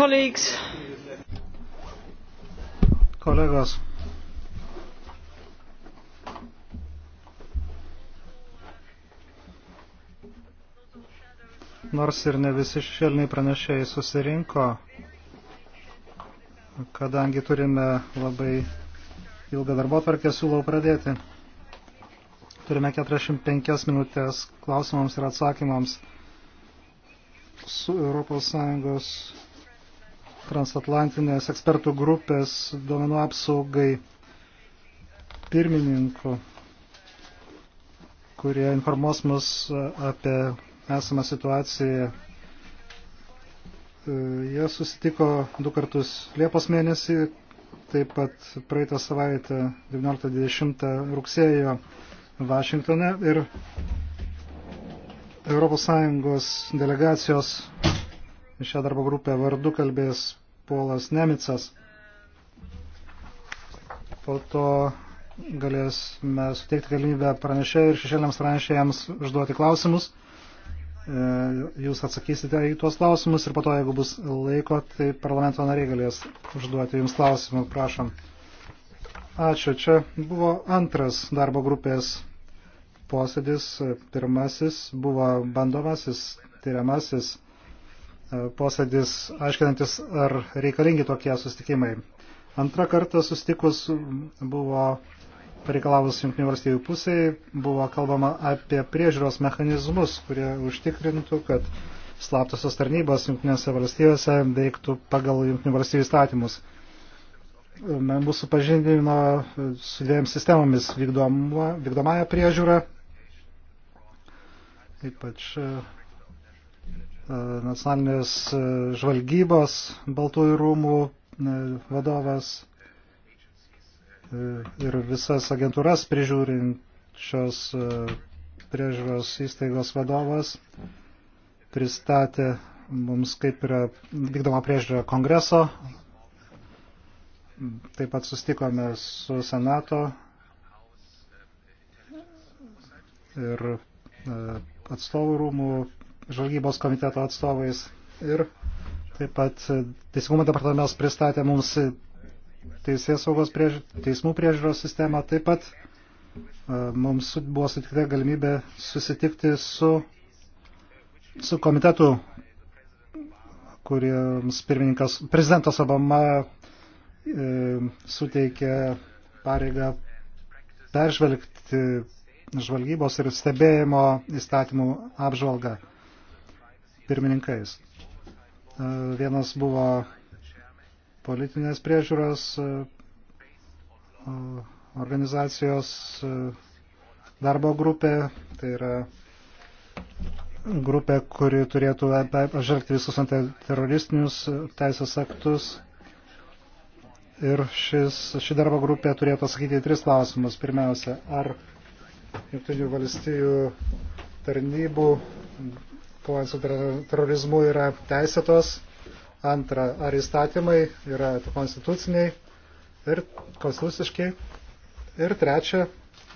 Colleagues. Kolegos. Nors ir ne visi šešėliniai pranešėjai susirinko, kadangi turime labai ilgą darbo tvarkę, siūlau pradėti. Turime 45 minutės klausimams ir atsakymams su Europos Sąjungos transatlantinės ekspertų grupės duomenų apsaugai pirmininku, kurie informuos mus apie esamą situaciją. E, jie susitiko du kartus Liepos mėnesį, taip pat praeitą savaitę 19-20 rugsėjo Vašingtone ir ES delegacijos šią darbo grupę vardu kalbės Polas Nemicas. Po to galėsime suteikti galimybę pranešėjai ir šešėliams pranešėjams užduoti klausimus. E, jūs atsakysite į tuos klausimus ir po to, jeigu bus laiko, tai parlamento nariai galės užduoti jums klausimų. Prašom. Ačiū. Čia buvo antras darbo grupės posėdis. Pirmasis buvo bandomasis, tyriamasis posėdis, aiškinantis, ar reikalingi tokie sustikimai. Antrą kartą sustikus buvo pareikalavus Junktinių valstybių pusiai, buvo kalbama apie priežiūros mechanizmus, kurie užtikrintų, kad slaptosios tarnybos Junktinėse valstybėse veiktų pagal Junktinių valstybių įstatymus. Mūsų pažindino su dviem sistemomis vykdoma, vykdomąją priežiūrą, ypač nacionalinės e, žvalgybos Baltųjų rūmų e, vadovas e, ir visas agentūras prižiūrinčios priežiūros įstaigos vadovas pristatė mums kaip yra vykdoma priežiūra kongreso. Taip pat sustikome su Senato ir atstovų rūmų žvalgybos komiteto atstovais ir taip pat Teisingumo departamentas pristatė mums teisės saugos priež... teismų priežiūros sistemą. Taip pat e, mums buvo sutikta galimybė susitikti su, su komitetu, kuriems pirmininkas, prezidentas Obama e, suteikė pareigą peržvelgti žvalgybos ir stebėjimo įstatymų apžvalgą pirmininkais. E, vienas buvo politinės priežiūros e, organizacijos e, darbo grupė, tai yra grupė, kuri turėtų apžvelgti visus antiteroristinius teisės aktus. Ir šis, ši darbo grupė turėtų atsakyti į tris klausimus. Pirmiausia, ar Junktinių valstijų tarnybų kovojant su terorizmu yra teisėtos, antra, ar įstatymai yra konstituciniai ir konstituciškai, ir trečia,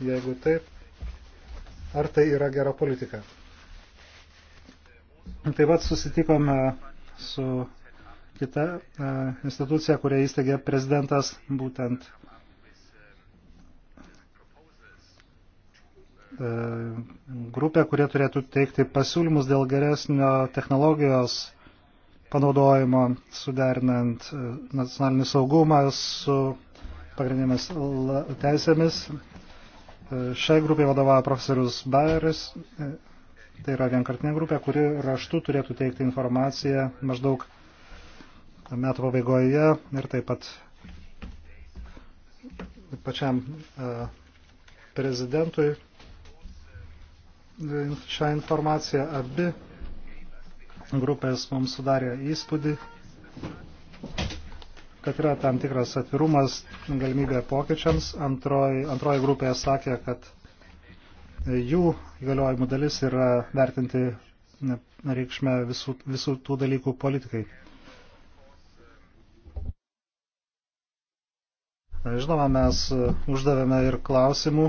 jeigu taip, ar tai yra gera politika. Taip pat susitikome su kita e, institucija, kurią įsteigė prezidentas būtent E, grupė, kurie turėtų teikti pasiūlymus dėl geresnio technologijos panaudojimo, suderinant e, nacionalinį saugumą su pagrindinėmis teisėmis. E, šiai grupiai vadovauja profesorius Bayeris. Tai yra vienkartinė grupė, kuri raštu turėtų teikti informaciją maždaug metų pabaigoje ir taip pat pačiam prezidentui šią informaciją. Abi grupės mums sudarė įspūdį, kad yra tam tikras atvirumas galimybė pokyčiams. Antroji, antroji grupė sakė, kad jų įgaliojimų dalis yra vertinti reikšmę visų, visų tų dalykų politikai. Žinoma, mes uždavėme ir klausimų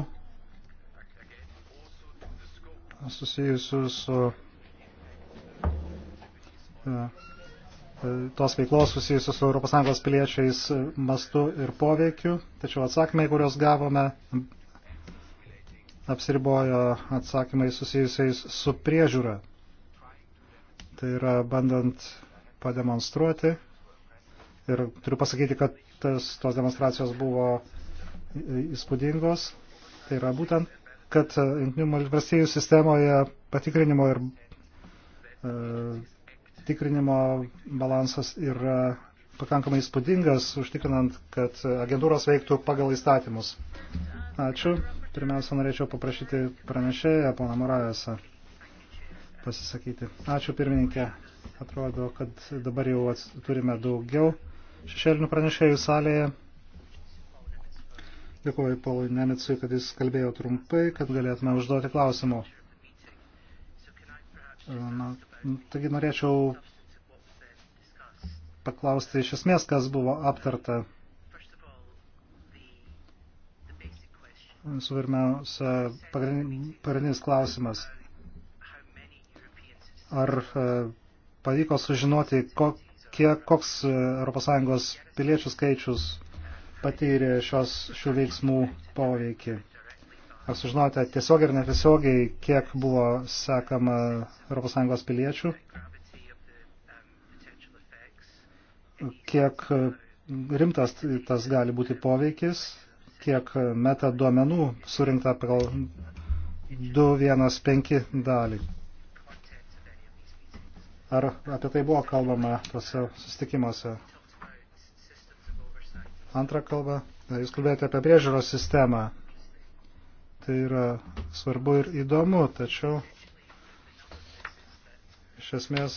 susijusių su e, e, tos veiklos susijusių su ES piliečiais mastu ir poveikiu, tačiau atsakymai, kuriuos gavome, apsiribojo atsakymai susijusiais su priežiūra. Tai yra bandant pademonstruoti ir turiu pasakyti, kad tas, tos demonstracijos buvo įspūdingos. Tai yra būtent kad e, jungtinių valstybių sistemoje patikrinimo ir e, tikrinimo balansas yra pakankamai įspūdingas, užtikrinant, kad agentūros veiktų pagal įstatymus. Ačiū. Pirmiausia, norėčiau paprašyti pranešėją, pana Moravėsą, pasisakyti. Ačiū, pirmininkė. Atrodo, kad dabar jau turime daugiau šešėlinių pranešėjų salėje. Dėkuoju Paului Nemicui, kad jis kalbėjo trumpai, kad galėtume užduoti klausimų. Na, taigi norėčiau paklausti iš esmės, kas buvo aptarta. Visų pirmiausia, pagrindinis klausimas. Ar e, pavyko sužinoti, kokie, koks ES piliečių skaičius patyrė šios, šių veiksmų poveikį. Ar sužinote tiesiogiai ir netiesiogiai, kiek buvo sekama ES piliečių? Kiek rimtas tas gali būti poveikis, kiek meta duomenų surinkta pagal 215 dalį. Ar apie tai buvo kalbama tose susitikimuose? Antra kalba, jūs kalbėjote apie priežiūros sistemą. Tai yra svarbu ir įdomu, tačiau iš esmės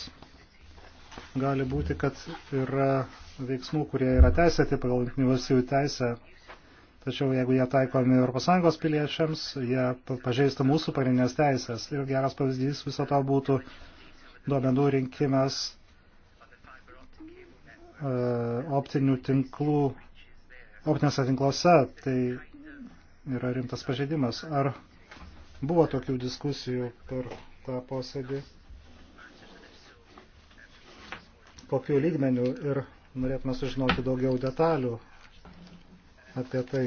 gali būti, kad yra veiksmų, kurie yra teisėti pagal jungtinių valstybių teisę, tačiau jeigu jie taikomi ES piliečiams, jie pažeista mūsų pagrindinės teisės. Ir geras pavyzdys viso to būtų duomenų rinkimas e, optinių tinklų optiniuose tinkluose, tai yra rimtas pažeidimas. Ar buvo tokių diskusijų per tą posėdį? Kokiu lygmeniu ir norėtume sužinoti daugiau detalių apie tai.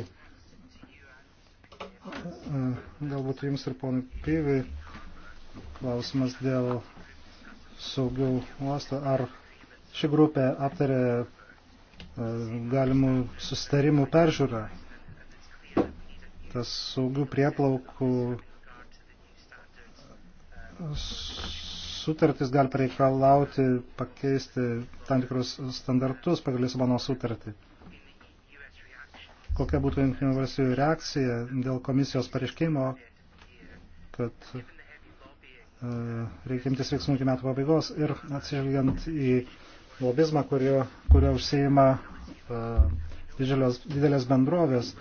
Galbūt jums ir ponui Pyvai klausimas dėl saugių uosto. Ar ši grupė aptarė galimų susitarimų peržiūrą. Tas saugių prieplaukų sutartis gali pareikalauti pakeisti tam tikrus standartus pagal Lisabono sutartį. Kokia būtų Junktinių valstybių reakcija dėl komisijos pareiškimo, kad e, reikia imtis veiksmų iki metų pabaigos ir atsižvelgiant į e, lobizmą, kurio, kurio užsieima uh, didelės, didelės bendrovės.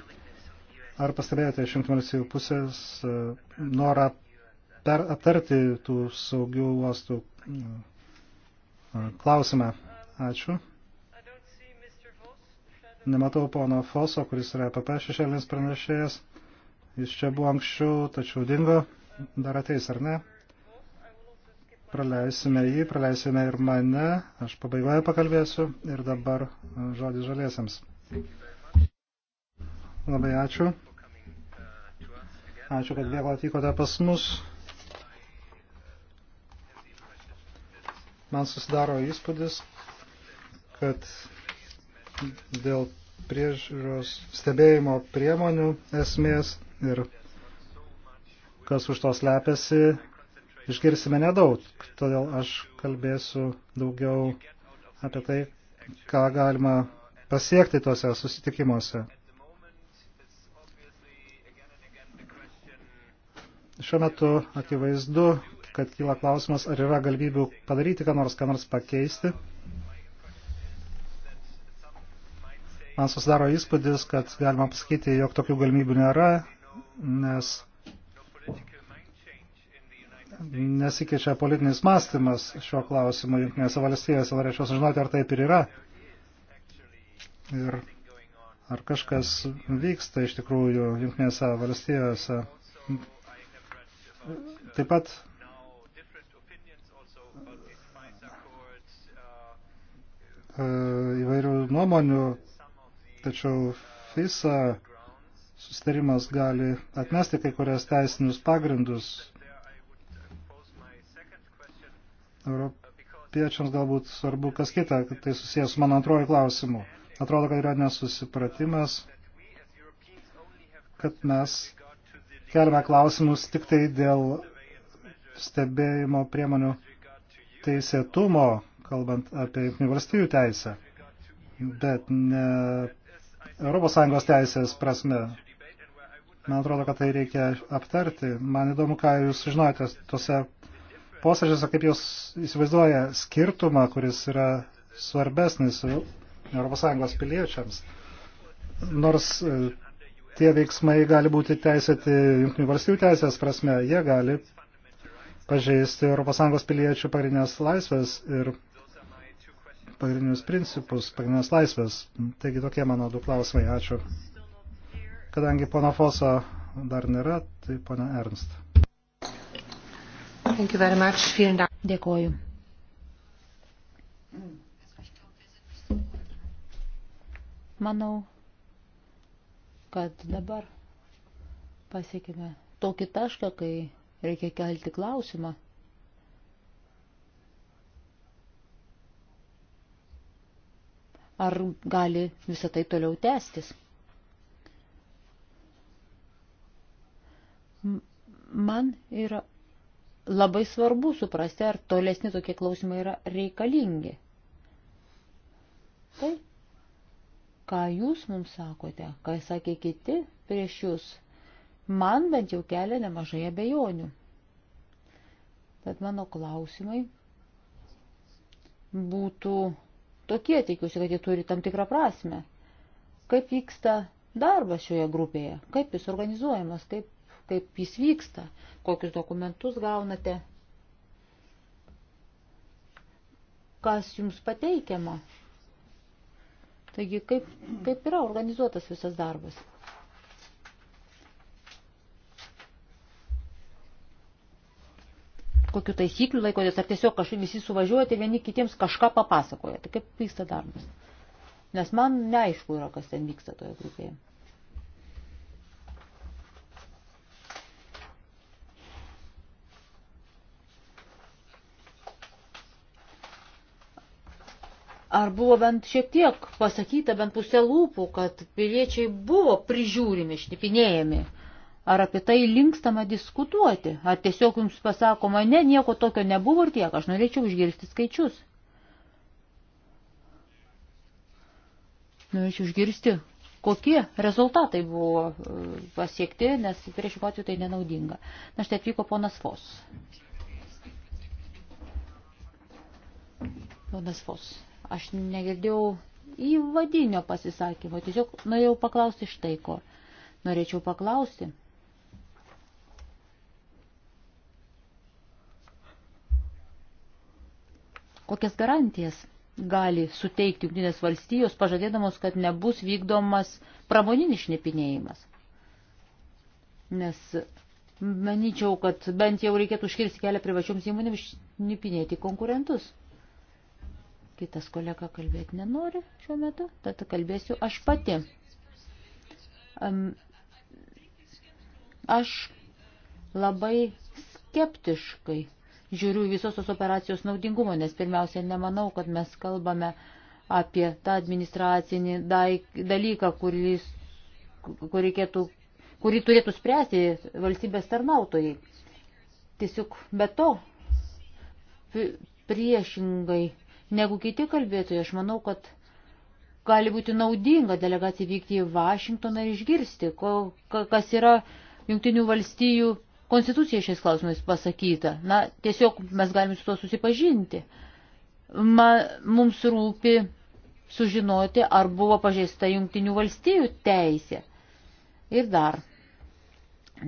Ar pastebėjote iš jungtinių pusės uh, norą per, aptarti tų saugių uostų uh, klausimą? Ačiū. Nematau pono Foso, kuris yra PP šešėlinis pranešėjas. Jis čia buvo anksčiau, tačiau dingo. Dar ateis ar ne? praleisime jį, praleisime ir mane. Aš pabaigoje pakalbėsiu ir dabar e, žodis žaliesiams. Labai ačiū. Ačiū, kad vėl atvykote pas mus. Man susidaro įspūdis, kad dėl priežiūros stebėjimo priemonių esmės ir kas už to slepiasi, išgirsime nedaug, todėl aš kalbėsiu daugiau apie tai, ką galima pasiekti tuose susitikimuose. Šiuo metu akivaizdu, kad kyla klausimas, ar yra galimybių padaryti, ką nors, ką nors pakeisti. Man susidaro įspūdis, kad galima pasakyti, jog tokių galimybių nėra, nes nesikeičia politinis mąstymas šiuo klausimu Junktinėse valstijose. Norėčiau sužinoti, ar taip ir yra. Ir ar kažkas vyksta iš tikrųjų Junktinėse valstijose. Taip pat e, įvairių nuomonių, tačiau FISA sustarimas gali atmesti kai kurias teisinius pagrindus Europiečiams galbūt svarbu kas kita, kad tai susijęs su mano antroju klausimu. Atrodo, kad yra nesusipratimas, kad mes keliame klausimus tik tai dėl stebėjimo priemonių teisėtumo, kalbant apie Junktinių valstybių teisę, bet ne ES teisės prasme. Man atrodo, kad tai reikia aptarti. Man įdomu, ką jūs žinote tose posėdžiuose, kaip jūs įsivaizduoja skirtumą, kuris yra svarbesnis ES piliečiams. Nors e, tie veiksmai gali būti teisėti Junktinių valstybių teisės prasme, jie gali pažeisti ES piliečių pagrindinės laisvės ir pagrindinius principus, pagrindinės laisvės. Taigi tokie mano du klausimai. Ačiū. Kadangi pono Foso dar nėra, tai pono Ernst. Thank you very much. Vielen Dank. Dėkoju. Manau, kad dabar pasiekime tokį tašką, kai reikia kelti klausimą. Ar gali visą tai toliau tęstis? Man yra Labai svarbu suprasti, ar tolesni tokie klausimai yra reikalingi. Tai, ką jūs mums sakote, ką sakė kiti prieš jūs, man bent jau kelia nemažai abejonių. Tad mano klausimai būtų tokie, tikiuosi, kad jie turi tam tikrą prasme. Kaip vyksta darbas šioje grupėje, kaip jis organizuojamas, kaip taip jis vyksta, kokius dokumentus gaunate, kas jums pateikiama. Taigi, kaip, kaip yra organizuotas visas darbas. Kokiu taisykliu laikotės, ar tiesiog kažkaip visi suvažiuojate vieni kitiems kažką papasakoja. Tai kaip vyksta darbas. Nes man neaišku yra, kas ten vyksta toje grupėje. Ar buvo bent šiek tiek pasakyta, bent pusė lūpų, kad piliečiai buvo prižiūrimi, šnipinėjami? Ar apie tai linkstama diskutuoti? Ar tiesiog jums pasakoma, ne, nieko tokio nebuvo ir tiek, aš norėčiau išgirsti skaičius. Norėčiau išgirsti, kokie rezultatai buvo e, pasiekti, nes priešingų atveju tai nenaudinga. Na štai atvyko ponas Fos. Ponas Fos. Aš negirdėjau įvadinio pasisakymo, tiesiog norėjau paklausti štai ko. Norėčiau paklausti. Kokias garantijas gali suteikti Junktinės valstijos, pažadėdamos, kad nebus vykdomas pramoninis šnipinėjimas? Nes manyčiau, kad bent jau reikėtų užkirsti kelią privačioms įmonėms šnipinėti konkurentus. Kitas kolega kalbėti nenori šiuo metu, tad kalbėsiu aš pati. Aš labai skeptiškai žiūriu visos tos operacijos naudingumo, nes pirmiausia, nemanau, kad mes kalbame apie tą administracinį dalyką, kuris, kur reikėtų, kurį turėtų spręsti valstybės tarnautojai. Tiesiog be to priešingai negu kiti kalbėtojai. Aš manau, kad gali būti naudinga delegacija vykti į Vašingtoną ir išgirsti, ko, kas yra Junktinių valstijų konstitucija šiais klausimais pasakyta. Na, tiesiog mes galime su to susipažinti. Ma, mums rūpi sužinoti, ar buvo pažeista Junktinių valstijų teisė. Ir dar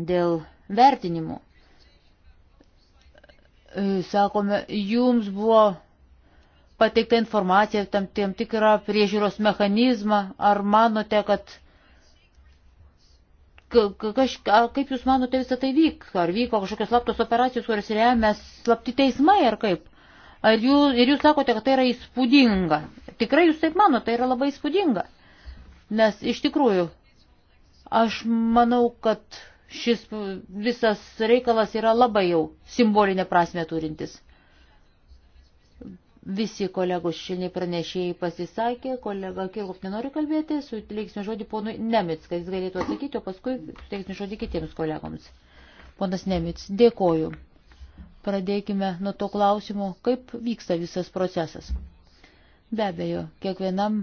dėl vertinimų. E, sakome, jums buvo pateiktą informaciją, tam, tam tikrą priežiūros mechanizmą, ar manote, kad kažką, kaip jūs manote visą tai vyk, ar vyko kažkokios slaptos operacijos, kurias remia slapti teismai, ar kaip? Ar jūs, ir jūs sakote, kad tai yra įspūdinga. Tikrai jūs taip manote, tai yra labai įspūdinga. Nes iš tikrųjų, aš manau, kad šis visas reikalas yra labai jau simbolinė prasme turintis. Visi kolegos šiandien pranešėjai pasisakė, kolega Kirkup nenori kalbėti, suteiksime žodį ponui Nemits, kad jis galėtų atsakyti, o paskui suteiksime žodį kitiems kolegoms. Ponas Nemits, dėkoju. Pradėkime nuo to klausimo, kaip vyksta visas procesas. Be abejo, kiekvienam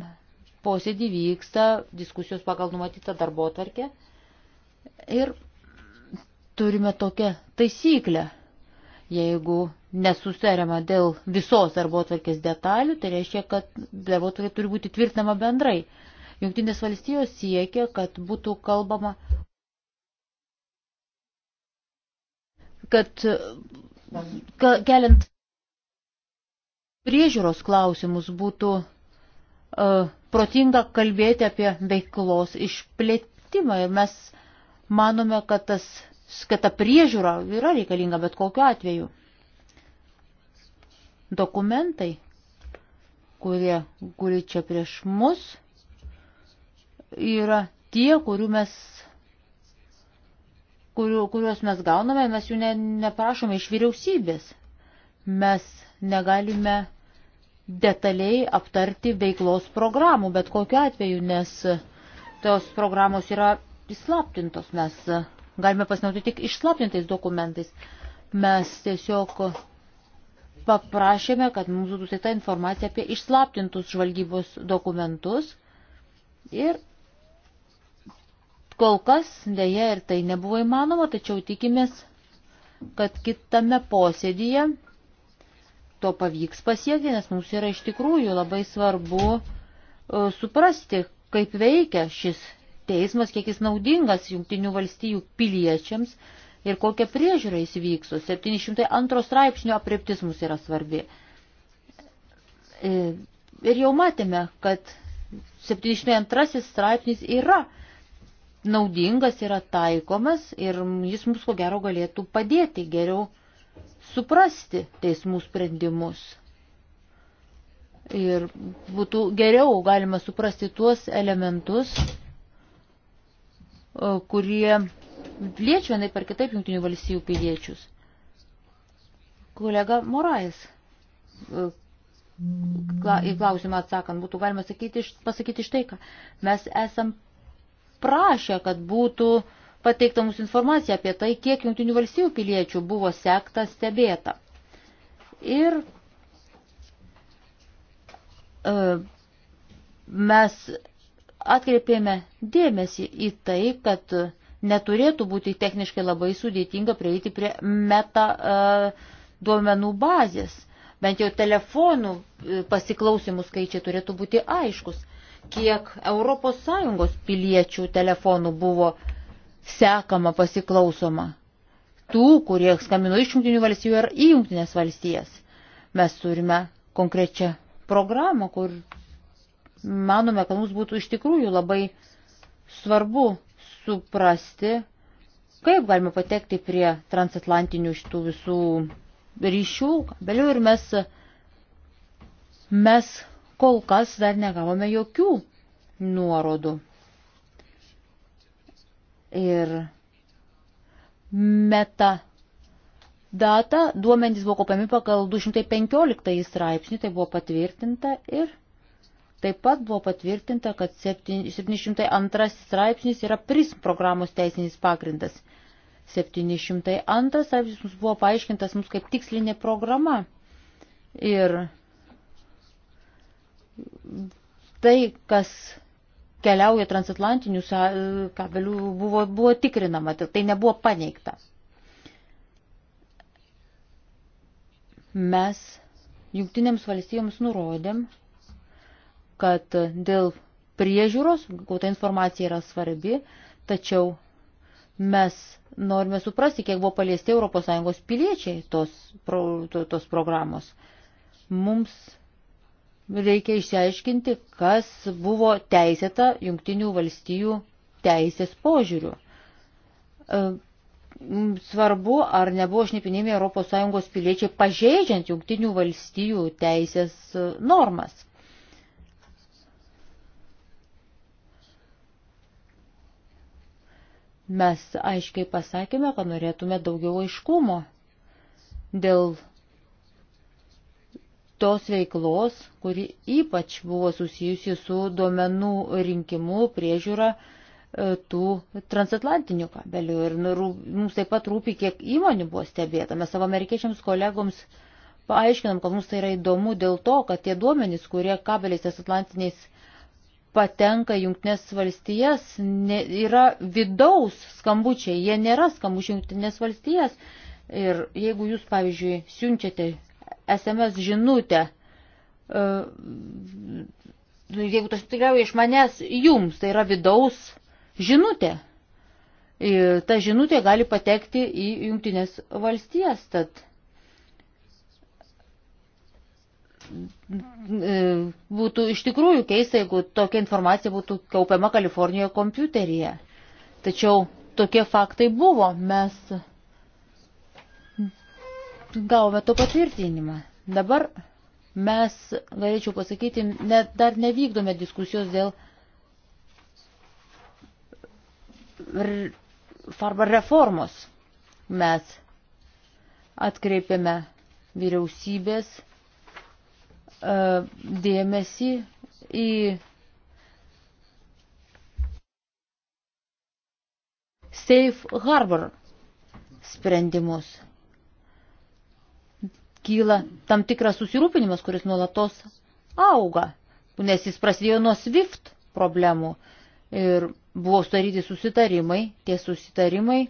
posėdį vyksta diskusijos pagal numatytą darbo tvarkę ir turime tokią taisyklę. Jeigu nesusitariama dėl visos darbo atvarkės detalių, tai reiškia, kad darbo atvarkė turi būti tvirtinama bendrai. Junktinės valstijos siekia, kad būtų kalbama, kad keliant priežiūros klausimus būtų uh, protinga kalbėti apie veiklos išplėtimą. Ir mes manome, kad, tas, kad ta priežiūra yra reikalinga bet kokiu atveju dokumentai, kurie guli čia prieš mus, yra tie, kurių mes kuriu, kuriuos mes gauname, mes jų ne, neprašome iš vyriausybės. Mes negalime detaliai aptarti veiklos programų, bet kokiu atveju, nes tos programos yra įslaptintos, mes galime pasinaudoti tik išslaptintais dokumentais. Mes tiesiog paprašėme, kad mums būtų suteikta informacija apie išslaptintus žvalgybos dokumentus ir kol kas dėja ir tai nebuvo įmanoma, tačiau tikimės, kad kitame posėdyje to pavyks pasiekti, nes mums yra iš tikrųjų labai svarbu e, suprasti, kaip veikia šis teismas, kiek jis naudingas jungtinių valstijų piliečiams, ir kokia priežiūra jis vykso. 702 straipsnio apriptis mums yra svarbi. E, ir jau matėme, kad 702 straipsnis yra naudingas, yra taikomas ir jis mums ko gero galėtų padėti geriau suprasti teismų sprendimus. Ir būtų geriau galima suprasti tuos elementus, e, kurie liečia vienai per kitaip jungtinių valstybių piliečius. Kolega Morais, e, į klausimą atsakant, būtų galima sakyti, pasakyti štai ką. Mes esam prašę, kad būtų pateikta mums informacija apie tai, kiek jungtinių valstybių piliečių buvo sekta, stebėta. Ir e, mes atkreipėme dėmesį į tai, kad neturėtų būti techniškai labai sudėtinga prieiti prie meta uh, duomenų bazės. Bent jau telefonų e, pasiklausimų skaičiai turėtų būti aiškus, kiek ES piliečių telefonų buvo sekama pasiklausoma. Tų, kurie skambino iš jungtinių valstybių ar į jungtinės valstijas. Mes turime konkrečią programą, kur manome, kad mums būtų iš tikrųjų labai svarbu suprasti, kaip galima patekti prie transatlantinių šitų visų ryšių. Vėliau ir mes, mes kol kas dar negavome jokių nuorodų. Ir meta data duomenys buvo kopiami pagal 215 straipsnį, tai buvo patvirtinta ir Taip pat buvo patvirtinta, kad 702 straipsnis yra PRISM programos teisinis pagrindas. 702 straipsnis mums buvo paaiškintas mums kaip tikslinė programa. Ir tai, kas keliauja transatlantinių kabelių, buvo, buvo tikrinama, tai, tai nebuvo paneigta. Mes jungtinėms valstijoms nurodėm, kad dėl priežiūros gauta informacija yra svarbi, tačiau mes norime suprasti, kiek buvo paliesti ES piliečiai tos, pro, to, tos programos. Mums reikia išsiaiškinti, kas buvo teisėta jungtinių valstijų teisės požiūrių. E, svarbu, ar nebuvo šnipinėjami ES piliečiai pažeidžiant jungtinių valstijų teisės normas. Mes aiškiai pasakėme, kad norėtume daugiau aiškumo dėl tos veiklos, kuri ypač buvo susijusi su duomenų rinkimu, priežiūra e, tų transatlantinių kabelių. Ir nu, mums taip pat rūpi, kiek įmonių buvo stebėta. Mes savo amerikiečiams kolegoms paaiškinam, kad mums tai yra įdomu dėl to, kad tie duomenys, kurie kabeliais transatlantiniais patenka jungtinės valstijas, ne, yra vidaus skambučiai, jie nėra skambučiai jungtinės valstijas. Ir jeigu jūs, pavyzdžiui, siunčiate SMS žinutę, e, jeigu tas tikriausiai iš manęs jums, tai yra vidaus žinutė. Ir ta žinutė gali patekti į jungtinės valstijas, tad E, būtų iš tikrųjų keista, jeigu tokia informacija būtų kaupiama Kalifornijoje kompiuteryje. Tačiau tokie faktai buvo, mes gavome to patvirtinimą. Dabar mes, galėčiau pasakyti, net dar nevykdome diskusijos dėl farba reformos. Mes atkreipėme vyriausybės E, dėmesį į Safe Harbor sprendimus. Kyla tam tikras susirūpinimas, kuris nuolatos auga, nes jis prasidėjo nuo SWIFT problemų ir buvo sudaryti susitarimai, tie susitarimai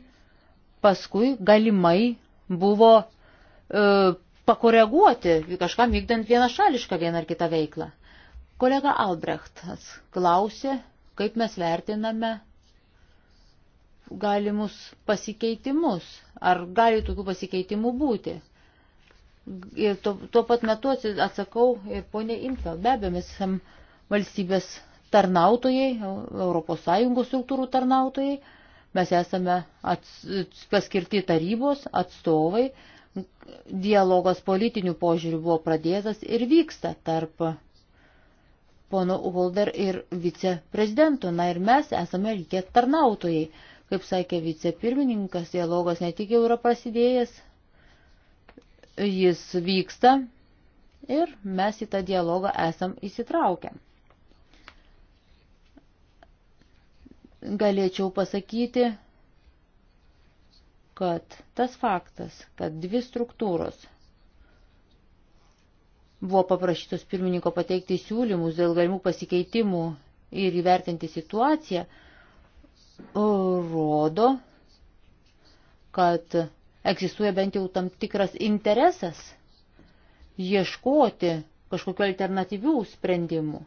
paskui galimai buvo e, pakoreguoti kažkam vykdant vienašališką vieną ar kitą veiklą. Kolega Albrechtas klausė, kaip mes vertiname galimus pasikeitimus, ar gali tokių pasikeitimų būti. Ir tuo, tuo pat metu atsakau ir e, ponė Imfeld, be abejo, mes esam valstybės tarnautojai, ES struktūrų tarnautojai, mes esame ats, paskirti tarybos atstovai, Dialogas politinių požiūrių buvo pradėtas ir vyksta tarp pono Uvolder ir viceprezidento. Na ir mes esame lygiai tarnautojai. Kaip sakė vicepirmininkas, dialogas ne tik jau yra prasidėjęs, jis vyksta ir mes į tą dialogą esam įsitraukę. Galėčiau pasakyti, kad tas faktas, kad dvi struktūros buvo paprašytos pirmininko pateikti siūlymus dėl galimų pasikeitimų ir įvertinti situaciją, rodo, kad egzistuoja bent jau tam tikras interesas ieškoti kažkokiu alternatyvių sprendimų.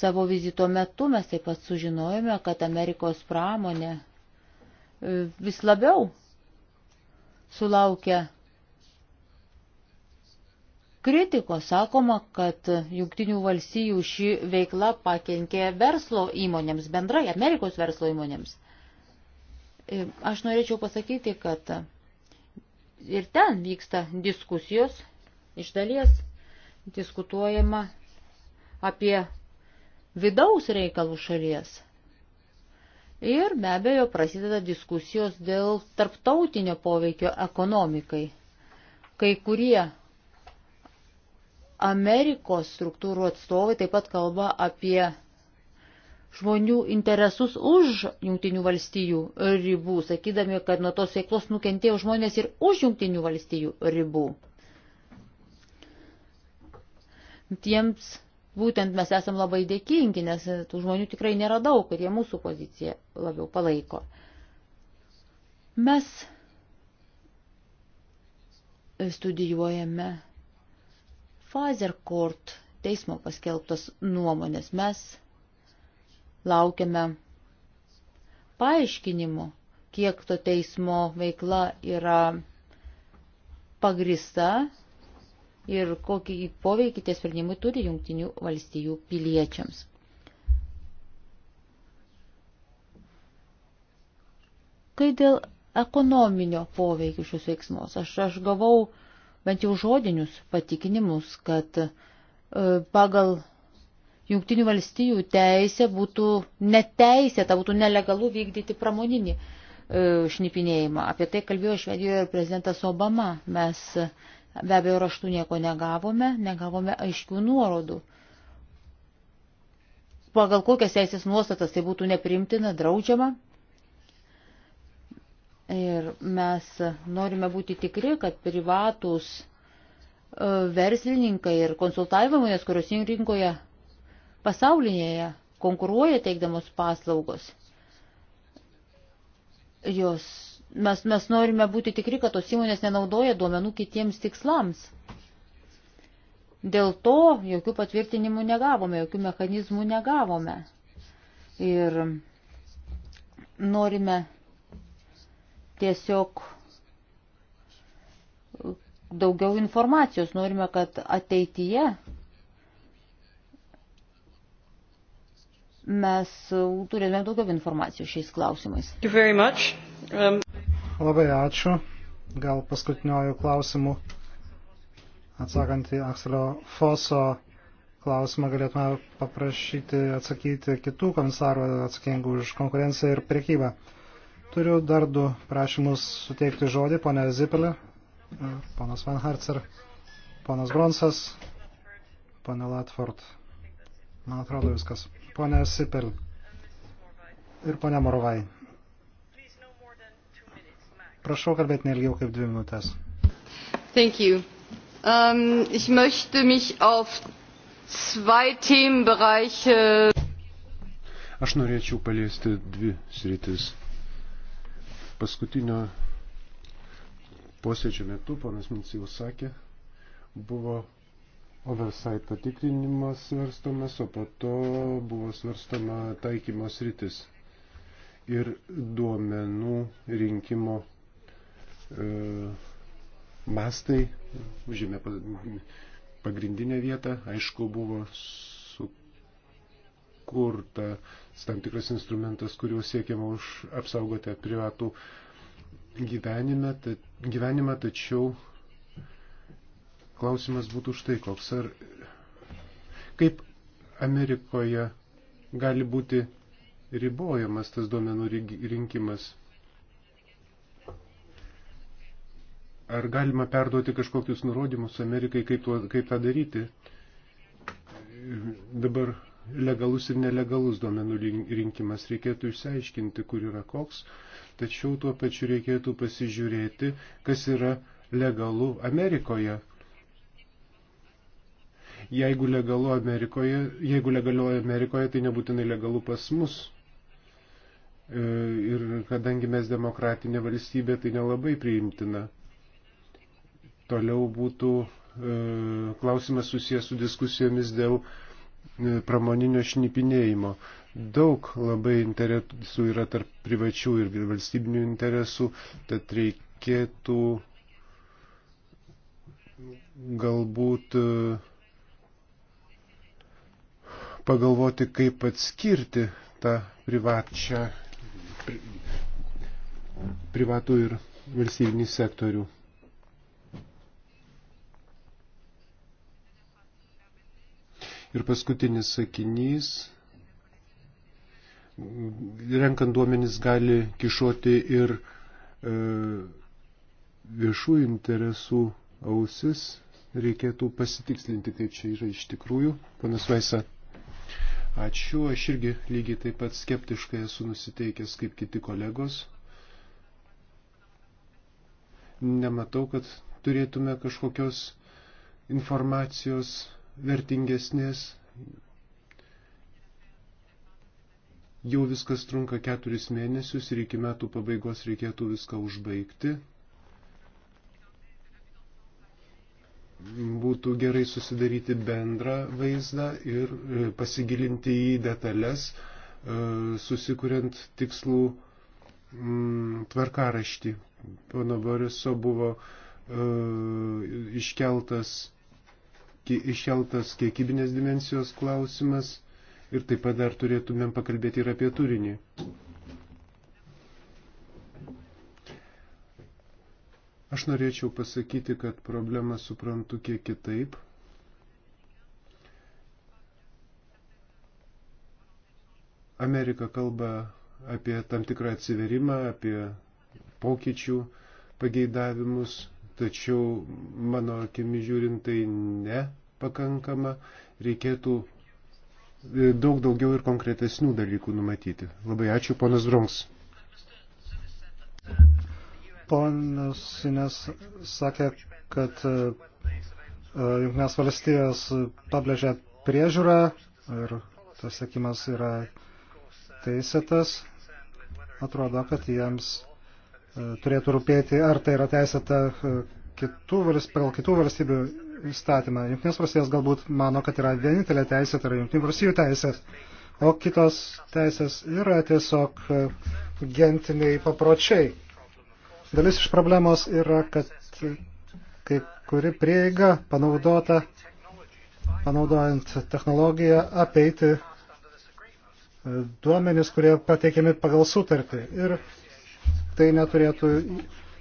Savo vizito metu mes taip pat sužinojome, kad Amerikos pramonė e, vis labiau sulaukia kritikos. Sakoma, kad jungtinių valstijų ši veikla pakenkė verslo įmonėms, bendrai Amerikos verslo įmonėms. E, aš norėčiau pasakyti, kad ir ten vyksta diskusijos, iš dalies diskutuojama apie vidaus reikalų šalies Ir be abejo prasideda diskusijos dėl tarptautinio poveikio ekonomikai. Kai kurie Amerikos struktūrų atstovai taip pat kalba apie žmonių interesus už jungtinių valstijų ribų, sakydami, kad nuo tos veiklos nukentėjo žmonės ir už jungtinių valstijų ribų. Tiems būtent mes esam labai dėkingi, nes tų žmonių tikrai nėra daug ir jie mūsų poziciją labiau palaiko. Mes studijuojame Fazerkort teismo paskelbtas nuomonės. Mes laukiame paaiškinimų, kiek to teismo veikla yra pagrista ir kokį poveikį tie sprendimai turi jungtinių valstijų piliečiams. Kai dėl ekonominio poveikio šios veiksmos, aš, aš gavau bent jau žodinius patikinimus, kad e, pagal jungtinių valstijų teisė būtų neteisėta, būtų nelegalu vykdyti pramoninį e, šnipinėjimą. Apie tai kalbėjo Švedijoje ir prezidentas Obama. Mes e, Be abejo, raštų nieko negavome, negavome aiškių nuorodų. Pagal kokias teisės nuostatas tai būtų neprimtina, draudžiama. Ir mes norime būti tikri, kad privatus e, verslininkai ir konsultavimais, kurios rinkoje pasaulinėje konkuruoja teikdamos paslaugos. Jos Mes, mes norime būti tikri, kad tos įmonės nenaudoja duomenų kitiems tikslams. Dėl to jokių patvirtinimų negavome, jokių mechanizmų negavome. Ir norime tiesiog daugiau informacijos, norime, kad ateityje mes e, turėtume daugiau informacijos šiais klausimais. Um... Labai ačiū. Gal paskutiniojų klausimų, atsakant į Akselio Foso klausimą, galėtume paprašyti atsakyti kitų komisarų atsakingų už konkurenciją ir priekybą. Turiu dar du prašymus suteikti žodį, ponė Zipelė, e, ponas Van Harcer, ponas Bronsas, ponė Latford. Man atrodo viskas ponia Sipel ir ponia Morovai. Prašau kalbėti neilgiau kaip dvi minutės. Thank you. Um, ich möchte mich auf zwei Themenbereiche. Aš norėčiau paliesti dvi sritis. Paskutinio posėdžio metu, ponas Mins jau sakė, buvo oversight patikrinimas svarstomas, o po to buvo svarstoma taikymos rytis ir duomenų rinkimo e, mastai užėmė pagrindinę vietą. Aišku, buvo sukurtas tam tikras instrumentas, kuriuo siekiama už apsaugoti privatų gyvenimą, ta, gyvenimą tačiau Klausimas būtų štai koks. Ar kaip Amerikoje gali būti ribojamas tas duomenų rinkimas? Ar galima perduoti kažkokius nurodymus Amerikai, kaip, tuo, kaip tą daryti? Dabar legalus ir nelegalus duomenų rinkimas reikėtų išsiaiškinti, kur yra koks, tačiau tuo pačiu reikėtų pasižiūrėti, kas yra legalu Amerikoje Jeigu legalu Amerikoje, jeigu legalioja Amerikoje, tai nebūtinai legalu pas mus. E, ir kadangi mes demokratinė valstybė, tai nelabai priimtina. Toliau būtų e, klausimas susijęs su diskusijomis dėl e, pramoninio šnipinėjimo. Daug labai interesų yra tarp privačių ir valstybinių interesų, tad reikėtų galbūt uh, pagalvoti, kaip atskirti tą privačią, pri, privatų ir valstybinį sektorių. Ir paskutinis sakinys. Renkant duomenys gali kišoti ir e, viešų interesų ausis, reikėtų pasitikslinti, kaip čia yra iš tikrųjų. Panas Vaisa. Ačiū, aš irgi lygiai taip pat skeptiškai esu nusiteikęs kaip kiti kolegos. Nematau, kad turėtume kažkokios informacijos vertingesnės. Jau viskas trunka keturis mėnesius ir iki metų pabaigos reikėtų viską užbaigti. būtų gerai susidaryti bendrą vaizdą ir e, pasigilinti į detalės, e, susikuriant tikslų mm, tvarkaraštį. Pono Boriso buvo e, iškeltas, iškeltas kiekybinės dimensijos klausimas ir taip pat dar turėtumėm pakalbėti ir apie turinį. Aš norėčiau pasakyti, kad problemą suprantu kiek kitaip. Amerika kalba apie tam tikrą atsiverimą, apie pokyčių pageidavimus, tačiau mano akimi žiūrint tai nepakankama, reikėtų e, daug daugiau ir konkretesnių dalykų numatyti. Labai ačiū, ponas Drongs. Ponas Sines sakė, kad e, Junktinės valstijos pabrėžia priežiūrą ir tas sakymas yra teisėtas. Atrodo, kad jiems e, turėtų rūpėti, ar tai yra teisėta e, kitų, pagal kitų valstybių įstatymą. Junktinės valstijos galbūt mano, kad yra vienintelė teisė, tai yra Junktinių valstijų teisės, o kitos teisės yra tiesiog gentiniai papročiai. Dalis iš problemos yra, kad kai kuri prieiga panaudota, panaudojant technologiją, apeiti e, duomenis, kurie pateikiami pagal sutartį. Ir tai neturėtų,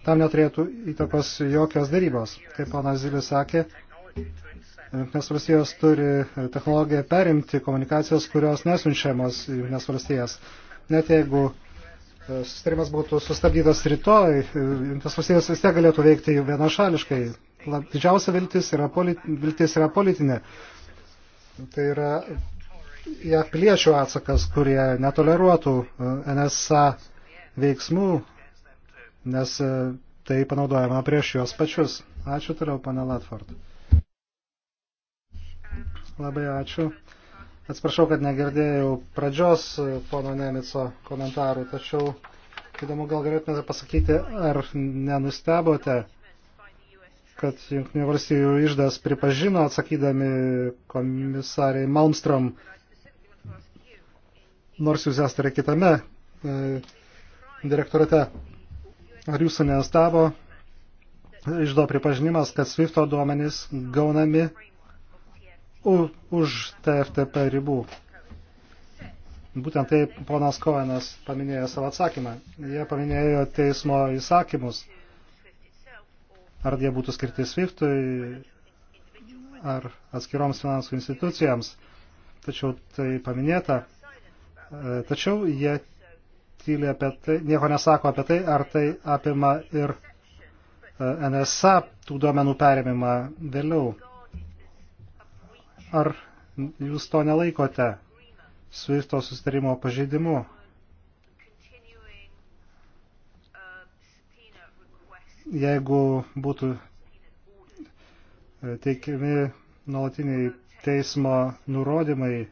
tam neturėtų įtakos jokios darybos. Kaip panas Zilis sakė, Junktinės valstijos turi technologiją perimti komunikacijos, kurios nesunčiamos Junktinės valstijas. Net jeigu sustarimas būtų sustabdytas rytoj, tas valstybės vis tiek galėtų veikti vienašališkai. Didžiausia viltis yra, politi, viltis yra politinė. Tai yra ja, piliečių atsakas, kurie netoleruotų e, NSA veiksmų, nes e, tai panaudojama prieš juos pačius. Ačiū toliau, pane Latford. Labai ačiū. Atsiprašau, kad negirdėjau pradžios e, pono Nemico komentarų, tačiau įdomu gal galėtumėte pasakyti, ar nenustebote, kad Junktinių valstybių išdas pripažino atsakydami komisariai Malmstrom, nors jūs esate kitame e, direktorate. Ar jūsų nestabo išdo pripažinimas, kad Swifto duomenys gaunami u, už TFTP ribų. Būtent taip ponas Koenas paminėjo savo atsakymą. Jie paminėjo teismo įsakymus. Ar jie būtų skirti SWIFTui ar atskiroms finansų institucijams. Tačiau tai paminėta. E, tačiau jie tyli apie tai, nieko nesako apie tai, ar tai apima ir e, NSA tų duomenų perėmimą vėliau. Ar jūs to nelaikote Svifto sustarimo pažeidimu? Jeigu būtų teikiami nuolatiniai teismo nurodymai e,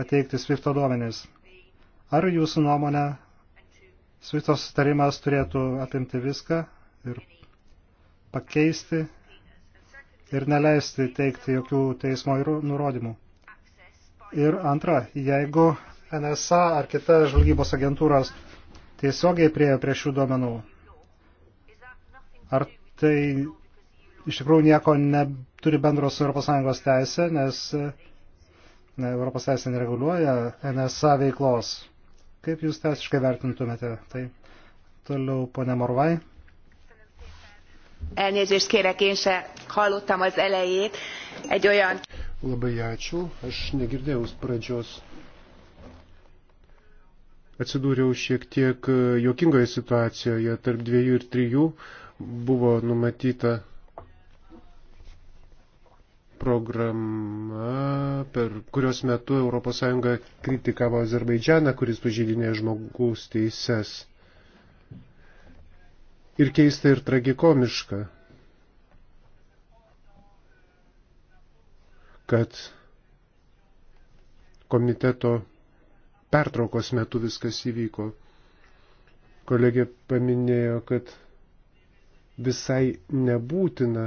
pateikti Svifto duomenys. Ar jūsų nuomonė Svifto sustarimas turėtų apimti viską ir pakeisti ir neleisti teikti jokių teismo nurodymų. Ir antra, jeigu NSA ar kita žvalgybos agentūros tiesiogiai priejo prie šių duomenų, ar tai iš tikrųjų nieko neturi bendro su ES teisė, nes ES teisė nereguliuoja NSA veiklos. Kaip jūs teisiškai vertintumėte tai? Toliau, ponė Morvai. Elnézést kérek, én se hallottam az elejét. Egy olyan... Labai ačiū, aš negirdėjau pradžios. Atsidūriau šiek tiek e, jokingoje situacijoje, tarp dviejų ir trijų buvo numatyta programa, per kurios metu ES kritikavo Azerbaidžianą, kuris pažydinėjo žmogaus teises ir keista, ir tragikomiška, kad komiteto pertraukos metu viskas įvyko. Kolegė paminėjo, kad visai nebūtina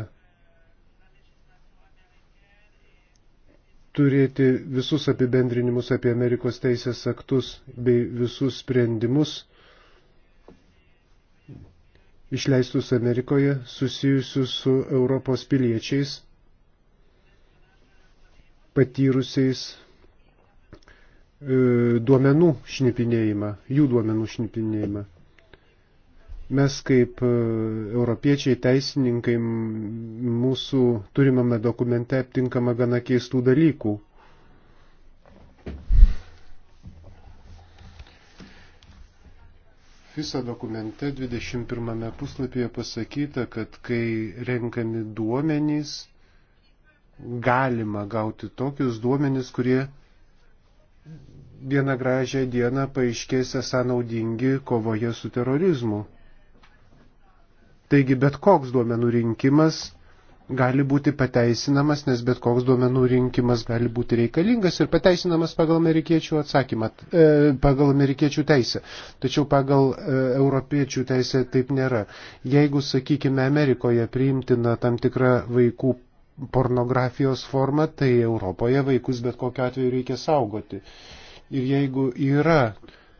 turėti visus apibendrinimus apie Amerikos teisės aktus bei visus sprendimus išleistus Amerikoje susijusius su Europos piliečiais, patyrusiais e, duomenų šnipinėjimą, jų duomenų šnipinėjimą. Mes kaip e, europiečiai teisininkai mūsų turimame dokumente aptinkama gana keistų dalykų. FISA dokumente 21 puslapyje pasakyta, kad kai renkami duomenys, galima gauti tokius duomenys, kurie vieną gražią dieną paaiškės esą naudingi kovoje su terorizmu. Taigi bet koks duomenų rinkimas gali būti pateisinamas, nes bet koks duomenų rinkimas gali būti reikalingas ir pateisinamas pagal amerikiečių atsakymą, e, pagal amerikiečių teisę. Tačiau pagal e, europiečių teisę taip nėra. Jeigu, sakykime, Amerikoje priimtina tam tikra vaikų pornografijos forma, tai Europoje vaikus bet kokiu atveju reikia saugoti. Ir jeigu yra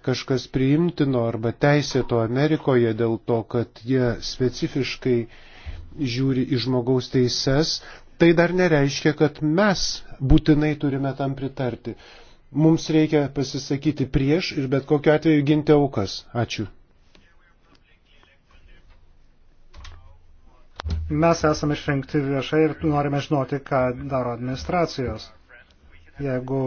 kažkas priimtino arba teisėto Amerikoje dėl to, kad jie specifiškai uh, žiūri į žmogaus teises, tai dar nereiškia, kad mes būtinai turime tam pritarti. Mums reikia pasisakyti prieš ir bet kokiu atveju ginti aukas. Ačiū. Mes esame išrinkti viešai ir norime žinoti, ką daro administracijos. Jeigu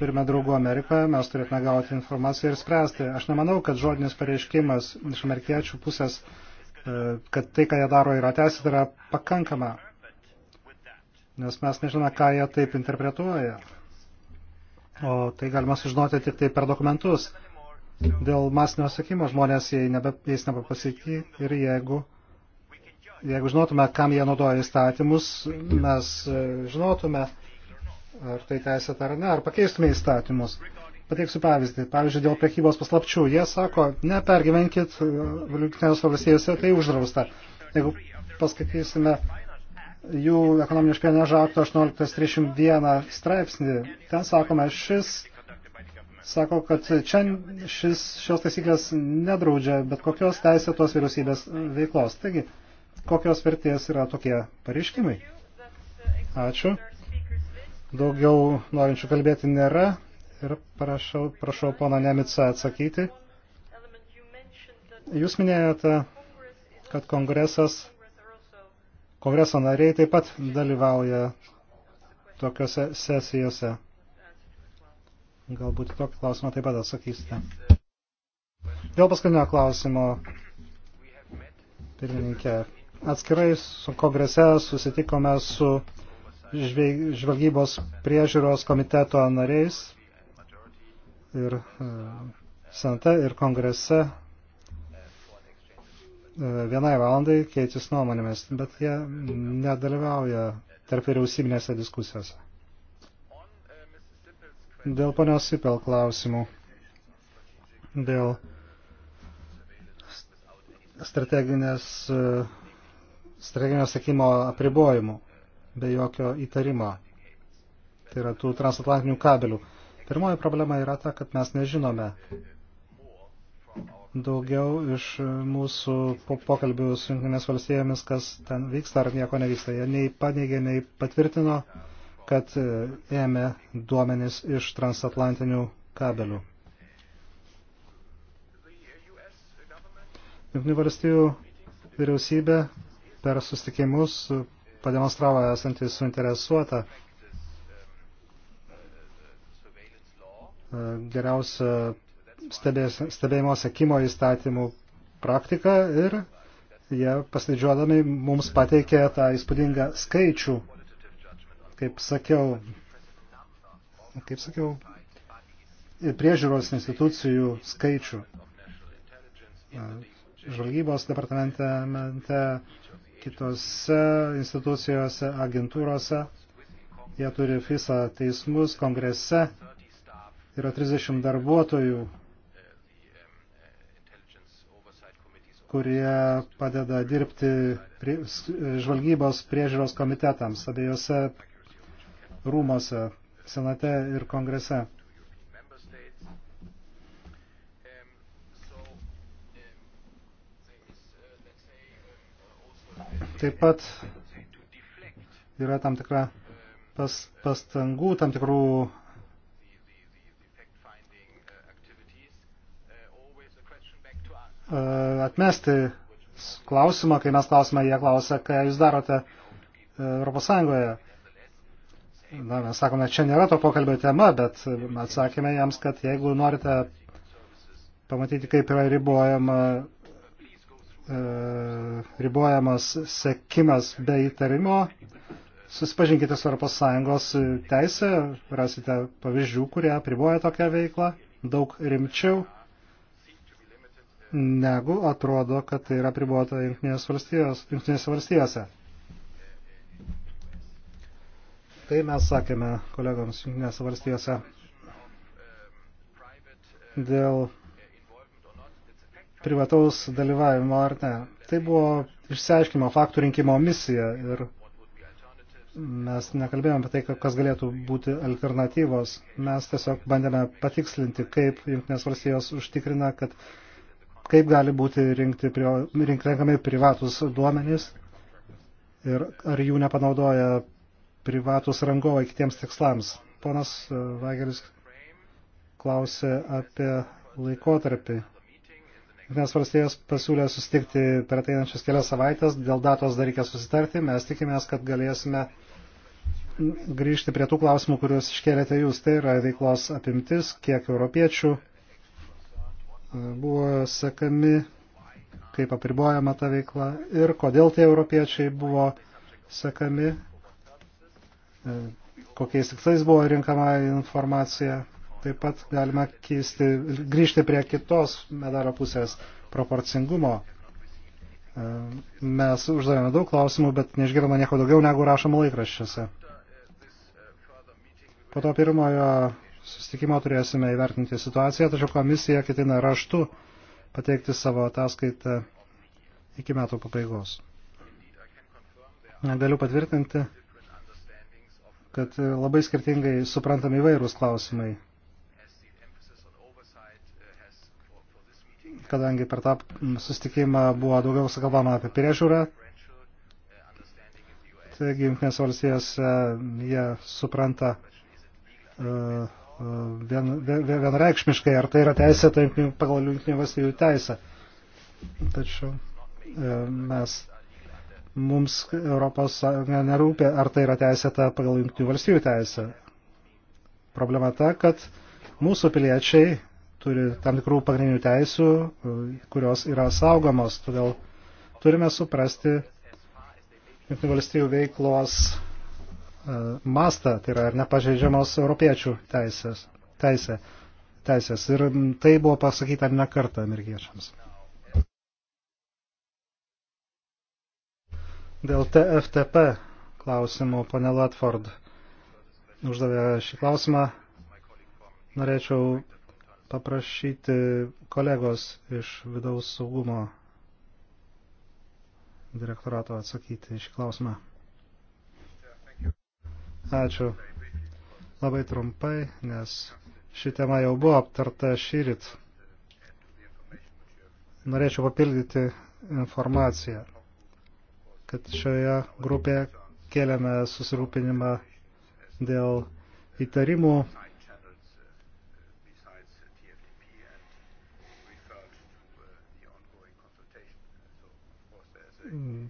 turime draugų Amerikoje, mes turėtume gauti informaciją ir spręsti. Aš nemanau, kad žodinis pareiškimas iš amerikiečių pusės uh, E, kad tai, ką jie daro, yra teisėta, yra pakankama. Nes mes nežinome, ką jie taip interpretuoja. O tai galima sužinoti tik tai per dokumentus. Dėl masinio sakymo žmonės jais nebe, jais nebepasitikė ir jeigu, jeigu žinotume, kam jie naudoja įstatymus, mes e, žinotume, ar tai teisėta ar ne, ar pakeistume įstatymus. Pateiksiu pavyzdį. Pavyzdžiui, dėl prekybos paslapčių. Jie sako, nepergyvenkit, e, Junktinėse valstijose tai uždrausta. Jeigu paskaitysime jų ekonominio špionažo akto 1831 straipsnį, ten sakome, šis sako, kad čia šis, šios taisyklės nedraudžia bet kokios teisėtos vyriausybės veiklos. Taigi, kokios vertės yra tokie pareiškimai? Ačiū. Daugiau norinčių kalbėti nėra ir prašau, prašau pono Nemica atsakyti. Jūs minėjote, kad kongresas, kongreso nariai taip pat dalyvauja tokiuose sesijose. Galbūt tokį klausimą taip pat atsakysite. Dėl paskutinio klausimo, pirmininkė, atskirai su kongrese susitikome su žvelgybos priežiūros komiteto nariais ir e, santa ir kongrese e, vienai valandai keitis nuomonėmis, bet jie nedalyvauja tarp vyriausybinėse diskusijose. Dėl ponios Sipel klausimų, dėl strateginės, e, strateginio sakymo apribojimų, be jokio įtarimo, tai yra tų transatlantinių kabelių. Pirmoji problema yra ta, kad mes nežinome daugiau iš mūsų pokalbių su Junktinėmis valstybėmis, kas ten vyksta ar nieko nevyksta. Jie nei paneigė, nei patvirtino, kad e, ėmė duomenis iš transatlantinių kabelių. Junktinių valstybių vyriausybė per sustikimus pademonstravo esanti suinteresuota geriausia stebės, stebėjimo sekimo įstatymų praktika ir jie pasidžiuodami mums pateikė tą įspūdingą skaičių. Kaip sakiau, kaip sakiau, priežiūros institucijų skaičių. Žvalgybos departamente, kitose institucijose, agentūrose, jie turi FISA teismus kongrese yra 30 darbuotojų, kurie padeda dirbti prie, žvalgybos priežiūros komitetams abiejose rūmose, senate ir kongrese. Taip pat yra tam tikra pas, pastangų, tam tikrų E, atmesti klausimą, kai mes klausimą, jie klausia, ką jūs darote e, Europos Sąjungoje. Na, mes sakome, čia nėra to pokalbio tema, bet atsakėme jiems, kad jeigu norite pamatyti, kaip yra ribojama, e, ribojamas sekimas be įtarimo, susipažinkite su Europos Sąjungos teisė, rasite pavyzdžių, kurie priboja tokią veiklą daug rimčiau negu atrodo, kad tai yra pribuota Junktinėse valstijose. Tai mes sakėme kolegams Junktinėse valstijose dėl privataus dalyvavimo ar ne. Tai buvo išsiaiškimo faktų rinkimo misija ir mes nekalbėjome apie tai, kas galėtų būti alternatyvos. Mes tiesiog bandėme patikslinti, kaip Junktinės valstijos užtikrina, kad kaip gali būti rinkti, rinkami privatus duomenys ir ar jų nepanaudoja privatus rangovai kitiems tikslams. Ponas e, Vageris klausė apie laikotarpį. Nes valstijos pasiūlė susitikti per ateinančias kelias savaitės, dėl datos dar reikia susitarti, mes tikimės, kad galėsime grįžti prie tų klausimų, kuriuos iškėlėte jūs. Tai yra veiklos apimtis, kiek europiečių buvo sekami, kaip apribojama ta veikla ir kodėl tie europiečiai buvo sekami, e, kokiais tikslais buvo rinkama informacija. Taip pat galima keisti, grįžti prie kitos medalio pusės proporcingumo. E, mes uždavėme daug klausimų, bet neišgirdome nieko daugiau negu rašoma laikraščiuose. Po to pirmojo susitikimo turėsime įvertinti situaciją, tačiau komisija ketina raštu pateikti savo ataskaitą iki metų pabaigos. Galiu patvirtinti, kad labai skirtingai suprantami įvairūs klausimai, kadangi per tą susitikimą buvo daugiau sakalbama apie priežiūrą, taigi Junktinės valstijos jie supranta e, vien, vien, vienreikšmiškai, ar tai yra teisė tai pagal Junktinių valstybių teisę. Tačiau e, mes, mums Europos nerūpia, ar tai yra teisėta pagal Junktinių valstybių teisę. Problema ta, kad mūsų piliečiai turi tam tikrų pagrindinių teisių, e, kurios yra saugomos. Todėl turime suprasti Junktinių valstybių veiklos E, mastą, tai yra ar nepažeidžiamos europiečių teisės. Teisė, teisės. Ir tai buvo pasakyta ne kartą amerikiečiams. Dėl TFTP klausimų, ponė Latford uždavė šį klausimą. Norėčiau paprašyti kolegos iš vidaus saugumo direktorato atsakyti šį klausimą. Ačiū. Labai trumpai, nes ši tema jau buvo aptarta šyrit. Norėčiau papildyti informaciją, kad šioje grupėje kėlėme susirūpinimą dėl įtarimų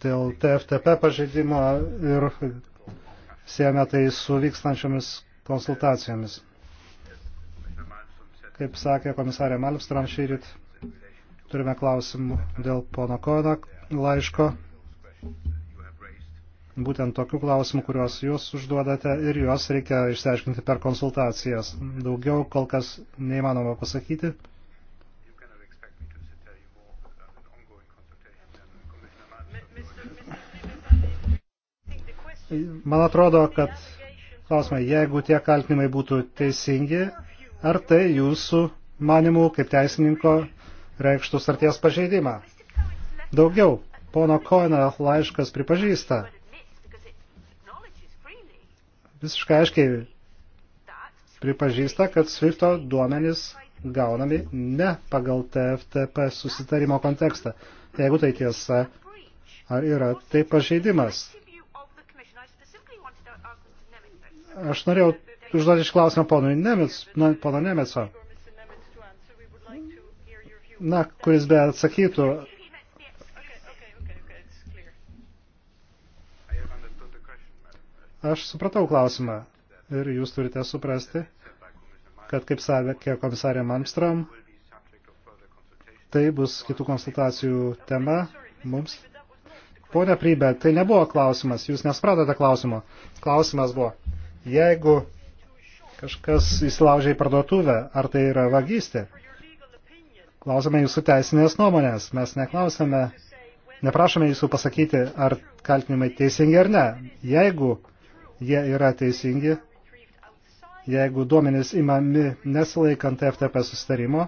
dėl TFTP pažeidimo ir siejame tai su vykstančiomis konsultacijomis. Kaip sakė komisarė Malmstram šįryt, turime klausimų dėl pono Koino laiško. Būtent tokių klausimų, kuriuos jūs užduodate ir juos reikia išsiaiškinti per konsultacijas. Daugiau kol kas neįmanoma pasakyti. Man atrodo, kad klausimai, jeigu tie kaltinimai būtų teisingi, ar tai jūsų manimų kaip teisininko reikštų sarties pažeidimą? Daugiau, pono Koina laiškas pripažįsta. Visiškai aiškiai pripažįsta, kad Swifto duomenys gaunami ne pagal TFTP susitarimo kontekstą. Jeigu tai tiesa, ar yra tai pažeidimas? Aš norėjau užduoti iš klausimą ponui Nemets, na, pono Nemetso. Na, kuris be atsakytų. Aš supratau klausimą ir jūs turite suprasti, kad, kaip sakė komisarė Malmström, tai bus kitų konsultacijų tema mums. Pone Prybė, tai nebuvo klausimas, jūs nespratote klausimo. Klausimas buvo, Jeigu kažkas įsilaužia į parduotuvę, ar tai yra vagystė? Klausome jūsų teisinės nuomonės. Mes neklausome, neprašome jūsų pasakyti, ar kaltinimai teisingi ar ne. Jeigu jie yra teisingi, jeigu duomenys imami nesilaikant FTP sustarimo,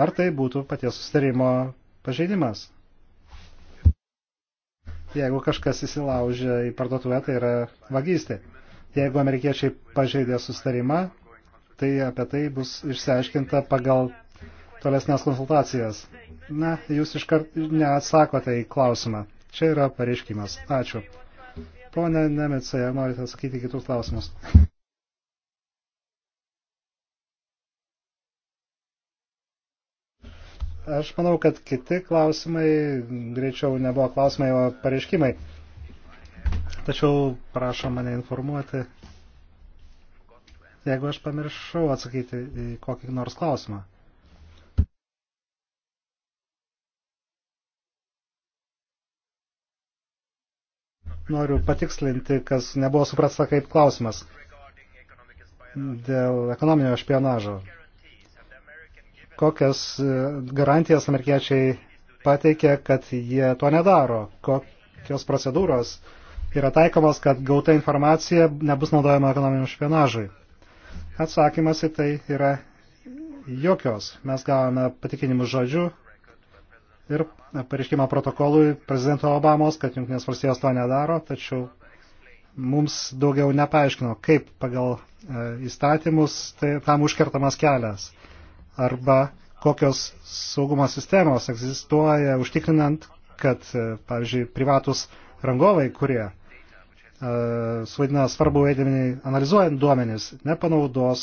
ar tai būtų paties sustarimo pažeidimas? Jeigu kažkas įsilaužia į parduotuvę, tai yra vagystė. Jeigu amerikiečiai pažeidė sustarimą, tai apie tai bus išsiaiškinta pagal tolesnės konsultacijas. Na, jūs iškart neatsakote į klausimą. Čia yra pareiškimas. Ačiū. Pone Nemice, norite atsakyti kitus klausimus? Aš manau, kad kiti klausimai greičiau nebuvo klausimai, o pareiškimai. Tačiau prašo mane informuoti, jeigu aš pamiršau atsakyti į kokį nors klausimą. Noriu patikslinti, kas nebuvo suprasta kaip klausimas dėl ekonominio špionažo. Kokias e, garantijas amerikiečiai pateikė, kad jie to nedaro? Kokios procedūros? yra taikomas, kad gauta informacija nebus naudojama ekonominiam špionažui? Atsakymas į tai yra jokios. Mes gavome patikinimus žodžių ir pareiškimą protokolui prezidento Obamos, kad Junktinės valstijos to nedaro, tačiau mums daugiau nepaaiškino, kaip pagal e, įstatymus tai, tam užkertamas kelias arba kokios saugumo sistemos egzistuoja užtikrinant, kad, e, pavyzdžiui, privatus rangovai, kurie E, suvaidina svarbu vaidmenį analizuojant duomenis, nepanaudos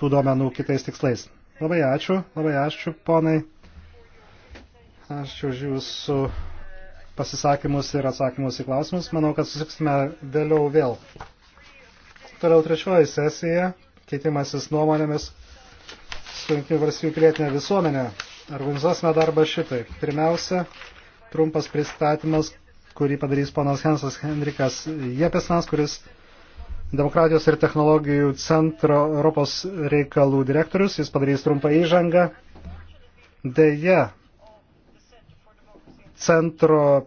tų duomenų kitais tikslais. Labai ačiū, labai ačiū, ponai. Ačiū už jūsų pasisakymus ir atsakymus į klausimus. Manau, kad susitiksime vėliau vėl. Toliau trečioji sesija, keitimasis nuomonėmis su Junktinių valstybių pilietinė visuomenė. Organizuosime darbą šitai. Pirmiausia, trumpas pristatymas kurį padarys ponas Hensas Henrikas Jepesnas, kuris Demokratijos ir technologijų centro Europos reikalų direktorius. Jis padarys trumpą įžangą. Deja, centro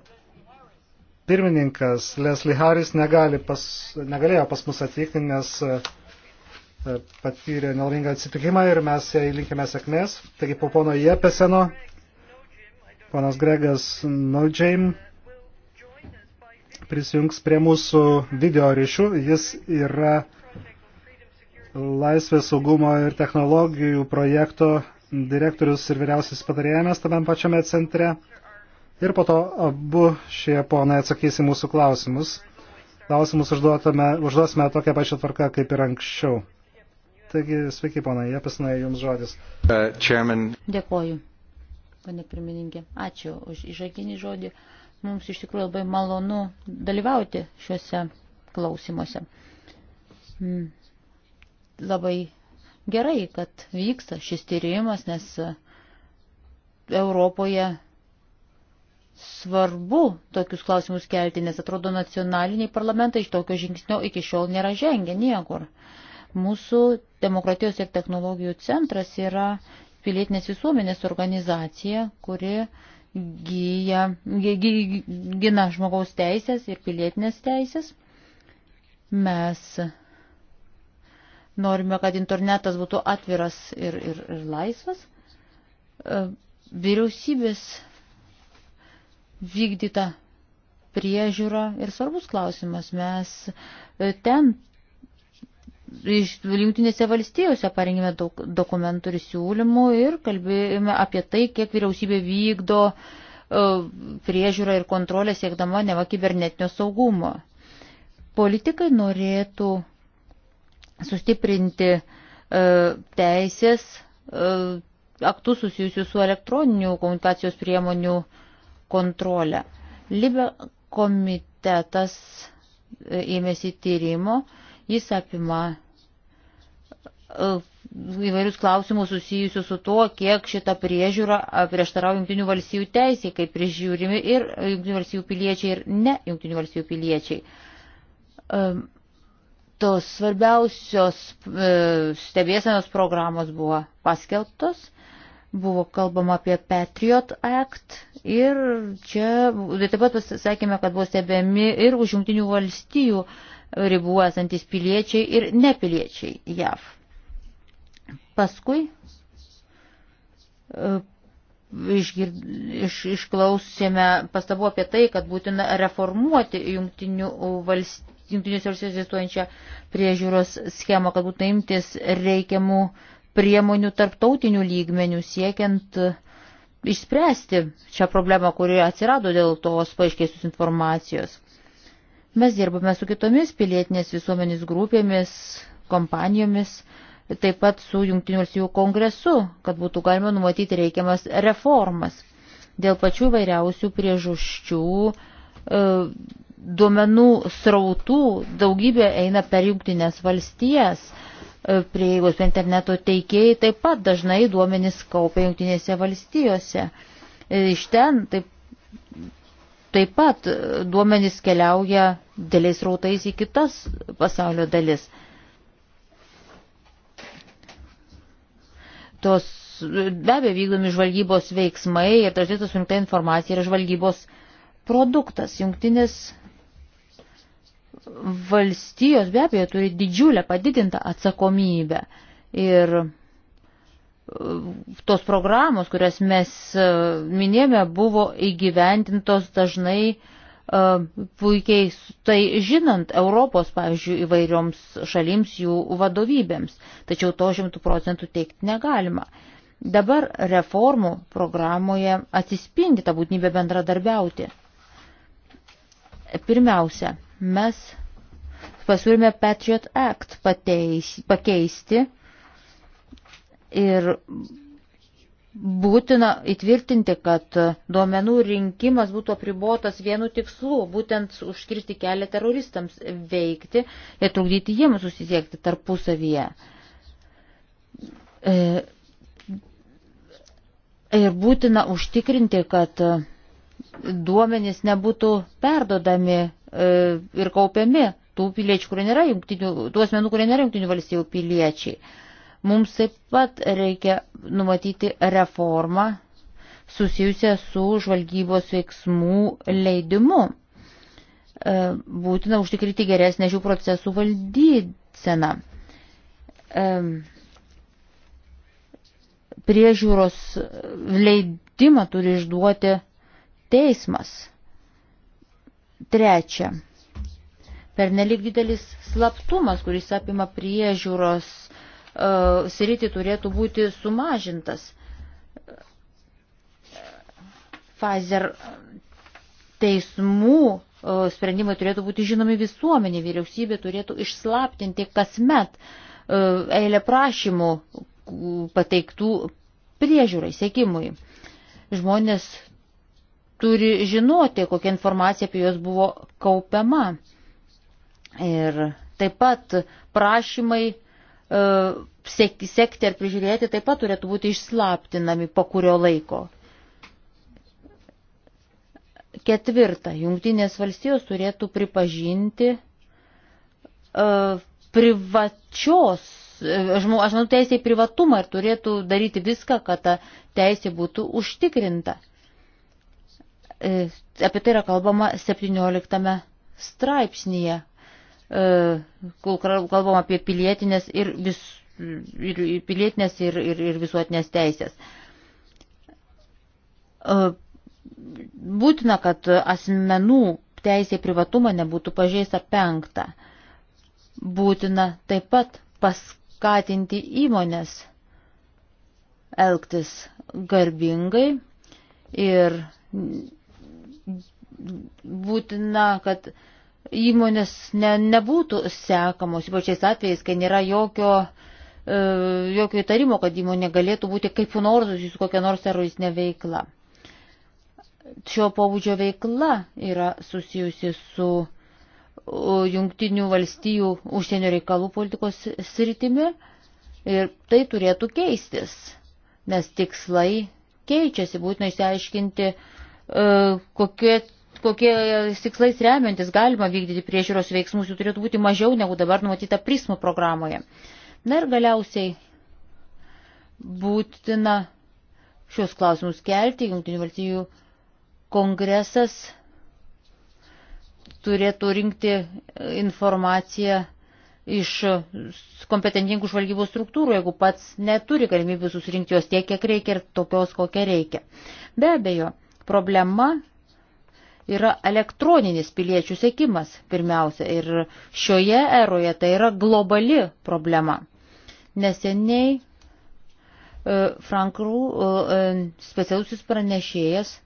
pirmininkas Leslie Harris negali pas, negalėjo pas mus atvykti, nes e, patyrė nelaimingą atsitikimą ir mes jai linkime sėkmės. Taigi po pono Jepeseno, ponas Gregas Nodžeim. No prisijungs prie mūsų video ryšių. Jis yra Laisvės saugumo ir technologijų projekto direktorius ir vyriausias patarėjimas tame pačiame centre. Ir po to abu šie ponai atsakys į mūsų klausimus. Klausimus užduosime tokią pačią tvarką kaip ir anksčiau. Taigi, sveiki, ponai, Jepisinai, jums žodis. Uh, chairman. Dėkoju, pane pirmininkė. Ačiū už įžaginį žodį. Uh, Mums iš tikrųjų labai malonu dalyvauti šiuose klausimuose. Hmm. Labai gerai, kad vyksta šis tyrimas, nes Europoje svarbu tokius klausimus kelti, nes atrodo nacionaliniai parlamentai iš tokio žingsnio iki šiol nėra žengę niekur. Mūsų demokratijos ir technologijų centras yra pilietinės visuomenės organizacija, kuri gyja, gina žmogaus teisės ir pilietinės teisės. Mes norime, kad internetas būtų atviras ir, ir, ir laisvas. E, vyriausybės vykdyta priežiūra ir svarbus klausimas. Mes e, ten iš Jungtinėse valstijose parengėme daug dokumentų ir siūlymų ir kalbėjome apie tai, kiek vyriausybė vykdo e, priežiūrą ir kontrolę siekdama neva kibernetinio saugumo. Politikai norėtų sustiprinti e, teisės e, aktus susijusius su elektroninių komunikacijos priemonių kontrolę. Libe komitetas ėmėsi tyrimo Jis apima e, įvairius klausimus susijusius su tuo, kiek šita priežiūra prieštarauja jungtinių valstybių teisiai, kaip prižiūrimi ir jungtinių valstybių piliečiai, ir ne jungtinių valstybių piliečiai. E, tos svarbiausios e, stebėsenos programos buvo paskelbtos, buvo kalbama apie Patriot Act ir čia tai taip pat pasakėme, kad buvo stebėmi ir už jungtinių valstybių ribų esantis piliečiai ir nepiliečiai JAV. Paskui e, išgird, iš, išklausėme pastabu apie tai, kad būtina reformuoti jungtinių valstybių jungtinės valstijos egzistuojančią priežiūros schemą, kad būtų imtis reikiamų priemonių tarptautinių lygmenių siekiant e, išspręsti šią problemą, kuri atsirado dėl tos paaiškėjusios informacijos. Mes dirbame su kitomis pilietinės visuomenės grupėmis, kompanijomis, taip pat su Junktinių valstybių kongresu, kad būtų galima numatyti reikiamas reformas dėl pačių vairiausių priežasčių. E, duomenų srautų daugybė eina per jungtinės valstijas, e, prieigos prie interneto teikėjai taip pat dažnai duomenys kaupia jungtinėse valstijose. E, iš ten taip Taip pat e, duomenys keliauja dėliais rautais į kitas pasaulio dalis. Tos be abejo vykdomi žvalgybos veiksmai ir dažnai ta surinkta informacija yra žvalgybos produktas. Jungtinės valstijos be abejo turi didžiulę padidintą atsakomybę. Ir tos programos, kurias mes e, minėjome, buvo įgyvendintos dažnai e, puikiai tai žinant Europos, pavyzdžiui, įvairioms šalims jų vadovybėms. Tačiau to šimtų procentų teikti negalima. Dabar reformų programoje atsispindi tą būtinybę bendradarbiauti. Pirmiausia, mes pasiūlėme Patriot Act pateisti, pakeisti Ir būtina įtvirtinti, kad duomenų rinkimas būtų apribotas vienu tikslu, būtent užkirsti kelią teroristams veikti ir trukdyti jiems susisiekti tarpusavyje. E, ir būtina užtikrinti, kad duomenys nebūtų perdodami e, ir kaupiami tų piliečių, kurie nėra jungtinių, tų asmenų, kurie nėra jungtinių valstybių piliečiai. Mums taip pat reikia numatyti reformą susijusią su žvalgybos veiksmų leidimu. E, būtina užtikrinti geresnę šių procesų valdyseną. E, priežiūros leidimą turi išduoti teismas. Trečia. Pernelik didelis slaptumas, kuris apima priežiūros uh, sritį turėtų būti sumažintas. Pfizer teismų e, sprendimai turėtų būti žinomi visuomenė, vyriausybė turėtų išslaptinti kasmet e, eilę prašymų pateiktų priežiūrai, sėkimui. Žmonės turi žinoti, kokia informacija apie juos buvo kaupiama. Ir taip pat prašymai E, sekti, sekti ar prižiūrėti taip pat turėtų būti išslaptinami po kurio laiko. Ketvirta, jungtinės valstijos turėtų pripažinti uh, privačios, žmonių, e, aš manau, teisė į privatumą ir turėtų daryti viską, kad ta teisė būtų užtikrinta. Apie tai yra kalbama 17 straipsnėje E, kol kalbam apie pilietinės ir, vis, ir, pilietinės ir, ir, ir visuotinės teisės. E, būtina, kad asmenų teisė privatumą nebūtų pažeista penktą. Būtina taip pat paskatinti įmonės elgtis garbingai ir būtina, kad uh, įmonės ne, nebūtų sekamos, ypač šiais atvejais, kai nėra jokio, e, jokio įtarimo, kad įmonė galėtų būti kaip nors susijusi kokia nors teroristinė veikla. Šio pobūdžio veikla yra susijusi su jungtinių valstijų užsienio reikalų politikos sritimi ir tai turėtų keistis, nes tikslai keičiasi, būtina išsiaiškinti, e, kokie kokiais tikslais remiantis galima vykdyti priežiūros veiksmus, jų turėtų būti mažiau negu dabar numatyta prismų programoje. Na ir galiausiai būtina šios klausimus kelti, Junktinių valstybių kongresas turėtų rinkti informaciją iš kompetentingų žvalgybos struktūrų, jeigu pats neturi galimybių susirinkti jos tiek, kiek reikia ir tokios, kokia reikia. Be abejo, problema yra elektroninis piliečių sėkimas pirmiausia ir šioje eroje tai yra globali problema. Neseniai e, Frankrų e, e, specialusis pranešėjas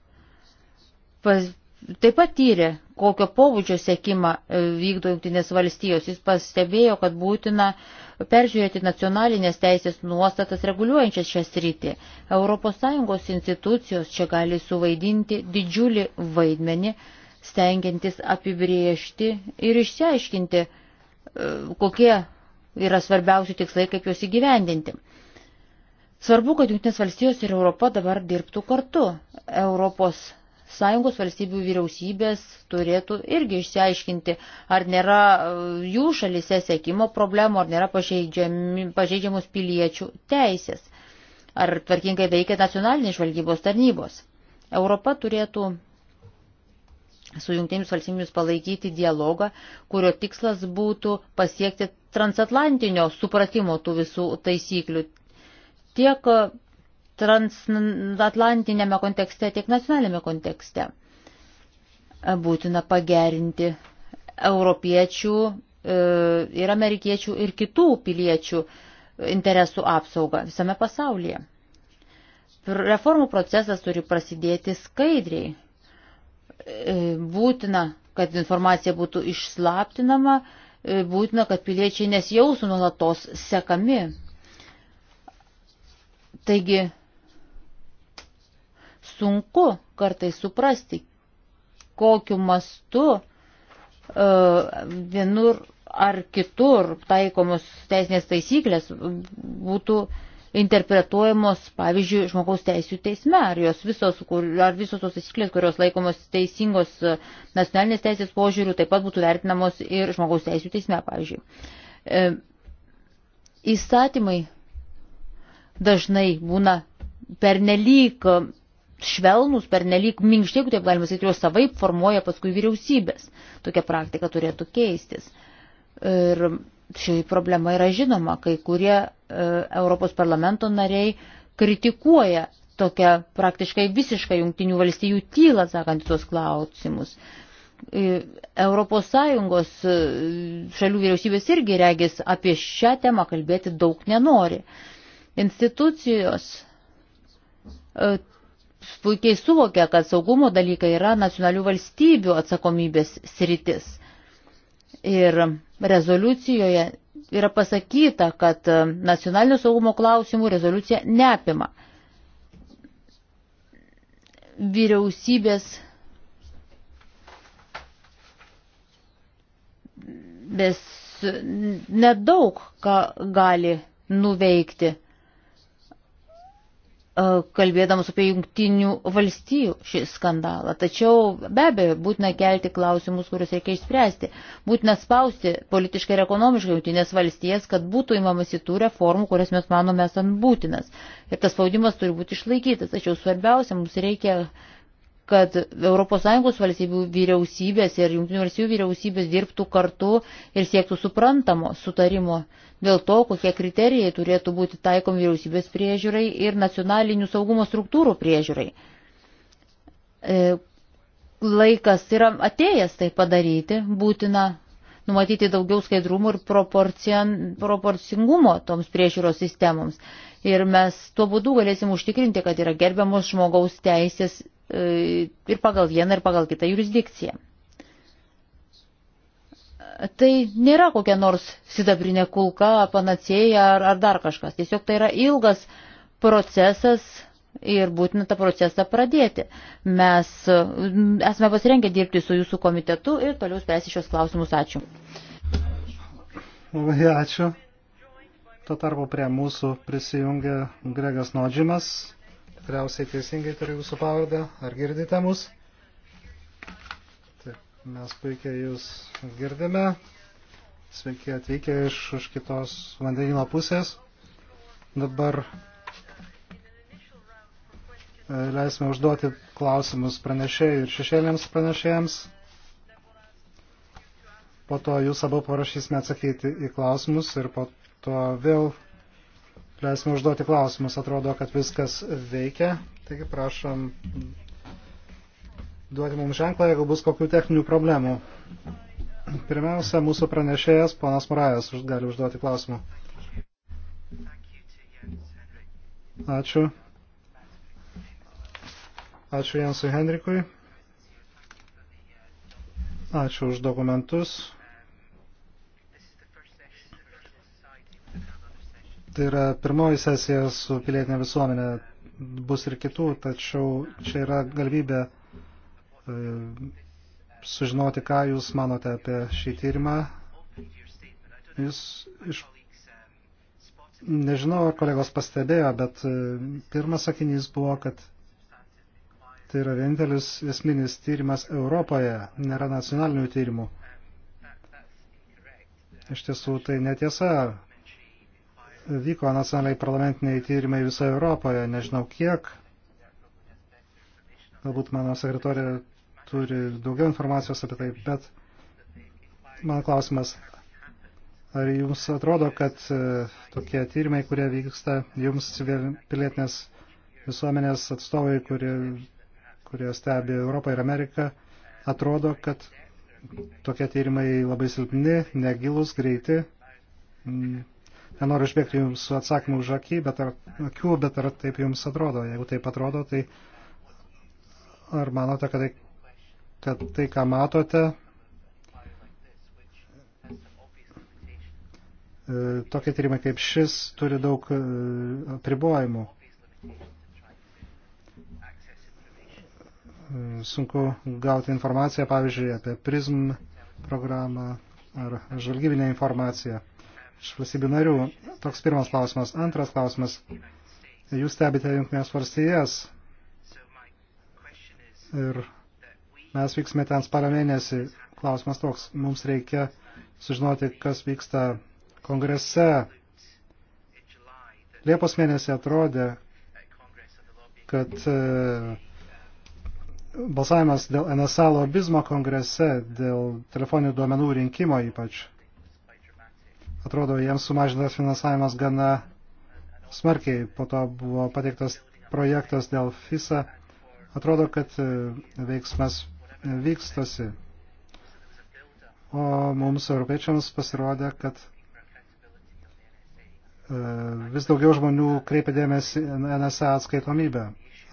taip pat tyrė, kokio pobūdžio sėkimą vykdo Junktinės valstijos. Jis pastebėjo, kad būtina peržiūrėti nacionalinės teisės nuostatas reguliuojančias šią sritį. ES institucijos čia gali suvaidinti didžiulį vaidmenį, stengiantis apibriežti ir išsiaiškinti, e, kokie yra svarbiausi tikslai, kaip juos įgyvendinti. Svarbu, kad Junktinės valstijos ir Europa dabar dirbtų kartu. Europos Sąjungos valstybių vyriausybės turėtų irgi išsiaiškinti, ar nėra e, jų šalise sėkimo problemų, ar nėra pažeidžiamus piliečių teisės, ar tvarkingai veikia nacionalinės žvalgybos tarnybos. Europa turėtų su jungtinėmis valstybėmis palaikyti dialogą, kurio tikslas būtų pasiekti transatlantinio supratimo tų visų taisyklių. Tiek transatlantinėme kontekste, tiek nacionalinėme kontekste. Būtina pagerinti europiečių e, ir amerikiečių ir kitų piliečių interesų apsaugą visame pasaulyje. Reformų procesas turi prasidėti skaidriai. E, būtina, kad informacija būtų išslaptinama, e, būtina, kad piliečiai nesijausų nuolatos sekami. Taigi sunku kartai suprasti, kokiu mastu uh, vienur ar kitur taikomos teisinės taisyklės būtų interpretuojamos, pavyzdžiui, žmogaus teisų teisme, ar jos visos, kur, ar visos tos taisyklės, kurios laikomos teisingos nacionalinės teisės požiūrių, taip pat būtų vertinamos ir žmogaus teisų teisme, pavyzdžiui. E, įstatymai dažnai būna pernelyg švelnus, pernelyg minkšti, jeigu taip galima sakyti, juos savaip formuoja paskui vyriausybės. Tokia praktika turėtų keistis. Ir ši problema yra žinoma, kai kurie e, Europos parlamento nariai kritikuoja tokią praktiškai visišką jungtinių valstybių tylą, sakant, tuos klausimus. E, Europos Sąjungos e, šalių vyriausybės irgi regis apie šią temą kalbėti daug nenori. Institucijos e, puikiai suvokia, kad saugumo dalykai yra nacionalių valstybių atsakomybės sritis. Ir rezoliucijoje yra pasakyta, kad nacionalinio saugumo klausimų rezoliucija neapima. Vyriausybės bes nedaug ką gali nuveikti E, kalbėdamas apie jungtinių valstijų šį skandalą. Tačiau be abejo, būtina kelti klausimus, kuriuos reikia išspręsti. Būtina spausti politiškai ir ekonomiškai jungtinės valstijas, kad būtų įmamasi tų reformų, kurias mes manome esant būtinas. Ir tas spaudimas turi būti išlaikytas. Tačiau svarbiausia, mums reikia kad ES valstybių vyriausybės ir jungtinių valstybių vyriausybės dirbtų kartu ir siektų suprantamo sutarimo dėl to, kokie kriterijai turėtų būti taikomi vyriausybės priežiūrai ir nacionalinių saugumo struktūrų priežiūrai. E, laikas yra atėjęs tai padaryti, būtina numatyti daugiau skaidrumų ir proporcingumo toms priežiūros sistemoms. Ir mes tuo būdu galėsim užtikrinti, kad yra gerbiamos žmogaus teisės e, ir pagal vieną, ir pagal kitą jurisdikciją tai nėra kokia nors sidabrinė kulka, panacėja ar, ar dar kažkas. Tiesiog tai yra ilgas procesas ir būtina tą procesą pradėti. Mes mm, esame pasirengę dirbti su jūsų komitetu ir toliau spręsti šios klausimus. Ačiū. Labai ačiū. Tuo tarpu prie mūsų prisijungia Gregas Nodžimas. Tikriausiai teisingai turiu jūsų pavardę. Ar girdite mus? Mes puikiai jūs girdime. Sveiki atvykę iš, iš kitos vandenino pusės. Dabar e, leisime užduoti klausimus pranešėjai ir šešėliams pranešėjams. Po to jūs abu parašysime atsakyti į klausimus ir po to vėl leisime užduoti klausimus. Atrodo, kad viskas veikia. Taigi prašom duoti mums ženklą, jeigu bus kokių techninių problemų. Pirmiausia, mūsų pranešėjas, ponas Morajas, gali užduoti klausimą. Ačiū. Ačiū Jansui Henrikui. Ačiū už dokumentus. Tai yra pirmoji sesija su pilietinė visuomenė. Bus ir kitų, tačiau čia yra galimybė E, sužinoti, ką Jūs manote apie šį tyrimą. Jūs iš... Nežinau, ar kolegos pastebėjo, bet e, pirmas sakinys buvo, kad tai yra vienintelis esminis tyrimas Europoje, nėra nacionalinių tyrimų. Iš tiesų, tai netiesa. Vyko nacionaliai parlamentiniai tyrimai visoje Europoje, nežinau kiek. Galbūt mano sekretorė turi daugiau informacijos apie tai, bet mano klausimas, ar jums atrodo, kad e, tokie tyrimai, kurie vyksta, jums pilietinės visuomenės atstovai, kurie, kurie stebi Europą ir Ameriką, atrodo, kad tokie tyrimai labai silpni, negilus, greiti. Mm, nenoriu išbėgti jums su atsakymu už akį, bet ar, akių, bet ar taip jums atrodo. Jeigu taip atrodo, tai ar manote, kad tai kad tai, ką matote, e, tokie tyrimai kaip šis turi daug e, pribojimų. E, sunku gauti informaciją, pavyzdžiui, apie PRISM programą ar žvalgybinę informaciją iš valstybių narių. Toks pirmas klausimas. Antras klausimas. Jūs stebite Junktinės valstijas ir Mes vyksime ten spalio mėnesį. Klausimas toks, mums reikia sužinoti, kas vyksta kongrese. Liepos mėnesį atrodė, kad e, balsavimas dėl NSA lobizmo kongrese, dėl telefoninių duomenų rinkimo ypač, atrodo, jiems sumažintas finansavimas gana smarkiai. Po to buvo pateiktas projektas dėl FISA. Atrodo, kad e, veiksmas vykstasi. O mums, europiečiams, pasirodė, kad e, vis daugiau žmonių kreipia dėmesį NSA atskaitomybę.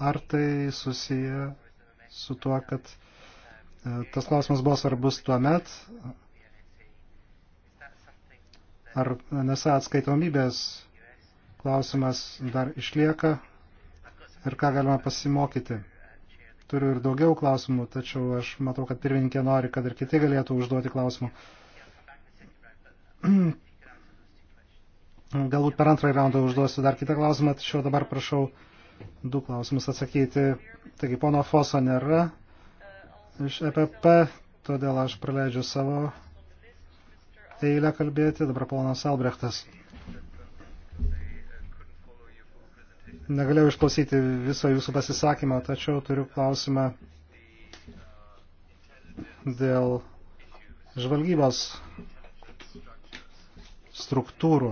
Ar tai susiję su tuo, kad e, tas klausimas buvo svarbus tuo met? Ar NSA atskaitomybės klausimas dar išlieka ir ką galima pasimokyti? turiu ir daugiau klausimų, tačiau aš matau, kad pirmininkė nori, kad ir kiti galėtų užduoti klausimų. Galbūt per antrąjį raundą užduosiu dar kitą klausimą, tačiau dabar prašau du klausimus atsakyti. Taigi, pono Foso nėra iš EPP, todėl aš praleidžiu savo eilę kalbėti. Dabar ponas Albrechtas. Negalėjau išklausyti viso jūsų pasisakymą, tačiau turiu klausimą dėl žvalgybos struktūrų.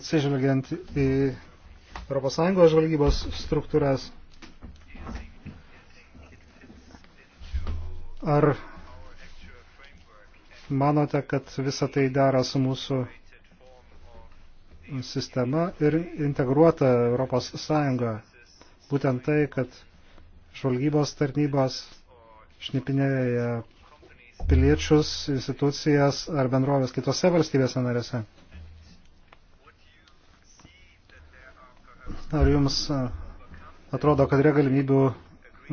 Atsižvelgiant į ES žvalgybos struktūras, ar manote, kad visa tai dera su mūsų sistema ir integruota Europos Sąjunga. Būtent tai, kad žvalgybos tarnybos šnipinėja piliečius, institucijas ar bendrovės kitose valstybėse narėse. Ar jums atrodo, kad yra galimybių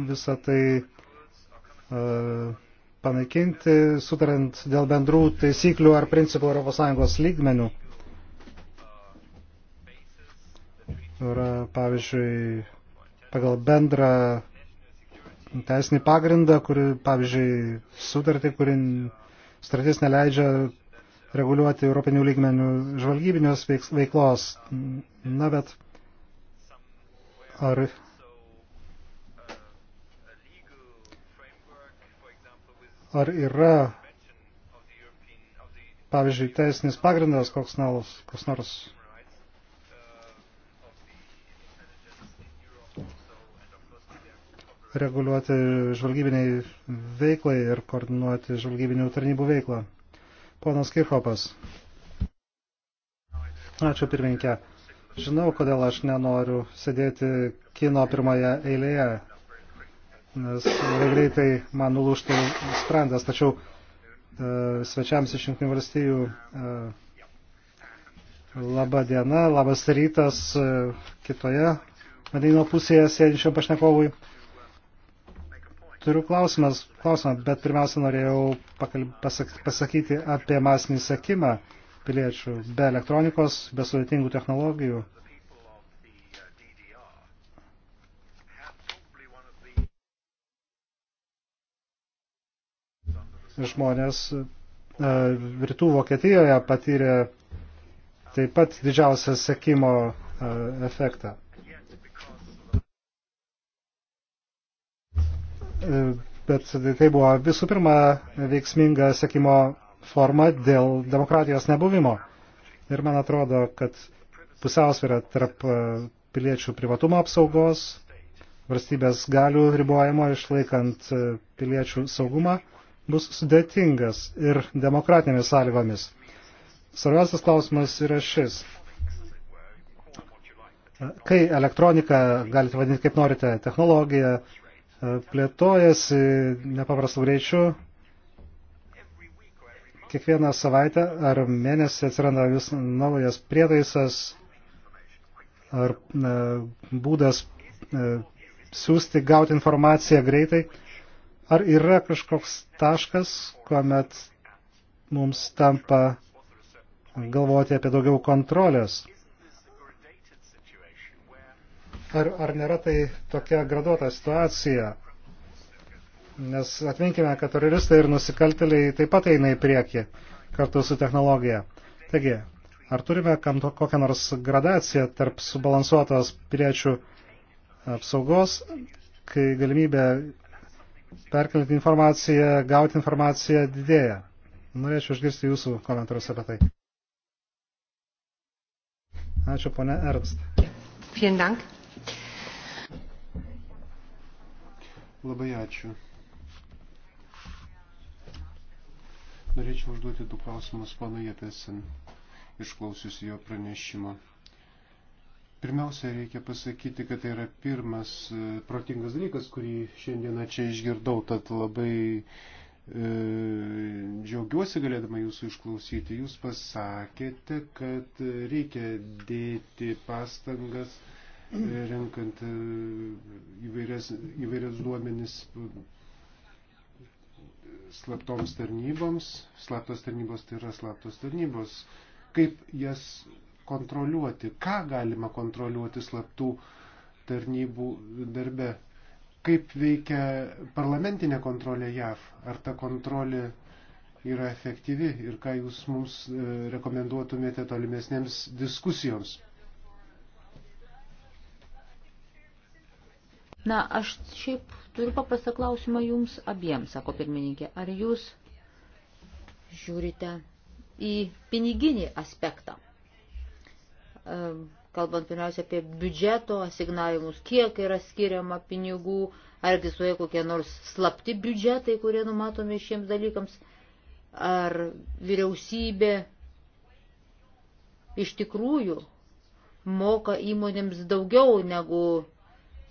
visą tai uh, panaikinti, sutarant dėl bendrų taisyklių ar principų ES lygmenių? yra, pavyzdžiui, pagal bendrą teisinį pagrindą, kuri, pavyzdžiui, sutartį, kuri startis neleidžia reguliuoti europinių lygmenių žvalgybinės veiklos. Na, bet ar ar yra, pavyzdžiui, teisinis pagrindas koks nors, koks nors reguliuoti žvalgybiniai veiklai ir koordinuoti žvalgybinių tarnybų veiklą. Ponas Kirchopas. Ačiū pirminkė. Žinau, kodėl aš nenoriu sėdėti kino pirmoje eilėje, nes greitai man nulūštų sprendas, tačiau e, svečiams iš Junktinių valstijų e, laba diena, labas rytas e, kitoje vandenino pusėje sėdinčiam pašnekovui. E, Turiu klausimas, klausimą, bet pirmiausia norėjau pakalb, pasak, pasakyti apie masinį sekimą piliečių be elektronikos, be sudėtingų technologijų. Žmonės e, rytų Vokietijoje patyrė taip pat didžiausią sekimo e, efektą. bet tai buvo visų pirma veiksminga sekimo forma dėl demokratijos nebuvimo. Ir man atrodo, kad pusiausvėra tarp e, piliečių privatumo apsaugos, valstybės galių ribojimo išlaikant e, piliečių saugumą bus sudėtingas ir demokratinėmis sąlygomis. Svarbiausias klausimas yra šis. Kai elektroniką galite vadinti kaip norite, technologija, plėtojasi nepaprastų greičių. Kiekvieną savaitę ar mėnesį atsiranda vis naujas prietaisas ar e, būdas e, siūsti, gauti informaciją greitai. Ar yra kažkoks taškas, kuomet mums tampa galvoti apie daugiau kontrolės? Ar, ar nėra tai tokia graduota situacija? Nes atminkime, kad teroristai ir nusikaltėliai taip pat eina į priekį kartu su technologija. Taigi, ar turime to, kokią nors gradaciją tarp subalansuotos piliečių apsaugos, kai galimybė perkelti informaciją, gauti informaciją didėja? Norėčiau išgirsti jūsų komentarus apie tai. Ačiū, ponė Ernst. Vielen Dank. Labai ačiū. Norėčiau užduoti du klausimus ponui Jepesen, išklausius jo pranešimo. Pirmiausia, reikia pasakyti, kad tai yra pirmas e, protingas dalykas, kurį šiandieną čia išgirdau, tad labai e, džiaugiuosi galėdama jūsų išklausyti. Jūs pasakėte, kad reikia dėti pastangas e, renkant e, įvairias, įvairias duomenis slaptoms tarnyboms. Slaptos tarnybos tai yra slaptos tarnybos. Kaip jas kontroliuoti? Ką galima kontroliuoti slaptų tarnybų darbe? Kaip veikia parlamentinė kontrolė JAV? Ar ta kontrolė yra efektyvi ir ką jūs mums e, rekomenduotumėte tolimesnėms diskusijoms? Na, aš šiaip turiu paprastą klausimą jums abiems, sako pirmininkė. Ar jūs žiūrite į piniginį aspektą? E, kalbant pirmiausia apie biudžeto asignavimus, kiek yra skiriama pinigų, ar egzistuoja kokie nors slapti biudžetai, kurie numatomi šiems dalykams, ar vyriausybė iš tikrųjų moka įmonėms daugiau negu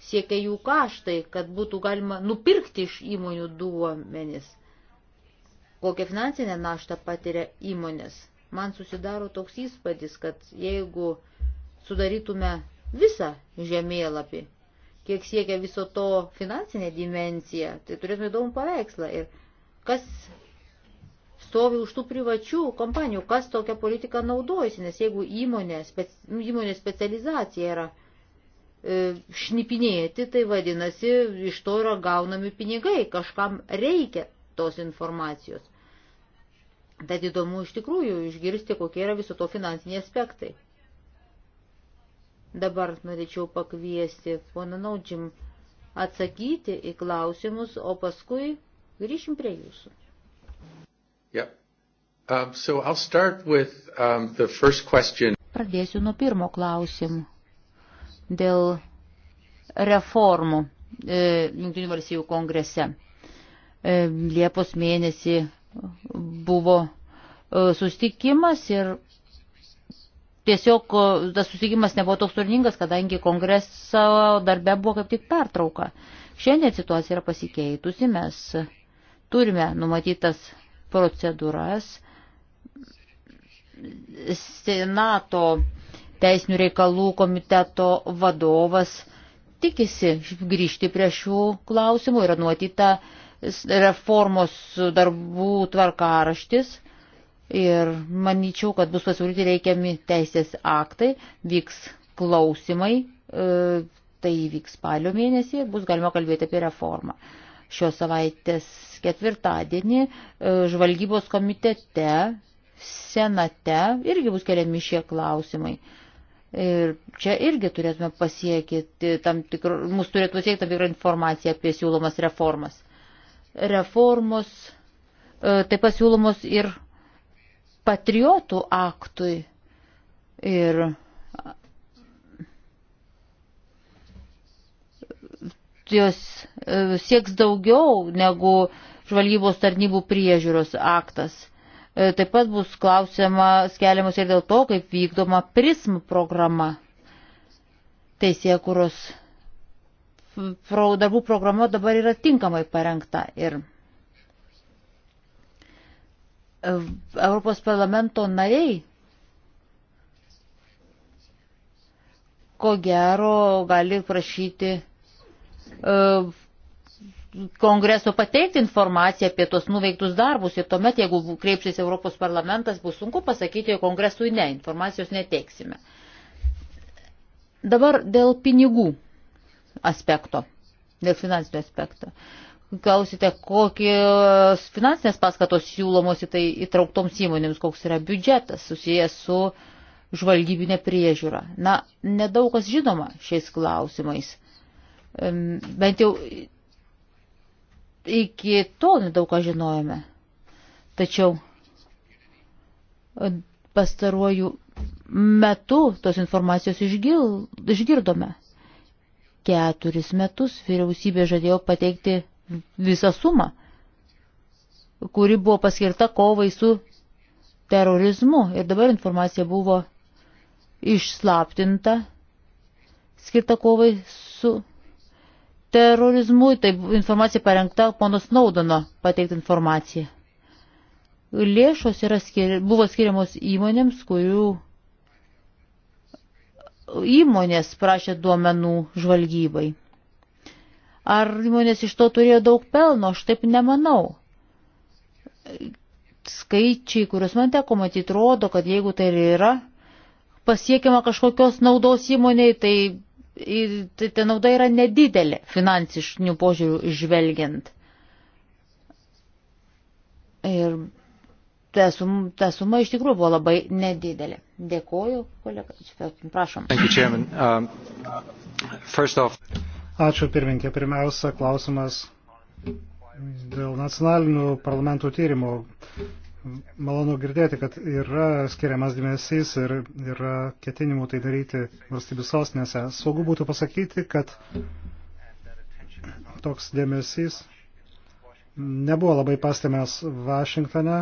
siekia jų kaštai, kad būtų galima nupirkti iš įmonių duomenis. Kokią finansinę naštą patiria įmonės? Man susidaro toks įspūdis, kad jeigu sudarytume visą žemėlapį, kiek siekia viso to finansinė dimencija, tai turėtume įdomų paveikslą. Ir kas stovi už tų privačių kompanijų, kas tokią politiką naudojasi, nes jeigu įmonė, speci, įmonė specializacija yra E, šnipinėti, tai vadinasi, iš to yra gaunami pinigai, kažkam reikia tos informacijos. Tad įdomu iš tikrųjų išgirsti, kokie yra viso to finansiniai aspektai. Dabar norėčiau pakviesti poną Naudžim atsakyti į klausimus, o paskui grįšim prie jūsų. Yeah. Um, so I'll start with, um, the first question. Pradėsiu nuo pirmo klausimų dėl reformų e, Junktinių valstybių kongrese. E, Liepos mėnesį buvo e, sustikimas ir tiesiog tas susitikimas nebuvo toks turningas, kadangi kongreso darbe buvo kaip tik pertrauka. Šiandien situacija yra pasikeitusi, mes turime numatytas procedūras. Senato teisinių reikalų komiteto vadovas tikisi grįžti prie šių klausimų, yra nuotyta reformos darbų tvarkaraštis ir manyčiau, kad bus pasiūlyti reikiami teisės aktai, vyks klausimai, e, tai vyks spalio mėnesį ir bus galima kalbėti apie reformą. Šios savaitės ketvirtadienį e, žvalgybos komitete, senate irgi bus keliami šie klausimai. Ir čia irgi turėtume pasiekti tam tikrą, mus turėtų pasiekti tam tikrą informaciją apie siūlomas reformas. Reformos e, taip pat siūlomos ir patriotų aktui. Ir e, jos e, sieks daugiau negu žvalgybos tarnybų priežiūros aktas E, taip pat bus klausimas keliamas ir dėl to, kaip vykdoma PRISM programa. Teisėkuros darbų programa dabar yra tinkamai parengta ir e, Europos parlamento nariai ko gero gali prašyti e, kongreso pateikti informaciją apie tos nuveiktus darbus ir tuomet, jeigu kreipsis Europos parlamentas, bus sunku pasakyti, jog kongresui ne, informacijos neteiksime. Dabar dėl pinigų aspekto, dėl finansinio aspekto. Klausite, kokios finansinės paskatos siūlomos į tai įtrauktoms įmonėms, koks yra biudžetas susijęs su žvalgybinė priežiūra. Na, nedaug kas žinoma šiais klausimais. Bent jau iki tol nedaug ką žinojome. Tačiau e, pastaruoju metu tos informacijos išgil, išgirdome. Keturis metus vyriausybė žadėjo pateikti visą sumą, kuri buvo paskirta kovai su terorizmu. Ir dabar informacija buvo išslaptinta, skirta kovai su terorizmu, tai informacija parengta pono Snaudono pateikti informaciją. Lėšos skiri, buvo skiriamos įmonėms, kurių įmonės prašė duomenų žvalgybai. Ar įmonės iš to turėjo daug pelno, aš taip nemanau. Skaičiai, kuriuos man teko matyti, rodo, kad jeigu tai yra pasiekiama kažkokios naudos įmoniai, tai Tai, ta nauda yra nedidelė finansišnių požiūrių žvelgiant. Ir ta, sum, ta suma iš tikrųjų buvo labai nedidelė. Dėkoju, kolega. Prašom. Um, Ačiū pirminkė. Pirmiausia, klausimas dėl nacionalinių parlamentų tyrimų malonu girdėti, kad yra skiriamas dėmesys ir yra ketinimų tai daryti valstybės sostinėse. Saugu būtų pasakyti, kad toks dėmesys nebuvo labai pastebęs Vašingtone,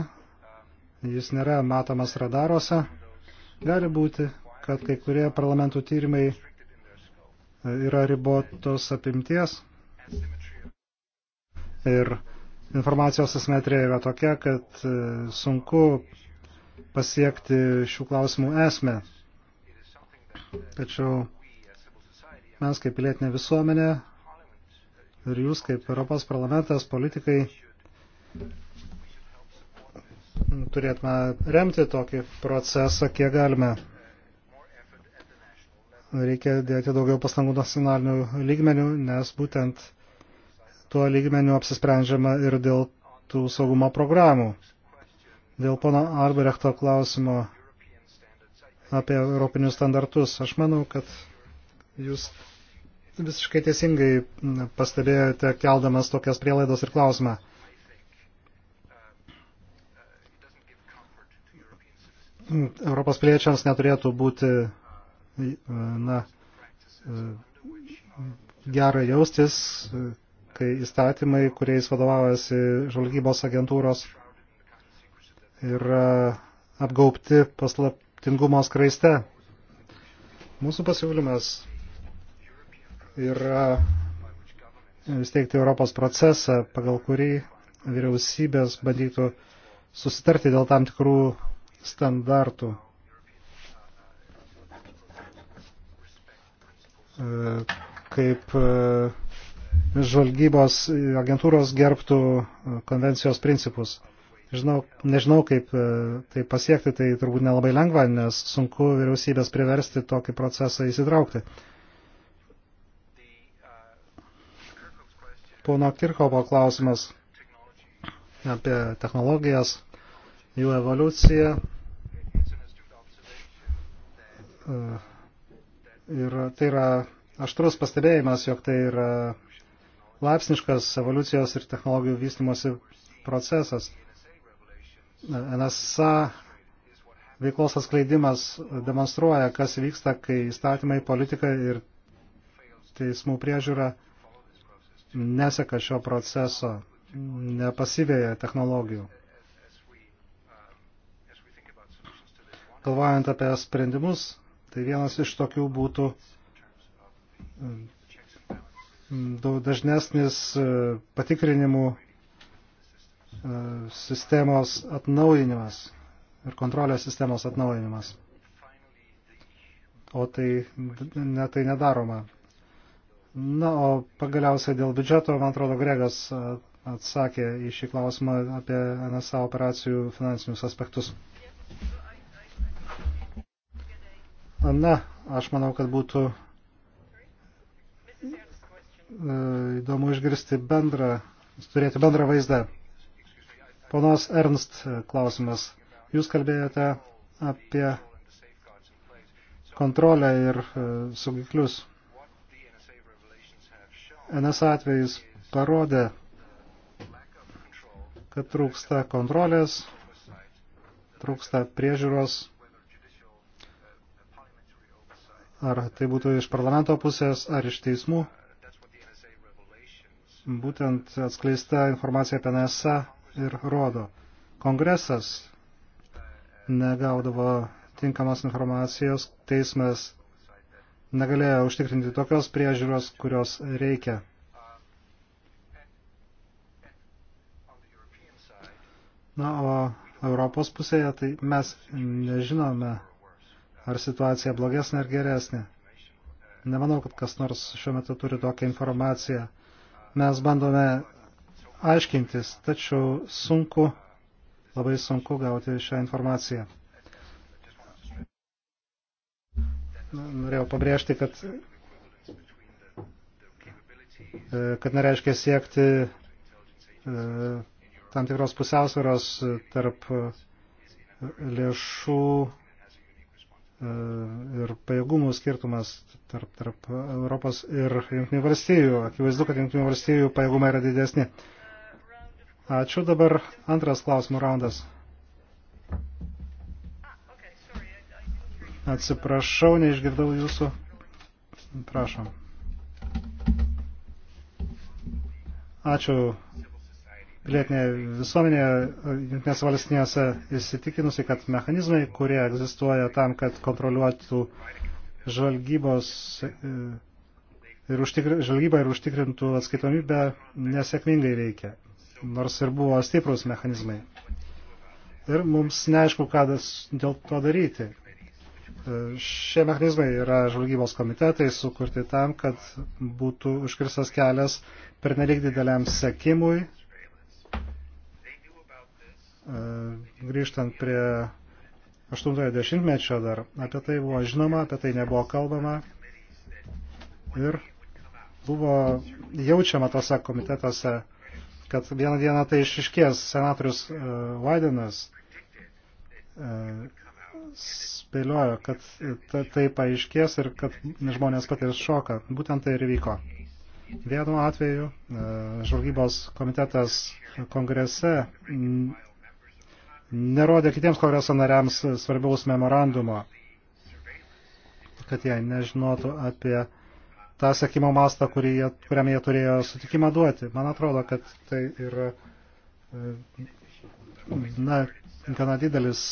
jis nėra matomas radarose. Gali būti, kad kai kurie parlamentų tyrimai yra ribotos apimties ir informacijos asmetrija yra tokia, kad e, sunku pasiekti šių klausimų esmę. Tačiau mes kaip pilietinė visuomenė ir jūs kaip Europos parlamentas, politikai, turėtume remti tokį procesą, kiek galime. Reikia dėti daugiau pastangų nacionalinių lygmenių, nes būtent tuo lygmeniu apsisprendžiama ir dėl tų saugumo programų. Dėl pono Arbrechto klausimo apie europinius standartus, aš manau, kad jūs visiškai teisingai pastebėjote, keldamas tokias prielaidos ir klausimą. Europos piliečiams neturėtų būti na, gera jaustis, kai įstatymai, kuriais vadovaujasi žvalgybos agentūros, yra apgaubti paslaptingumo skraiste. Mūsų pasiūlymas yra steigti Europos procesą, pagal kurį vyriausybės bandytų susitarti dėl tam tikrų standartų. kaip žvalgybos agentūros gerbtų e, konvencijos principus. Žinau, nežinau, kaip e, tai pasiekti, tai turbūt nelabai lengva, nes sunku vyriausybės priversti tokį procesą įsitraukti. Pono Kirchovo klausimas apie technologijas, jų evoliuciją. E, ir tai yra aštrus pastebėjimas, jog tai yra laipsniškas evoliucijos ir technologijų vystimosi procesas. NSA veiklos atskleidimas demonstruoja, kas vyksta, kai įstatymai, politika ir teismų priežiūra neseka šio proceso, nepasivėja technologijų. Galvojant apie sprendimus, tai vienas iš tokių būtų daug dažnesnis e, patikrinimų e, sistemos atnaujinimas ir kontrolės sistemos atnaujinimas. O tai, ne, tai nedaroma. Na, o pagaliausiai dėl biudžeto, man atrodo, Gregas e, atsakė į šį klausimą apie NSA operacijų finansinius aspektus. Na, aš manau, kad būtų E, įdomu išgirsti bendrą, turėti bendrą vaizdą. Ponos Ernst e, klausimas. Jūs kalbėjote apie kontrolę ir e, saugiklius. NSA atvejais parodė, kad trūksta kontrolės, trūksta priežiūros, ar tai būtų iš parlamento pusės, ar iš teismų būtent atskleista informacija apie NSA ir rodo. Kongresas negaudavo tinkamos informacijos, teismas negalėjo užtikrinti tokios priežiūros, kurios reikia. Na, o Europos pusėje tai mes nežinome, ar situacija blogesnė ar geresnė. Nemanau, kad kas nors šiuo metu turi tokią informaciją mes bandome aiškintis, tačiau sunku, labai sunku gauti šią informaciją. Norėjau pabrėžti, kad, e, kad nereiškia siekti e, tam tikros pusiausvėros e, tarp lėšų E, ir pajėgumų skirtumas tarp, tarp Europos ir Junktinių valstybių. Akivaizdu, kad Junktinių valstybių pajėgumai yra didesni. Ačiū. Dabar antras klausimų raundas. Atsiprašau, neišgirdau jūsų. Prašom. Ačiū pilietinė visuomenė Junktinės valstinėse įsitikinusi, kad mechanizmai, kurie egzistuoja tam, kad kontroliuotų žvalgybos e, ir užtikri, žvalgybą ir užtikrintų atskaitomybę, nesėkmingai veikia, nors ir buvo stiprus mechanizmai. Ir mums neaišku, ką dėl to daryti. E, šie mechanizmai yra žvalgybos komitetai sukurti tam, kad būtų užkirstas kelias per nelik dideliam sekimui E, grįžtant prie 80-mečio dar, apie tai buvo žinoma, apie tai nebuvo kalbama ir buvo jaučiama tose komitetuose, kad vieną dieną tai išiškės senatorius e, Vaidenas e, spėliojo, kad tai paaiškės ir kad žmonės patirs šoką. Būtent tai ir vyko. Vienu atveju žvalgybos komitetas kongrese nerodė kitiems kongreso nariams svarbiaus memorandumo, kad jie nežinotų apie tą sekimo mastą, jie, kuriam jie turėjo sutikimą duoti. Man atrodo, kad tai yra e, na, gana didelis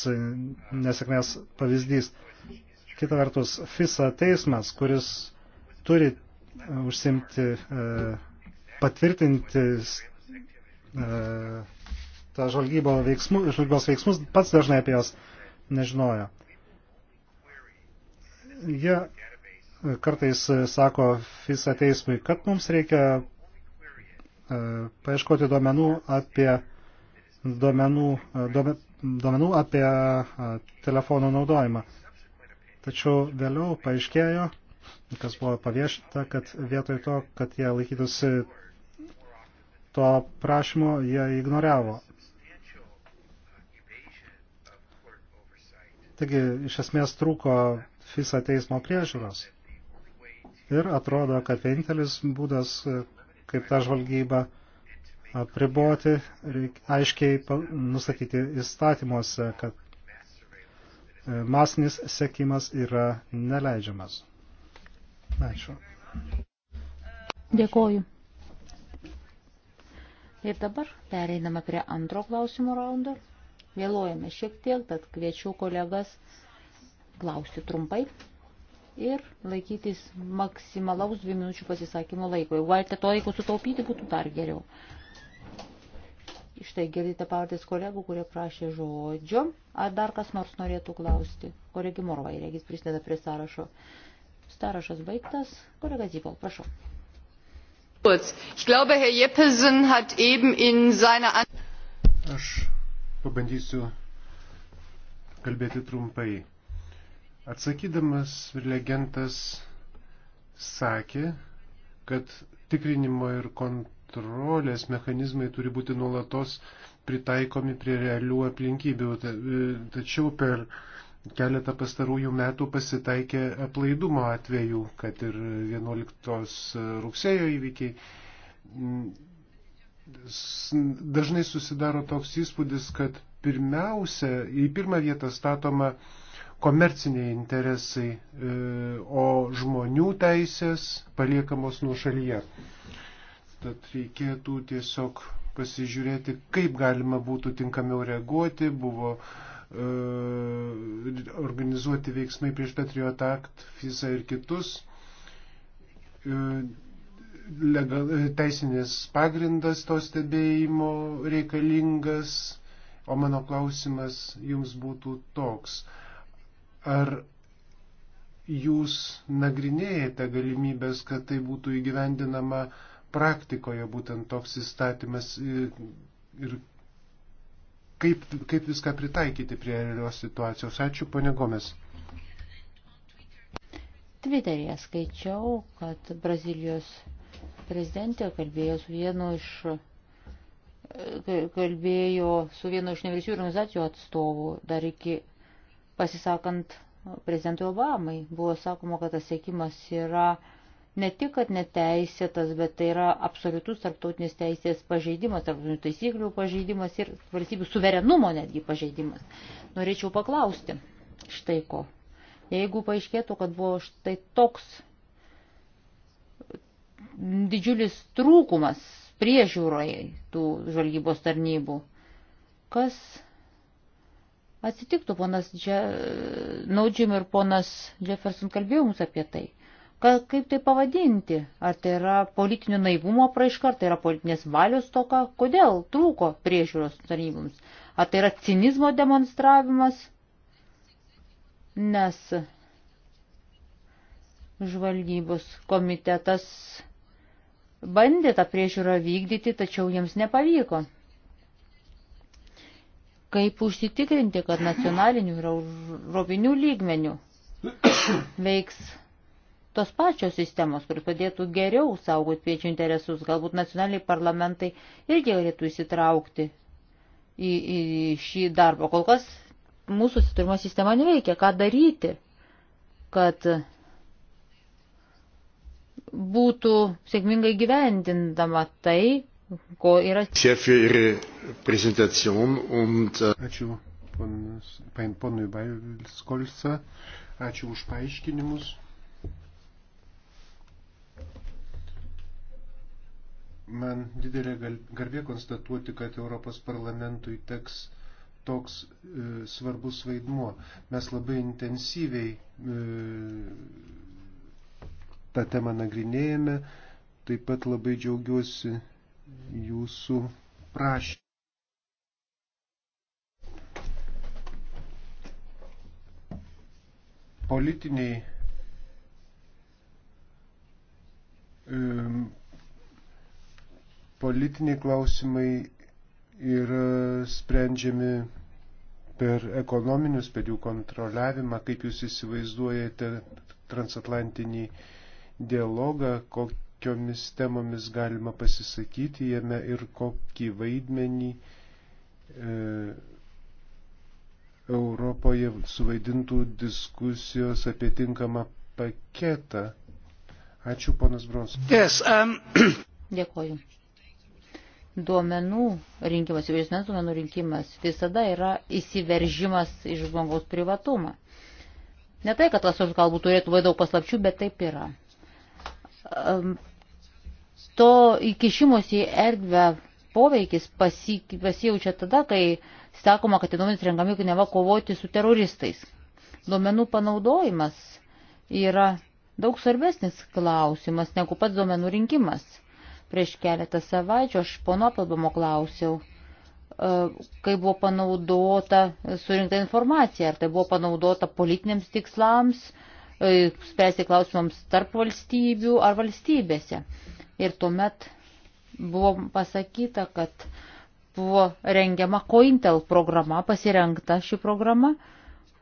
nesėkmės pavyzdys. Kita vertus, FISA teismas, kuris turi e, užsimti, e, patvirtinti tą žvalgybos veiksmus, žvalgybos veiksmus pats dažnai apie jos nežinojo. Jie kartais sako FISA teismui, kad mums reikia e, paieškoti duomenų apie duomenų, e, duomenų apie e, telefonų naudojimą. Tačiau vėliau paaiškėjo, kas buvo paviešinta, kad vietoj to, kad jie laikytųsi to prašymo, jie ignoravo Taigi, iš esmės trūko FISA teismo priežiūros. Ir atrodo, kad vienintelis būdas, kaip tą žvalgybą apriboti, reikia aiškiai nustatyti įstatymuose, kad e, masinis sekimas yra neleidžiamas. Ačiū. Dėkoju. Ir dabar pereiname prie antro klausimo raundo. Vėluojame šiek tiek, tad kviečiu kolegas klausti trumpai ir laikytis maksimalaus dvi minučių pasisakymo laiko. Jeigu galite to laiko sutaupyti, būtų dar geriau. Štai girdite pavardės kolegų, kurie prašė žodžio. Ar dar kas nors norėtų klausti? Koregi Morvai, regis, prisideda prie sąrašo. Sąrašas baigtas. Kolega Zipol, prašau. Ich glaube, Herr Jeppesen hat eben in seiner Aš Pabandysiu kalbėti trumpai. Atsakydamas legendas sakė, kad tikrinimo ir kontrolės mechanizmai turi būti nuolatos pritaikomi prie realių aplinkybių. E, tačiau per keletą pastarųjų metų pasitaikė aplaidumo atvejų, kad ir 11 rugsėjo įvykiai dažnai susidaro toks įspūdis, kad pirmiausia, į pirmą vietą statoma komerciniai interesai, e, o žmonių teisės paliekamos nuo šalyje. Tad reikėtų tiesiog pasižiūrėti, kaip galima būtų tinkamiau reaguoti, buvo e, organizuoti veiksmai prieš Patriot Act, FISA ir kitus. E, legal, teisinės pagrindas to stebėjimo reikalingas, o mano klausimas jums būtų toks. Ar jūs nagrinėjate galimybės, kad tai būtų įgyvendinama praktikoje būtent toks įstatymas ir, e, ir kaip, kaip viską pritaikyti prie realios situacijos. Ačiū, ponė Gomes. Twitter'yje skaičiau, kad Brazilijos prezidentė kalbėjo su vienu iš kalbėjo su vienu iš nevyriausybinių organizacijų atstovų dar iki pasisakant prezidentui Obamai. Buvo sakoma, kad tas sėkimas yra ne tik, kad neteisėtas, bet tai yra absoliutus tarptautinės teisės pažeidimas, tarptautinių taisyklių pažeidimas ir valstybių suverenumo netgi pažeidimas. Norėčiau paklausti štai ko. Jeigu paaiškėtų, kad buvo štai toks didžiulis trūkumas priežiūroje tų žvalgybos tarnybų. Kas atsitiktų, ponas Dže... Naudžim ir ponas Jefferson kalbėjo mums apie tai. Ka, kaip tai pavadinti? Ar tai yra politinio naivumo praiška, ar tai yra politinės valios toka? Kodėl trūko priežiūros tarnyboms? Ar tai yra cinizmo demonstravimas? Nes Žvalgybos komitetas bandė tą priežiūrą vykdyti, tačiau jiems nepavyko. Kaip užsitikrinti, kad nacionalinių ir europinių lygmenių veiks tos pačios sistemos, kur padėtų geriau saugoti piečių interesus, galbūt nacionaliniai parlamentai irgi galėtų įsitraukti į, į šį darbą. Kol kas mūsų susitarimo sistema neveikia. Ką daryti, kad būtų sėkmingai gyvendindama tai, ko yra. Um, ačiū ponas, ponui Bailskolsa, ačiū už paaiškinimus. Man didelė garbė konstatuoti, kad Europos parlamentui teks toks e, svarbus vaidmuo. Mes labai intensyviai e, tą temą nagrinėjame. Taip pat labai džiaugiuosi jūsų prašymu. Politiniai politiniai klausimai yra sprendžiami per ekonominius, per jų kontroliavimą, kaip jūs įsivaizduojate transatlantinį uh, dialogą, kokiomis temomis galima pasisakyti jame ir kokį vaidmenį e, Europoje suvaidintų diskusijos apie tinkamą paketą. Ačiū, ponas Bronsas. Yes, um... Dėkoju. Duomenų rinkimas, įvairiasmens duomenų rinkimas visada yra įsiveržimas į žmogaus privatumą. Ne tai, kad tas galbūt turėtų labai daug paslapčių, bet taip yra to įkišimus į erdvę poveikis pasijaučia tada, kai sakoma, kad įdomis rengami neva kovoti su teroristais. Duomenų panaudojimas yra daug svarbesnis klausimas negu pats duomenų rinkimas. Prieš keletą savaičių aš pono apalbamo klausiau, e, kai buvo panaudota surinkta informacija, ar tai buvo panaudota politiniams tikslams, E, spręsti klausimams tarp valstybių ar valstybėse. Ir tuomet buvo pasakyta, kad buvo rengiama Cointel programa, pasirengta ši programa,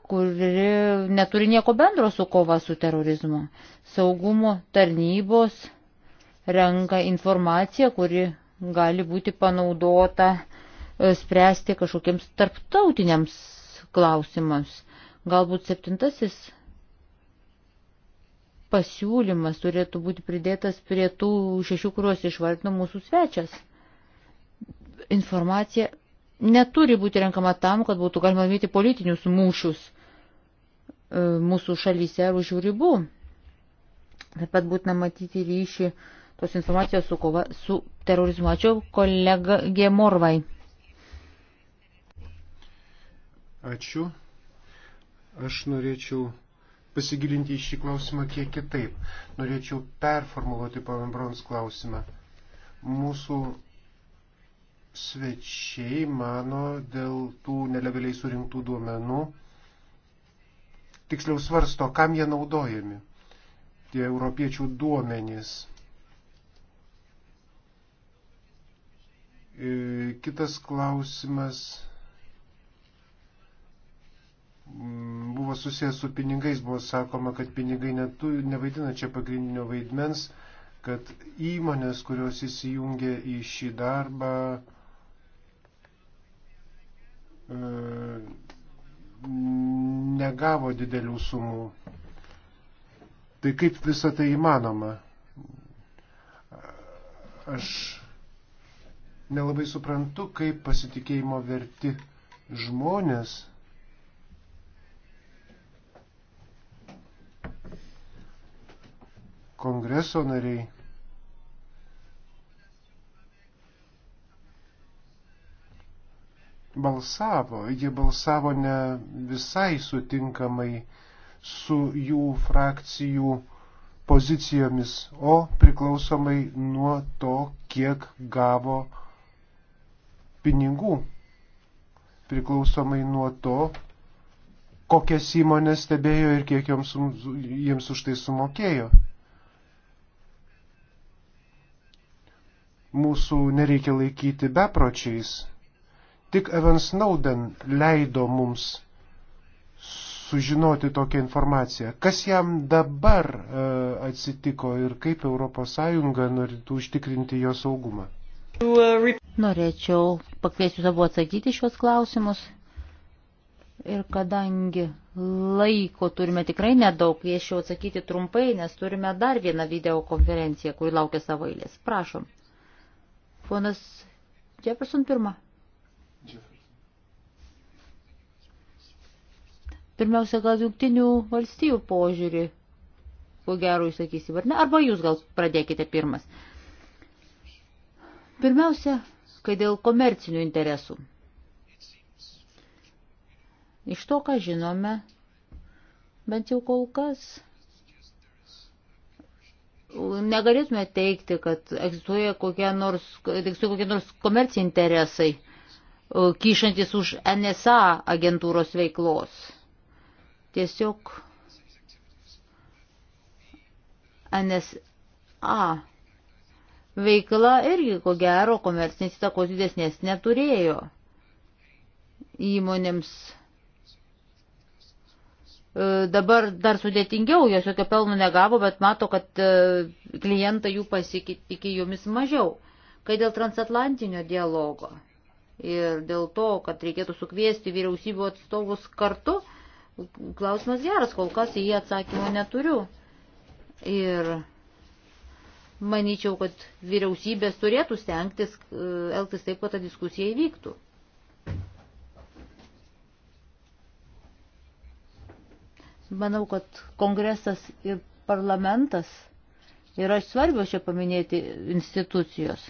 kuri neturi nieko bendro su kova su terorizmu. Saugumo tarnybos renka informaciją, kuri gali būti panaudota e, spręsti kažkokiems tarptautiniams klausimams. Galbūt septintasis pasiūlymas turėtų būti pridėtas prie tų šešių, kuriuos išvardino mūsų svečias. Informacija neturi būti renkama tam, kad būtų galima vykti politinius mūšius e, mūsų šalyse ar už jų ribų. Taip pat būtina matyti ryšį tos informacijos su kova su terorizmu. Ačiū kolega Gemorvai. Ačiū. Aš norėčiau pasigilinti į šį klausimą kiek kitaip. Norėčiau performuluoti Palambrons klausimą. Mūsų svečiai mano dėl tų nelegaliai surinktų duomenų, tiksliau svarsto, kam jie naudojami, tie europiečių duomenys. E, kitas klausimas Mm, buvo susijęs su pinigais, buvo sakoma, kad pinigai netu, nevaidina čia pagrindinio vaidmens, kad įmonės, kurios įsijungia į šį darbą, e, negavo didelių sumų. Tai kaip visą tai įmanoma? Aš nelabai suprantu, kaip pasitikėjimo verti žmonės kongreso nariai. Balsavo, jie balsavo ne visai sutinkamai su jų frakcijų pozicijomis, o priklausomai nuo to, kiek gavo pinigų, priklausomai nuo to, kokias įmonės stebėjo ir kiek joms, jiems už tai sumokėjo. mūsų nereikia laikyti bepročiais. Tik Evans Snowden leido mums sužinoti tokią informaciją. Kas jam dabar e, atsitiko ir kaip ES norėtų užtikrinti jo saugumą? Norėčiau pakviesti savo atsakyti šios klausimus. Ir kadangi laiko turime tikrai nedaug, kviečiau atsakyti trumpai, nes turime dar vieną videokonferenciją, kuri laukia savo eilės. Prašom. Ponas Jefferson pirma. Pirmiausia, gal jungtinių valstijų požiūrį, ko gero įsakysi, ar ne? Arba jūs gal pradėkite pirmas. Pirmiausia, kai dėl komercinių interesų. Iš to, ką žinome, bent jau kol kas, negalėtume teikti, kad egzistuoja kokie nors, egzistuoja kokie nors komerciniai interesai, kyšantis už NSA agentūros veiklos. Tiesiog NSA veikla irgi, ko gero, komercinės įtakos didesnės neturėjo įmonėms E, dabar dar sudėtingiau, jos jokio pelno negavo, bet mato, kad e, klientai jų pasitikė jomis mažiau. Kai dėl transatlantinio dialogo ir dėl to, kad reikėtų sukviesti vyriausybių atstovus kartu, klausimas geras, kol kas į jį atsakymo neturiu. Ir manyčiau, kad vyriausybės turėtų stengtis e, elgtis taip, kad ta diskusija įvyktų. Manau, kad kongresas ir parlamentas yra svarbios čia paminėti institucijos.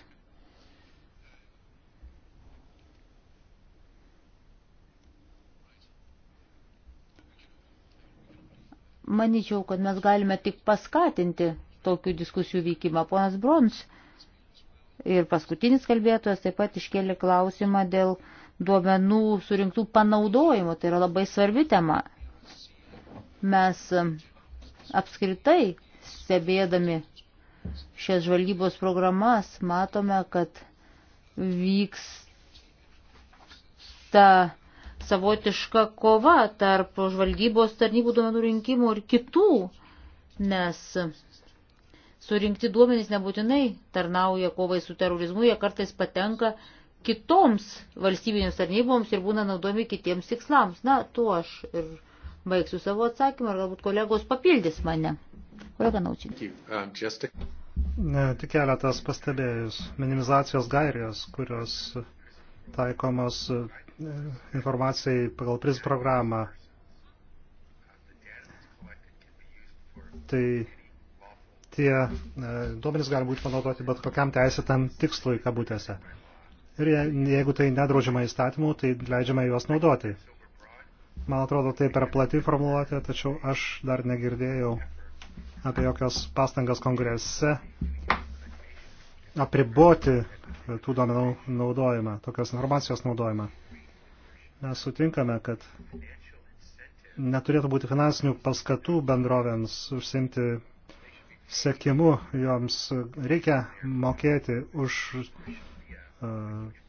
Maničiau, kad mes galime tik paskatinti tokių diskusijų vykimą. Ponas Brons ir paskutinis kalbėtojas taip pat iškėlė klausimą dėl duomenų surinktų panaudojimo. Tai yra labai svarbi tema. Mes apskritai stebėdami šias žvalgybos programas matome, kad vyksta savotiška kova tarp žvalgybos tarnybų duomenų rinkimų ir kitų, nes surinkti duomenys nebūtinai tarnauja kovai su terorizmu, jie kartais patenka kitoms valstybinėms tarnyboms ir būna naudojami kitiems tikslams. Na, tuo aš ir baigsiu savo atsakymą ir galbūt kolegos papildys mane. Kolega Naučinė. Um, tik keletas pastebėjus. Minimizacijos gairijos, kurios taikomos e, informacijai pagal PRIS programą. Tai tie e, duomenys gali būti panaudoti bet kokiam teisėtam tikslui kabutėse. Ir jeigu tai nedraudžiama įstatymu, tai leidžiama juos naudoti. Man atrodo, tai per plati formuluotė, tačiau aš dar negirdėjau apie jokios pastangas kongrese apriboti tų duomenų naudojimą, tokios informacijos naudojimą. Mes sutinkame, kad neturėtų būti finansinių paskatų bendrovėms užsimti sekimu, joms reikia mokėti už uh,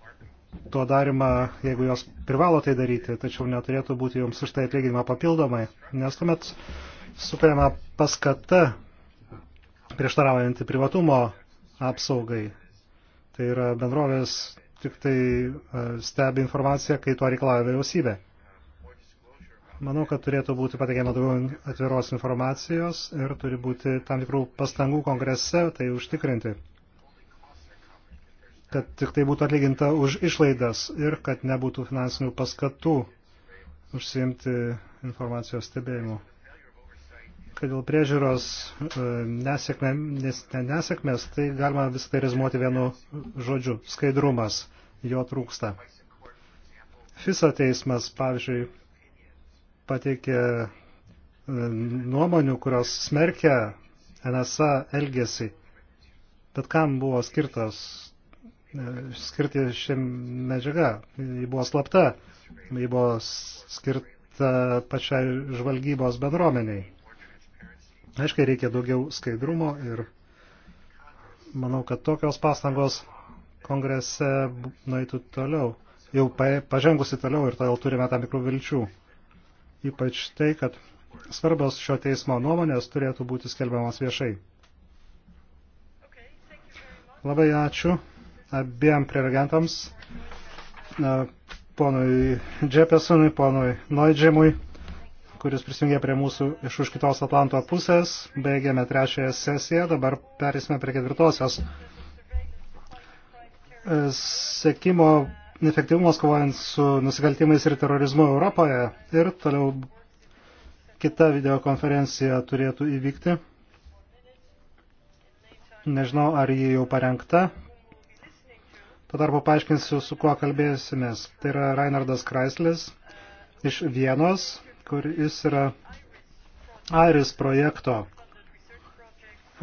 tuo darimą, jeigu jos privalo tai daryti, tačiau neturėtų būti joms už tai atlyginima papildomai, nes tuomet sukuriama paskata prieštaraujanti privatumo apsaugai. Tai yra bendrovės tik tai e, stebi informaciją, kai to reikalauja vyriausybė. Manau, kad turėtų būti pateikiama daugiau atviros informacijos ir turi būti tam tikrų pastangų kongrese tai užtikrinti kad tik tai būtų atlyginta už išlaidas ir kad nebūtų finansinių paskatų užsiimti informacijos stebėjimu. Kad dėl priežiūros e, nesėkmė, nes, ne, nesėkmės, tai galima visą tai rezumuoti vienu žodžiu – skaidrumas, jo trūksta. FISA teismas, pavyzdžiui, pateikė e, nuomonių, kurios smerkia NSA elgesį. Bet kam buvo skirtas skirti ši medžiaga. Ji buvo slapta, ji buvo skirta pačiai žvalgybos bendruomeniai. Aiškiai reikia daugiau skaidrumo ir manau, kad tokios pastangos kongrese nueitų toliau, jau pažengusi toliau ir todėl turime tam tikrų vilčių. Ypač tai, kad svarbios šio teismo nuomonės turėtų būti skelbiamas viešai. Labai ačiū abiem prelegentams, ponui Džepesonui, ponui Noidžemui, kuris prisijungė prie mūsų iš už kitos Atlanto pusės. Baigėme trečiąją sesiją, dabar perėsime prie ketvirtosios. E, sekimo efektyvumas kovojant su nusikaltimais ir terorizmu Europoje ir toliau kita videokonferencija turėtų įvykti. Nežinau, ar ji jau parengta tarpu paaiškinsiu, su kuo kalbėsimės. Tai yra Reinardas Kreislis iš Vienos, kuris yra AIRIS projekto,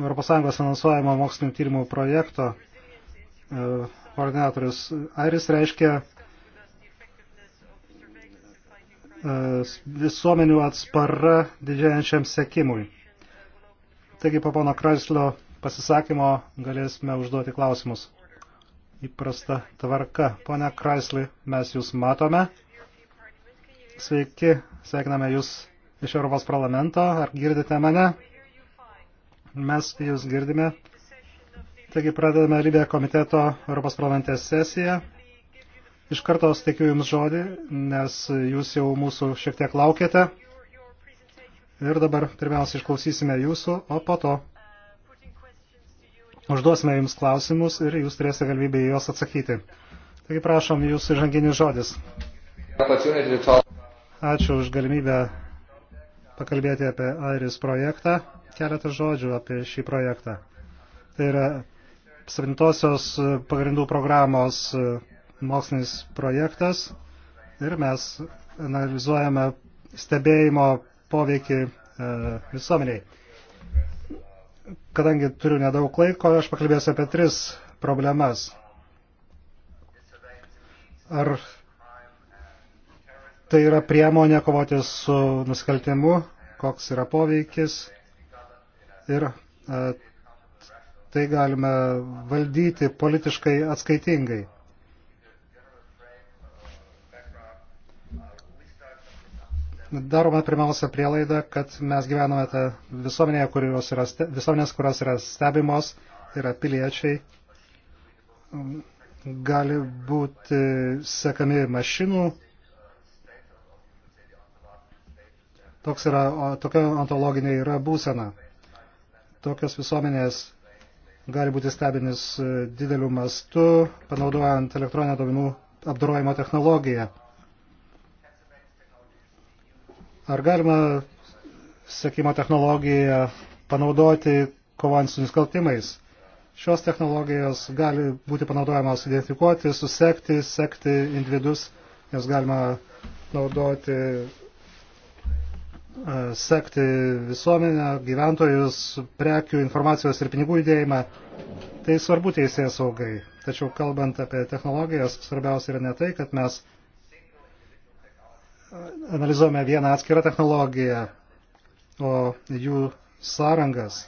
ES finansuojamo mokslinio tyrimų projekto e, koordinatorius. AIRIS reiškia e, visuomenių atspara didžiajančiam sekimui. Taigi po pono Kraslio pasisakymo galėsime užduoti klausimus įprasta tvarka. Pone Kraisli, mes jūs matome. Sveiki, sveikiname jūs iš Europos parlamento. Ar girdite mane? Mes jūs girdime. Taigi pradedame Libė komiteto Europos parlamentės sesiją. Iš karto steikiu Jums žodį, nes Jūs jau mūsų šiek tiek laukėte. Ir dabar pirmiausia išklausysime Jūsų, o po to užduosime jums klausimus ir jūs turėsite galimybę į juos atsakyti. Taigi prašom jūsų žanginis žodis. Ačiū už galimybę pakalbėti apie Airis projektą. Keletą žodžių apie šį projektą. Tai yra 7 pagrindų programos mokslinis projektas ir mes analizuojame stebėjimo poveikį e, visuomeniai kadangi turiu nedaug laiko, aš pakalbėsiu apie tris problemas. Ar tai yra priemonė kovoti su nusikaltimu, koks yra poveikis ir e, tai galime valdyti politiškai atskaitingai. daroma pirmiausia prielaida, kad mes gyvename tą visuomenėje, kurios yra, visuomenės, kurios yra stebimos, yra piliečiai, gali būti sekami mašinų. Toks yra, tokia ontologinė yra būsena. Tokios visuomenės gali būti stebinis dideliu mastu, panaudojant elektroninę duomenų apdorojimo technologiją. Ar galima sekimo technologiją panaudoti kovant su nusikaltimais? Šios technologijos gali būti panaudojamos identifikuoti, susekti, sekti individus, nes galima naudoti, e, sekti visuomenę, gyventojus, prekių, informacijos ir pinigų judėjimą. Tai svarbu teisės saugai. Tačiau kalbant apie technologijas, svarbiausia yra ne tai, kad mes analizuojame vieną atskirą technologiją, o jų sąrangas,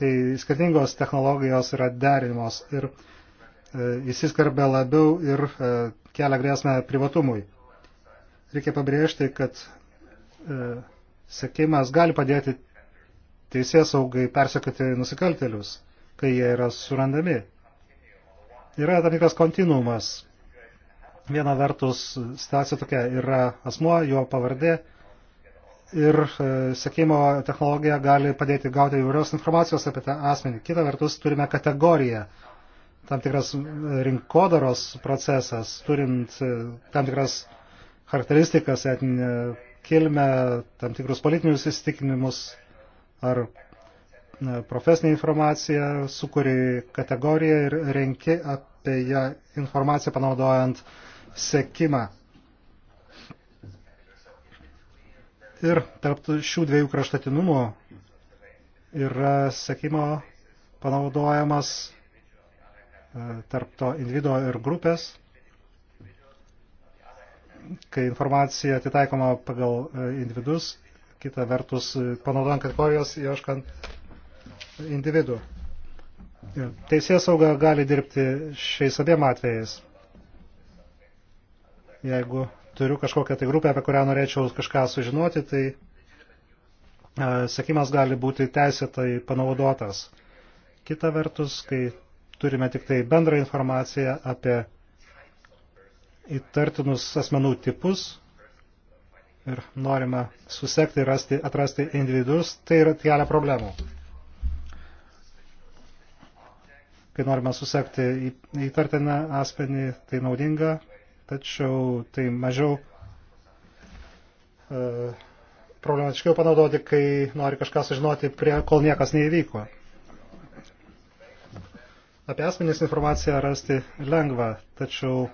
kai skirtingos technologijos yra derinimos ir e, įsiskarbia labiau ir e, kelia grėsmę privatumui. Reikia pabrėžti, kad e, sekimas gali padėti teisės saugai persekoti nusikaltelius, kai jie yra surandami. Yra tam tikras kontinuumas Viena vertus situacija tokia yra asmuo, jo pavardė ir e, sekimo technologija gali padėti gauti įvairios informacijos apie tą asmenį. Kita vertus turime kategoriją, tam tikras e, rinkodaros procesas, turint e, tam tikras charakteristikas, etinę kilmę, tam tikrus politinius įsitikinimus ar profesinė informacija, sukuri kategoriją ir renki apie ją informaciją panaudojant sekimą. Ir tarp šių dviejų kraštatinumų yra sekimo panaudojamas e, tarp to individuo ir grupės, kai informacija atitaikoma pagal e, individus, kita vertus e, panaudojant kategorijos ieškant individų. Teisės sauga gali dirbti šiais abiem atvejais. Jeigu turiu kažkokią tai grupę, apie kurią norėčiau kažką sužinoti, tai e, sekimas gali būti teisėtai panaudotas. Kita vertus, kai turime tik tai bendrą informaciją apie įtartinus asmenų tipus ir norime susekti ir rasti, atrasti individus, tai yra tai kelia problemų. Kai norime susekti įtartiną asmenį, tai naudinga, tačiau tai mažiau e, problematiškiau panaudoti, kai nori kažką sužinoti, prie, kol niekas neįvyko. Apie asmenys informaciją rasti lengva, tačiau e,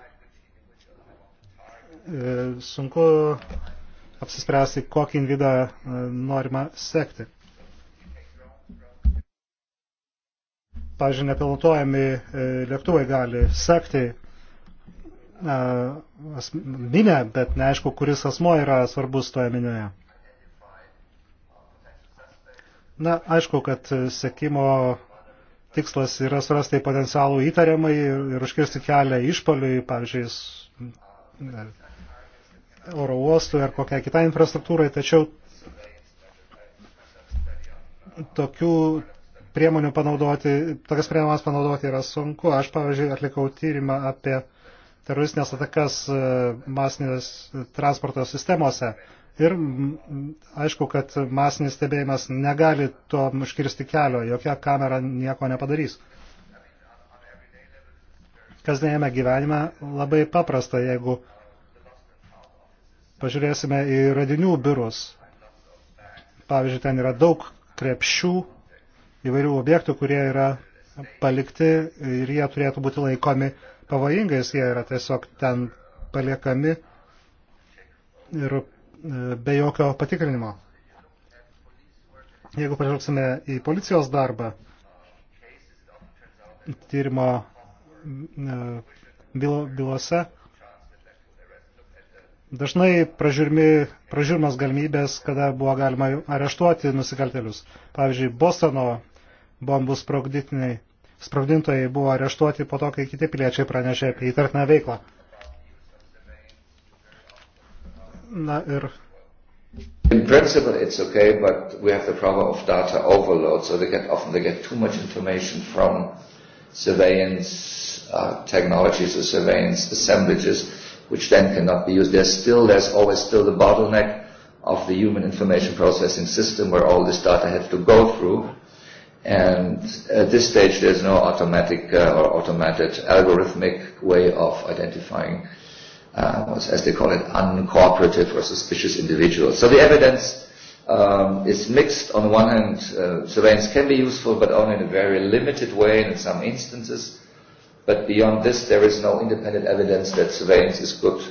sunku apsispręsti, kokį individą e, norima sekti. Pavyzdžiui, nepilotuojami e, lėktuvai gali sekti minę, bet neaišku, kuris asmo yra svarbus toje minioje. Na, aišku, kad sekimo tikslas yra surasti potencialų įtariamai ir užkirsti kelią išpoliui, pavyzdžiui, e, oro uostui ar kokiai kitai infrastruktūrai, tačiau tokių priemonių panaudoti, tokias priemonės panaudoti yra sunku. Aš, pavyzdžiui, atlikau tyrimą apie teroristinės atakas e, masinės transporto sistemose. Ir aišku, kad masinis stebėjimas negali to užkirsti kelio, jokia kamera nieko nepadarys. Kasdienėme gyvenime labai paprasta, jeigu pažiūrėsime į radinių biurus. Pavyzdžiui, ten yra daug krepšių įvairių objektų, kurie yra palikti ir jie turėtų būti laikomi uh, pavojingais, jie yra tiesiog ten paliekami ir e, be jokio patikrinimo. Jeigu pažvelgsime į policijos darbą, tyrimo e, bylose, dažnai pražiūrimas galimybės, kada buvo galima areštuoti nusikaltelius. Pavyzdžiui, Bostono bombų sprogditiniai sprogdintojai buvo areštuoti po to, kai kiti piliečiai pranešė apie įtartinę veiklą. Na ir. In principle, it's okay, but we have the problem of data overload, so they get often they get too much information from surveillance uh, technologies or surveillance assemblages, which then cannot be used. There's still there's always still the bottleneck of the human information processing system where all this data has to go through And at this stage, there's no automatic uh, or automated algorithmic way of identifying, uh, as they call it, uncooperative or suspicious individuals. So the evidence um, is mixed. On one hand, uh, surveillance can be useful, but only in a very limited way and in some instances. But beyond this, there is no independent evidence that surveillance is good,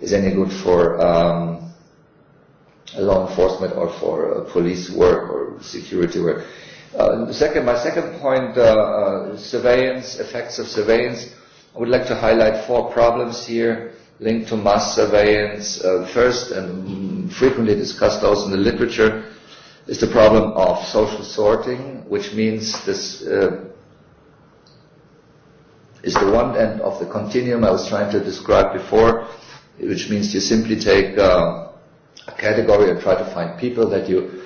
is any good for um, law enforcement or for uh, police work or security work. Uh, second, my second point, uh, uh, surveillance, effects of surveillance. I would like to highlight four problems here linked to mass surveillance. Uh, first, and frequently discussed also in the literature, is the problem of social sorting, which means this uh, is the one end of the continuum I was trying to describe before, which means you simply take uh, a category and try to find people that you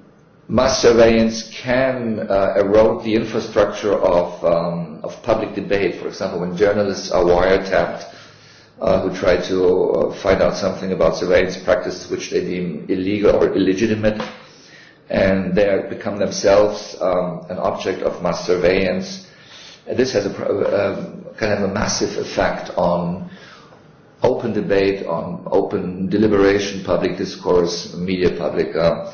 mass surveillance can uh, erode the infrastructure of, um, of public debate. For example, when journalists are wiretapped uh, who try to uh, find out something about surveillance practice which they deem illegal or illegitimate, and they become themselves um, an object of mass surveillance. And uh, this has a uh, um, kind of a massive effect on open debate, on open deliberation, public discourse, media public. Uh,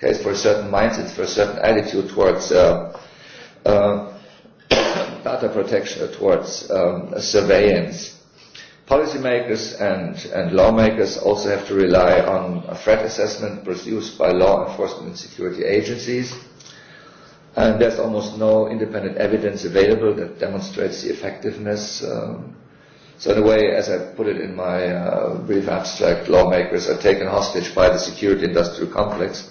has for a certain mindset, for a certain attitude towards uh, uh, data protection, towards um, surveillance. Policymakers and, and lawmakers also have to rely on a threat assessment produced by law enforcement and security agencies. And there's almost no independent evidence available that demonstrates the effectiveness um, So in a way, as I put it in my uh, brief abstract, lawmakers are taken hostage by the security industrial complex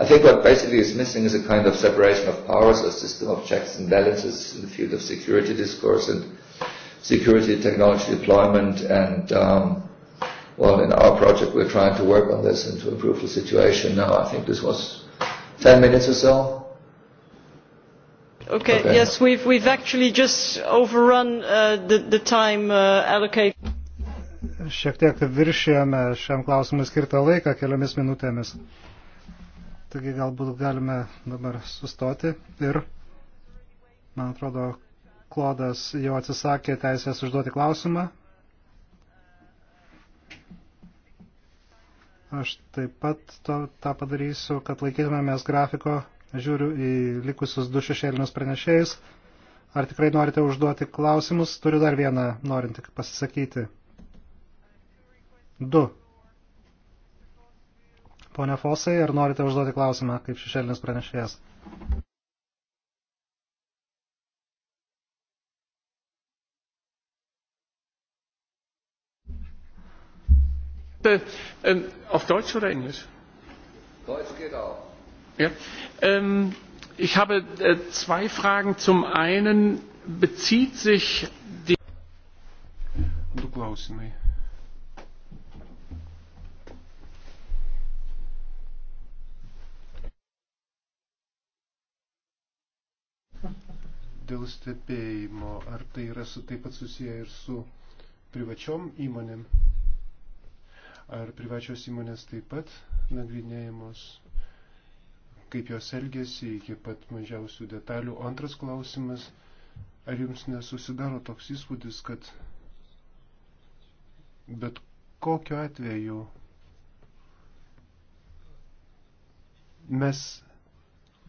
I think what basically is missing is a kind of separation of powers, a system of checks and balances in the field of security discourse and security technology deployment. And um, well, in our project, we're trying to work on this and to improve the situation. Now, I think this was 10 minutes or so. Okay. okay. Yes, we've we've actually just overrun uh, the the time uh, allocated. Šiek tiek viršijome šiam klausimui skirtą laiką keliomis minutėmis. Taigi galbūt galime dabar sustoti ir, man atrodo, Klodas jau atsisakė teisės užduoti klausimą. Aš taip pat to, tą padarysiu, kad laikytumėmės grafiko. Žiūriu į likusius du šešėlinius pranešėjus. Ar tikrai norite užduoti klausimus? Turiu dar vieną norintį pasisakyti. Du. Pone Fosai, ar norite užduoti klausimą kaip šešėlinis pranešėjas? Ähm, auf Deutsch oder Englisch? Deutsch geht auch. Ja. Ähm, ich habe äh, zwei Fragen. Zum einen bezieht sich die. Du glaubst nicht. dėl stebėjimo. Ar tai yra su, taip pat susiję ir su privačiom įmonėm? Ar privačios įmonės taip pat nagrinėjamos? Kaip jos elgesi iki pat mažiausių detalių? O antras klausimas. Ar jums nesusidaro toks įspūdis, kad bet kokiu atveju mes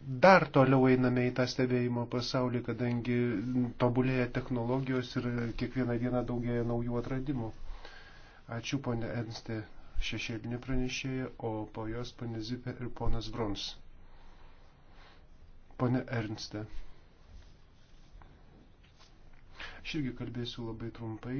dar toliau einame į tą stebėjimo pasaulį, kadangi tobulėja technologijos ir kiekvieną dieną daugėja naujų atradimų. Ačiū, ponė Enstė, šešėlinė pranešėja, o po jos ponė Zipė ir ponas Brons. Pone Ernste. Aš irgi kalbėsiu labai trumpai.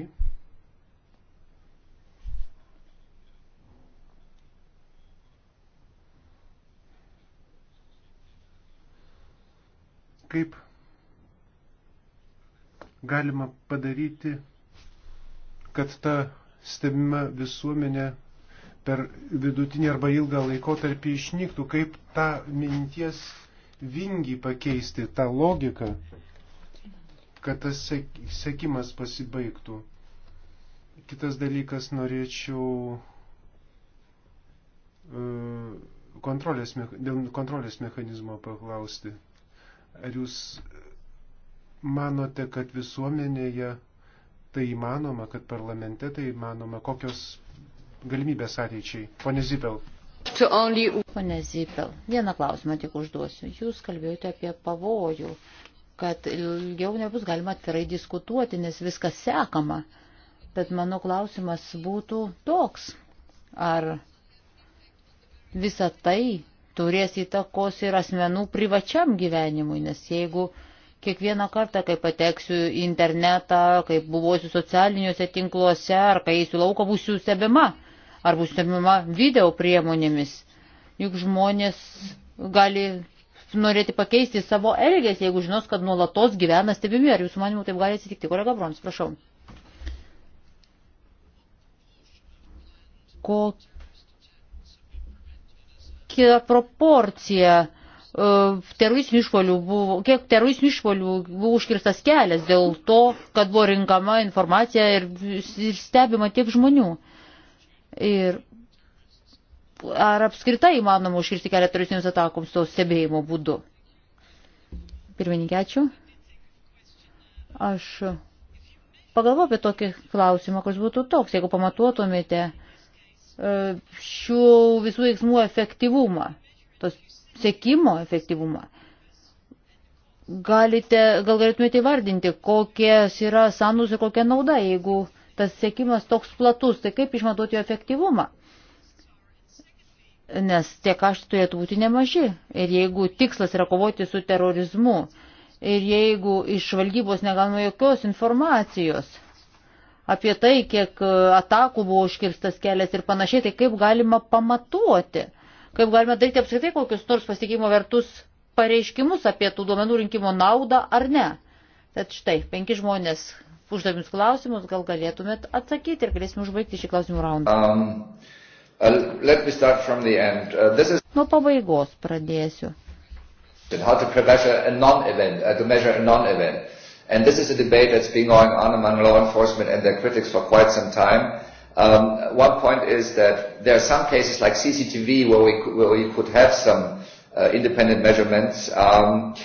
kaip galima padaryti, kad ta stebima visuomenė per vidutinį arba ilgą laikotarpį išnyktų, kaip tą minties vingį pakeisti, tą logiką, kad tas sekimas pasibaigtų. Kitas dalykas norėčiau e, kontrolės, dėl kontrolės mechanizmo paklausti. Ar jūs e, manote, kad visuomenėje tai įmanoma, kad parlamente tai įmanoma? Kokios galimybės ateičiai? Pone Zipel. Only... Pone Zipel, vieną klausimą tik užduosiu. Jūs kalbėjote apie pavojų, kad ilgiau nebus galima atvirai diskutuoti, nes viskas sekama. Tad mano klausimas būtų toks. Ar visa tai turės įtakos ir asmenų privačiam gyvenimui, nes jeigu kiekvieną kartą, kai pateksiu į internetą, kai buvosiu socialiniuose tinkluose, ar kai eisiu lauką, būsiu stebima, ar būsiu stebima video priemonėmis, juk žmonės gali norėti pakeisti savo elgesį, jeigu žinos, kad nuolatos gyvena stebimi, ar jūsų manimu taip gali atsitikti. Kolega Brons, prašau. Kokia kokia proporcija e, teroristinių išpolių buvo, kiek teroristinių išpolių buvo užkirstas kelias dėl to, kad buvo rinkama informacija ir, ir stebima tiek žmonių. Ir ar apskritai įmanoma užkirsti kelią teroristiniams atakoms to stebėjimo būdu? Pirmininkė, ačiū. Aš pagalvoju apie tokį klausimą, kuris būtų toks, jeigu pamatuotumėte E, šių visų veiksmų efektyvumą, tos sėkimo efektyvumą. Galite, gal galėtumėte įvardinti, kokias yra sanus ir kokia nauda, jeigu tas sėkimas toks platus, tai kaip išmatuoti jo efektyvumą? Nes tie kaštai turėtų būti nemaži. Ir jeigu tikslas yra kovoti su terorizmu, ir jeigu iš valgybos negalima jokios informacijos, apie tai, kiek e, atakų buvo užkirstas kelias ir panašiai, tai kaip galima pamatuoti, kaip galima daryti apskritai kokius nors pasitikimo vertus pareiškimus apie tų duomenų rinkimo naudą ar ne. Tad štai, penki žmonės uždavimus klausimus, gal galėtumėt atsakyti ir galėsim užbaigti šį klausimų raundą. Um, uh, uh is... Nuo pabaigos pradėsiu. How to measure a non-event, uh, to measure a non-event. And this is a debate that's been going on among law enforcement and their critics for quite some time. Um, one point is that there are some cases like CCTV where we, where we could have some uh, independent measurements. Um,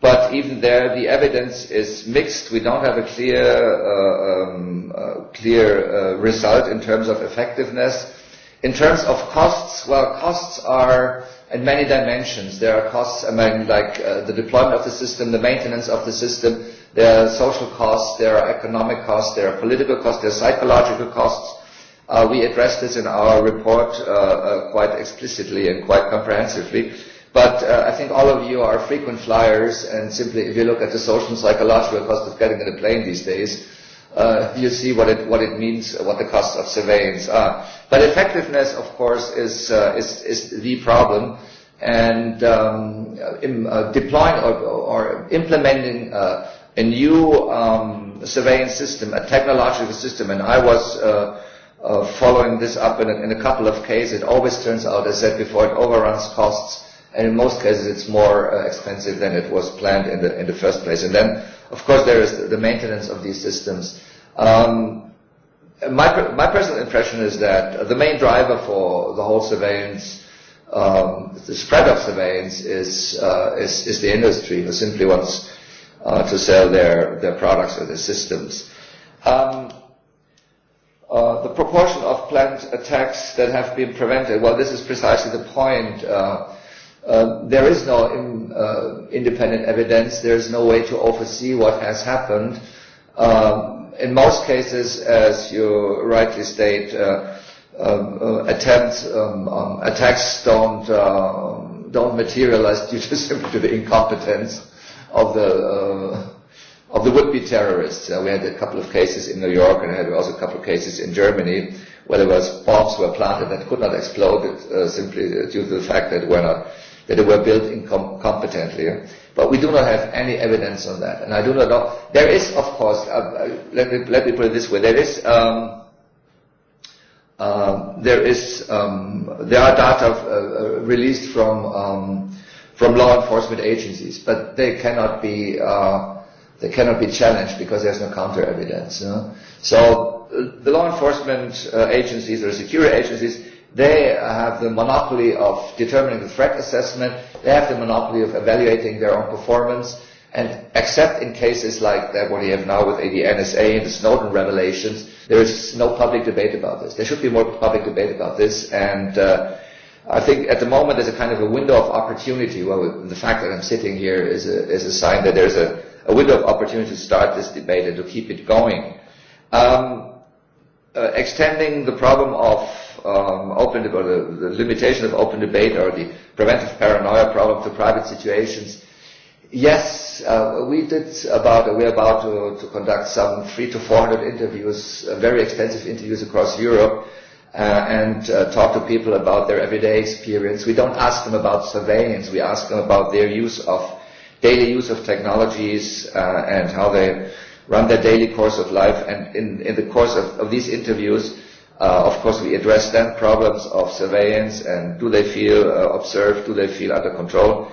but even there, the evidence is mixed. We don't have a clear, uh, um, uh, clear uh, result in terms of effectiveness. In terms of costs, well, costs are in many dimensions. There are costs among like uh, the deployment of the system, the maintenance of the system, There are social costs, there are economic costs, there are political costs, there are psychological costs. Uh, we address this in our report uh, uh, quite explicitly and quite comprehensively. But uh, I think all of you are frequent flyers, and simply if you look at the social and psychological cost of getting on a plane these days, uh, you see what it what it means, what the costs of surveillance are. But effectiveness, of course, is uh, is is the problem, and um, in, uh, deploying or, or implementing. Uh, a new um, surveillance system, a technological system, and I was uh, uh, following this up in a, in a couple of cases. It always turns out, as I said before, it overruns costs, and in most cases it's more uh, expensive than it was planned in the, in the first place. And then, of course, there is the, the maintenance of these systems. Um, my, my personal impression is that the main driver for the whole surveillance um, the spread of surveillance is, uh, is, is the industry who simply wants uh, to sell their, their products or their systems. Um, uh, the proportion of plant attacks that have been prevented, well, this is precisely the point. Uh, uh, there is no in, uh, independent evidence. There is no way to oversee what has happened. Um, in most cases, as you rightly state, uh, um, uh, attempts, um, um, attacks don't uh, don't materialize due to simply to the incompetence of the uh, of the would-be terrorists. Uh, we had a couple of cases in New York, and I had also a couple of cases in Germany, where there was bombs were planted that could not explode uh, simply uh, due to the fact that were not that they were built incompetently. Incom- but we do not have any evidence on that, and I do not know. There is, of course, uh, uh let me let me put it this way: there is. Um, um, uh, there is um, there are data uh, uh released from um, from law enforcement agencies, but they cannot be uh, they cannot be challenged because there's no counter evidence. You know? So uh, the law enforcement uh, agencies or security agencies, they have the monopoly of determining the threat assessment. They have the monopoly of evaluating their own performance. And except in cases like that, what we have now with the NSA and the Snowden revelations, there is no public debate about this. There should be more public debate about this. And uh, I think at the moment there's a kind of a window of opportunity. Well, the fact that I'm sitting here is a, is a sign that there's a, a window of opportunity to start this debate and to keep it going. Um, uh, extending the problem of um, open or the, the limitation of open debate or the preventive paranoia problem to private situations. Yes, uh, we did about we're about to, to conduct some three to four hundred interviews, uh, very extensive interviews across Europe. Uh, uh, and uh, talk to people about their everyday experience. We don't ask them about surveillance. We ask them about their use of daily use of technologies uh, and how they run their daily course of life. And in, in the course of, of these interviews, uh, of course, we address then problems of surveillance and do they feel uh, observed? Do they feel under control?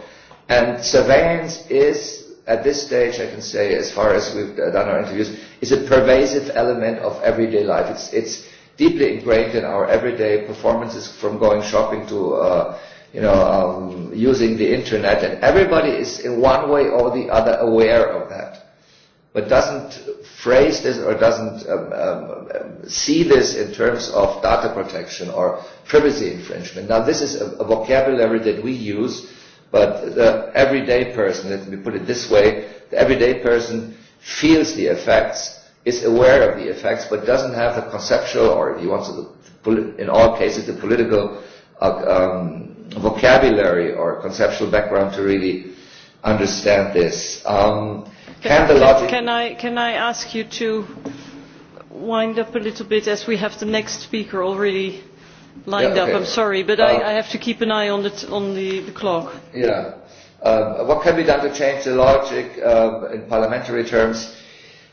And surveillance is at this stage, I can say, as far as we've uh, done our interviews, is a pervasive element of everyday life. It's, it's, deeply ingrained in our everyday performances from going shopping to uh, you know um, using the internet and everybody is in one way or the other aware of that but doesn't phrase this or doesn't um, um, see this in terms of data protection or privacy infringement. Now this is a, a vocabulary that we use but the everyday person, let me put it this way, the everyday person feels the effects is aware of the effects but doesn't have the conceptual or if you want to the, in all cases the political uh, um, vocabulary or conceptual background to really understand this. Um, can, can, the logic can, I, can I ask you to wind up a little bit as we have the next speaker already lined yeah, okay. up. I'm sorry, but uh, I, I have to keep an eye on the, t on the, the clock. Yeah. Um, what can be done to change the logic uh, in parliamentary terms?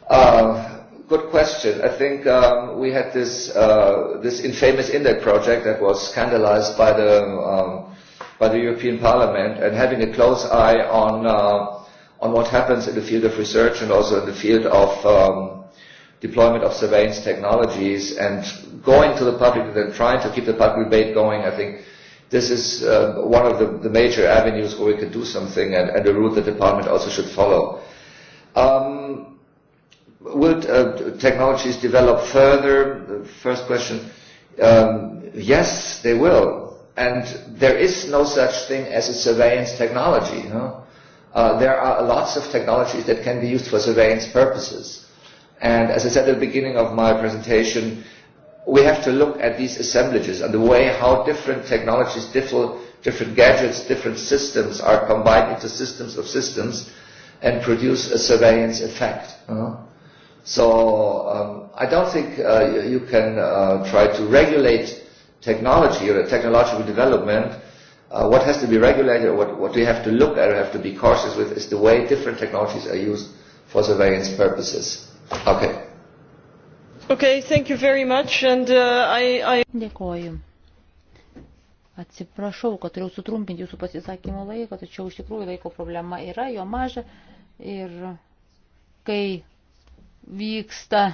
Uh, good question. I think um, we had this uh, this infamous index project that was scandalized by the um, by the European Parliament, and having a close eye on uh, on what happens in the field of research and also in the field of um, deployment of surveillance technologies, and going to the public and then trying to keep the public debate going. I think this is uh, one of the, the major avenues where we can do something, and, and a route the department also should follow. Um, Will uh, technologies develop further? The first question. Um, yes, they will. And there is no such thing as a surveillance technology. You know? uh, there are lots of technologies that can be used for surveillance purposes. And as I said at the beginning of my presentation, we have to look at these assemblages and the way how different technologies, differ, different gadgets, different systems are combined into systems of systems and produce a surveillance effect. You know? So um, I don't think uh, you, you can uh, try to regulate technology or technological development. Uh, what has to be regulated, or what, what we have to look at or have to be cautious with, is the way different technologies are used for surveillance purposes. Okay. Okay, thank you very much, and uh, I, I... Dėkoju. Atsiprašau, kad turėjau sutrumpinti jūsų pasisakymo laiką, tačiau iš tikrųjų laiko problema yra, jo maža ir kai vyksta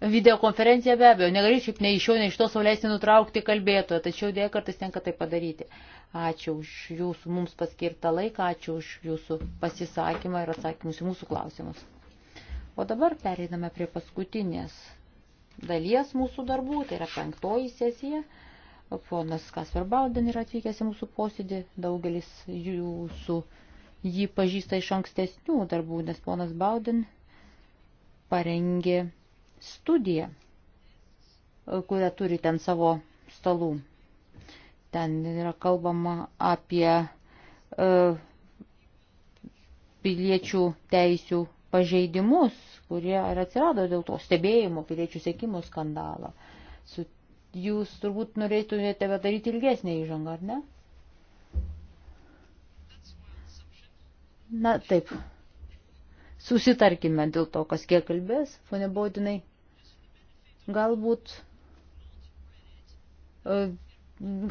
videokonferencija be abejo. Negali šiaip nei iš jo, nei iš to sauliaisti nutraukti kalbėtoją, tačiau dėja kartais tenka tai padaryti. Ačiū už jūsų mums paskirtą laiką, ačiū už jūsų pasisakymą ir atsakymus į mūsų klausimus. O dabar pereiname prie paskutinės dalies mūsų darbų, tai yra penktoji sesija. Ponas Kasper Bauden yra atvykęs į mūsų posėdį, daugelis jūsų jį pažįsta iš ankstesnių darbų, nes ponas Bauden parengė studiją, kurią turi ten savo stalų. Ten yra kalbama apie e, piliečių teisių pažeidimus, kurie ir atsirado dėl to stebėjimo, piliečių sėkimo skandalo. Su, jūs turbūt norėtumėte padaryti ilgesnį įžangą, ar ne? Na taip, Susitarkime dėl to, kas kiek kalbės, fone Baudinai. Galbūt e,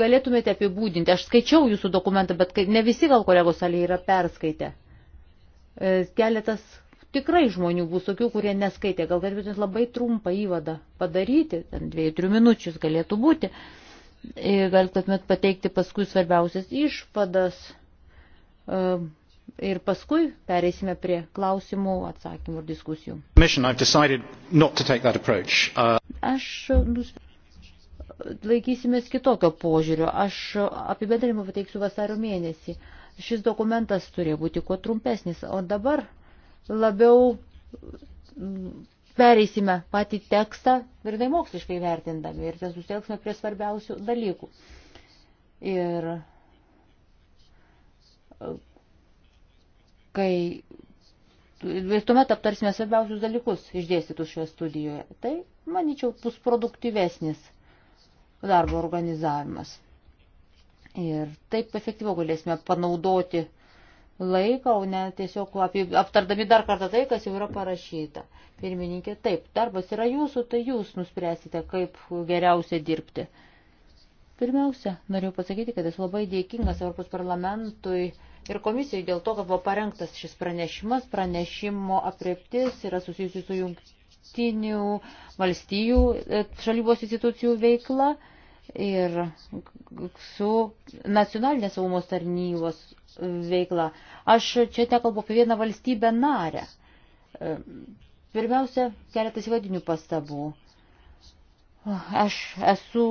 galėtumėte apibūdinti. Aš skaičiau jūsų dokumentą, bet ne visi gal kolegos salėje yra perskaitę. E, keletas tikrai žmonių bus tokių, kurie neskaitė. Gal galėtumėte labai trumpą įvadą padaryti, ten dviejų, trijų minučių jis galėtų būti. Ir galėtumėt pateikti paskui svarbiausias išvadas. Um ir paskui pereisime prie klausimų, atsakymų ir diskusijų. Uh, Aš uh, laikysimės kitokio požiūrio. Aš uh, apibendrinimą pateiksiu vasario mėnesį. Šis dokumentas turėjo būti kuo trumpesnis, o dabar labiau mm, pereisime patį tekstą grinai moksliškai vertindami ir susitelksime prie svarbiausių dalykų. Ir kai tuomet aptarsime svarbiausius dalykus išdėstytus šioje studijoje. Tai, manyčiau, bus produktyvesnis darbo organizavimas. Ir taip efektyviau galėsime panaudoti laiką, o ne tiesiog apie, aptardami dar kartą tai, kas jau yra parašyta. Pirmininkė, taip, darbas yra jūsų, tai jūs nuspręsite, kaip geriausia dirbti. Pirmiausia, noriu pasakyti, kad esu labai dėkingas Europos parlamentui ir komisijai dėl to, kad buvo parengtas šis pranešimas. Pranešimo apreptis yra susijusi su jungtinių valstijų e, šalybos institucijų veikla ir su nacionalinės saugumos tarnybos veikla. Aš čia nekalbu apie vieną valstybę narę. E, pirmiausia, keletas vadinių pastabų. Aš esu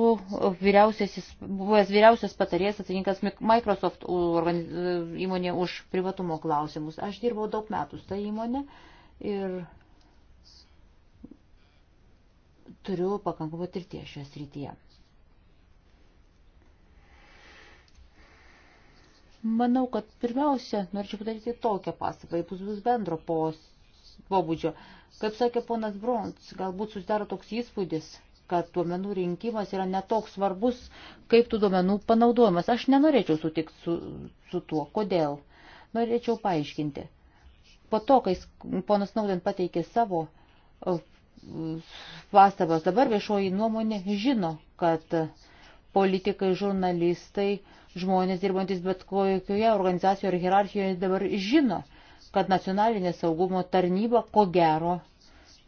vyriausiasis, buvęs vyriausias patarėjas atsakingas Microsoft įmonė už privatumo klausimus. Aš dirbau daug metų tą įmonę ir turiu pakankamą patirties šioje srityje. Manau, kad pirmiausia, norėčiau padaryti tokią pastabą, jei bus bendro pobūdžio. Kaip sakė ponas Brons, galbūt susidaro toks įspūdis – kad duomenų rinkimas yra netoks svarbus, kaip tų duomenų panaudojimas. Aš nenorėčiau sutikti su, su tuo. Kodėl? Norėčiau paaiškinti. Po to, kai ponas Naudin pateikė savo pastabas, dabar viešoji nuomonė žino, kad politikai, žurnalistai, žmonės dirbantis bet kokioje organizacijoje ar hierarchijoje dabar žino, kad nacionalinė saugumo tarnyba ko gero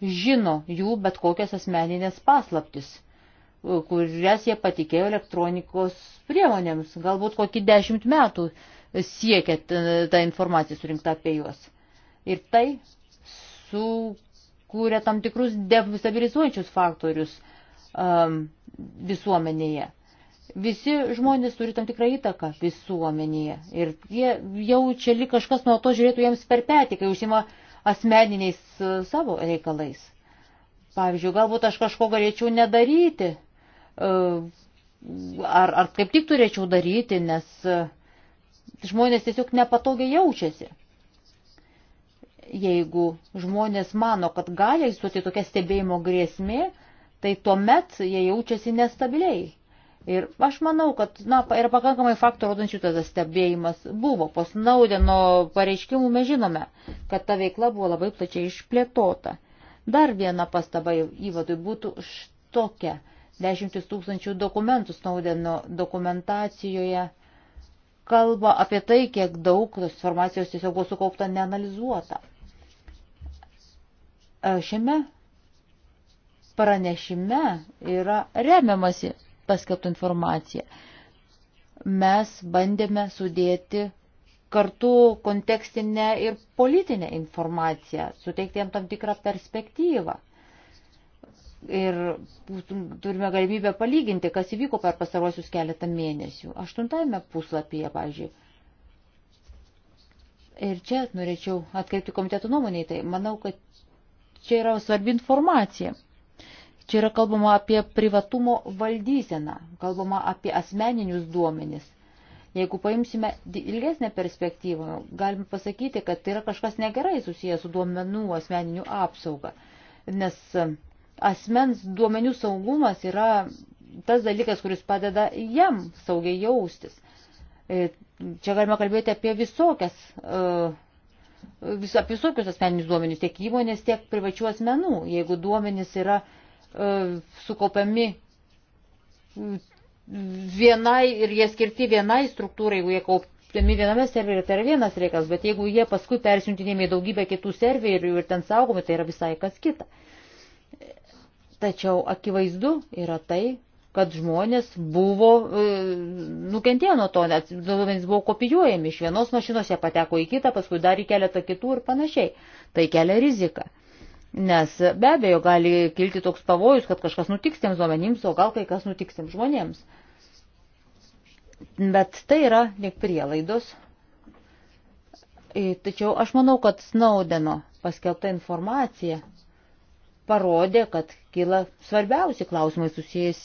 žino jų bet kokias asmeninės paslaptis, kurias jie patikėjo elektronikos priemonėms. Galbūt kokį dešimt metų siekia tą informaciją surinkta apie juos. Ir tai sukūrė tam tikrus destabilizuojančius faktorius um, visuomenėje. Visi žmonės turi tam tikrą įtaką visuomenėje ir jie jaučia lyg kažkas nuo to žiūrėtų jiems per petį, kai užsima uh, asmeniniais e, savo reikalais. Pavyzdžiui, galbūt aš kažko galėčiau nedaryti, e, ar, ar kaip tik turėčiau daryti, nes e, žmonės tiesiog nepatogiai jaučiasi. Jeigu žmonės mano, kad gali egzistuoti tokia stebėjimo grėsmė, tai tuomet jie jaučiasi nestabiliai. Ir aš manau, kad na, yra pakankamai faktų rodančių, kad tas stebėjimas buvo. Po Snaudeno pareiškimų mes žinome, kad ta veikla buvo labai plačiai išplėtota. Dar viena pastaba įvadui būtų štokia. Dešimtis tūkstančių dokumentų Snaudeno dokumentacijoje kalba apie tai, kiek daug tos informacijos tiesiog buvo sukaupta neanalizuota. E, šiame pranešime yra remiamasi paskelbtą informaciją. Mes bandėme sudėti kartu kontekstinę ir politinę informaciją, suteikti jam tam tikrą perspektyvą. Ir turime galimybę palyginti, kas įvyko per pastaruosius keletą mėnesių. Aštuntame puslapyje, pažiūrėjau. Ir čia norėčiau atkreipti komiteto nuomonį, tai manau, kad čia yra svarbi informacija. Čia yra kalbama apie privatumo valdyseną, kalbama apie asmeninius duomenis. Jeigu paimsime ilgesnę perspektyvą, galime pasakyti, kad tai yra kažkas negerai susijęs su duomenų asmeniniu apsauga. Nes e, asmens duomenių saugumas yra tas dalykas, kuris padeda jam saugiai jaustis. E, čia galima kalbėti apie visokias e, vis, apie visokius asmeninius duomenys, tiek įmonės, tiek privačių asmenų. Jeigu duomenys yra E, sukaupiami vienai ir jie skirti vienai struktūrai, jeigu jie kaupiami viename serveryje, tai yra vienas reikalas, bet jeigu jie paskui persiuntinėjami į daugybę kitų serverių ir ten saugomi, tai yra visai kas kita. Tačiau akivaizdu yra tai, kad žmonės buvo e, nukentėję nuo to, nes duomenys buvo kopijuojami iš vienos mašinos, jie pateko į kitą, paskui dar į keletą kitų ir panašiai. Tai kelia riziką. Nes be abejo gali kilti toks pavojus, kad kažkas nutiks tiems duomenims, o gal kai kas nutiks tiems žmonėms. Bet tai yra tik prielaidos. Tačiau aš manau, kad Snaudeno paskelbta informacija parodė, kad kyla svarbiausi klausimai susijęs,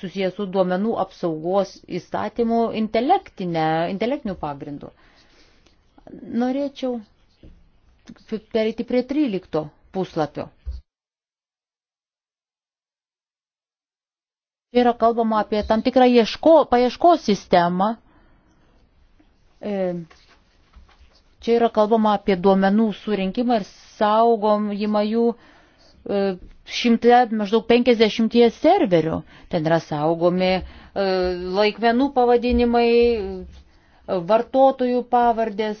susijęs su duomenų apsaugos įstatymu intelektiniu pagrindu. Norėčiau pereiti prie 13 puslapio. Čia yra kalbama apie tam tikrą ieško, paieškos sistemą. E, čia yra kalbama apie duomenų surinkimą ir saugomimą jų e, šimte maždaug 50 serverių. Ten yra saugomi e, laikmenų pavadinimai, vartotojų pavardės,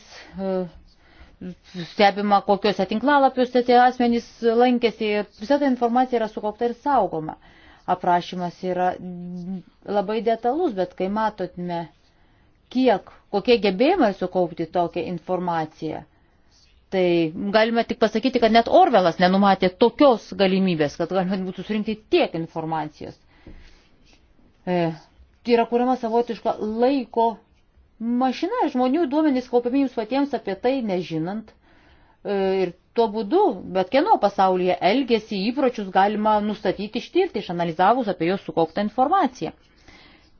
stebima, kokiuose tinklalapiuose tie asmenys lankėsi ir visa ta informacija yra sukaupta ir saugoma. Aprašymas yra labai detalus, bet kai matotme, kiek, kokie gebėjimai sukaupti tokią informaciją, tai galime tik pasakyti, kad net Orvelas nenumatė tokios galimybės, kad galima būtų surinkti tiek informacijos. E, tai yra kuriama savotiška laiko mašina, žmonių duomenys kaupiami jums patiems apie tai nežinant. E, ir tuo būdu, bet kieno pasaulyje elgesį įpročius galima nustatyti ištirti, išanalizavus apie jos sukauptą informaciją.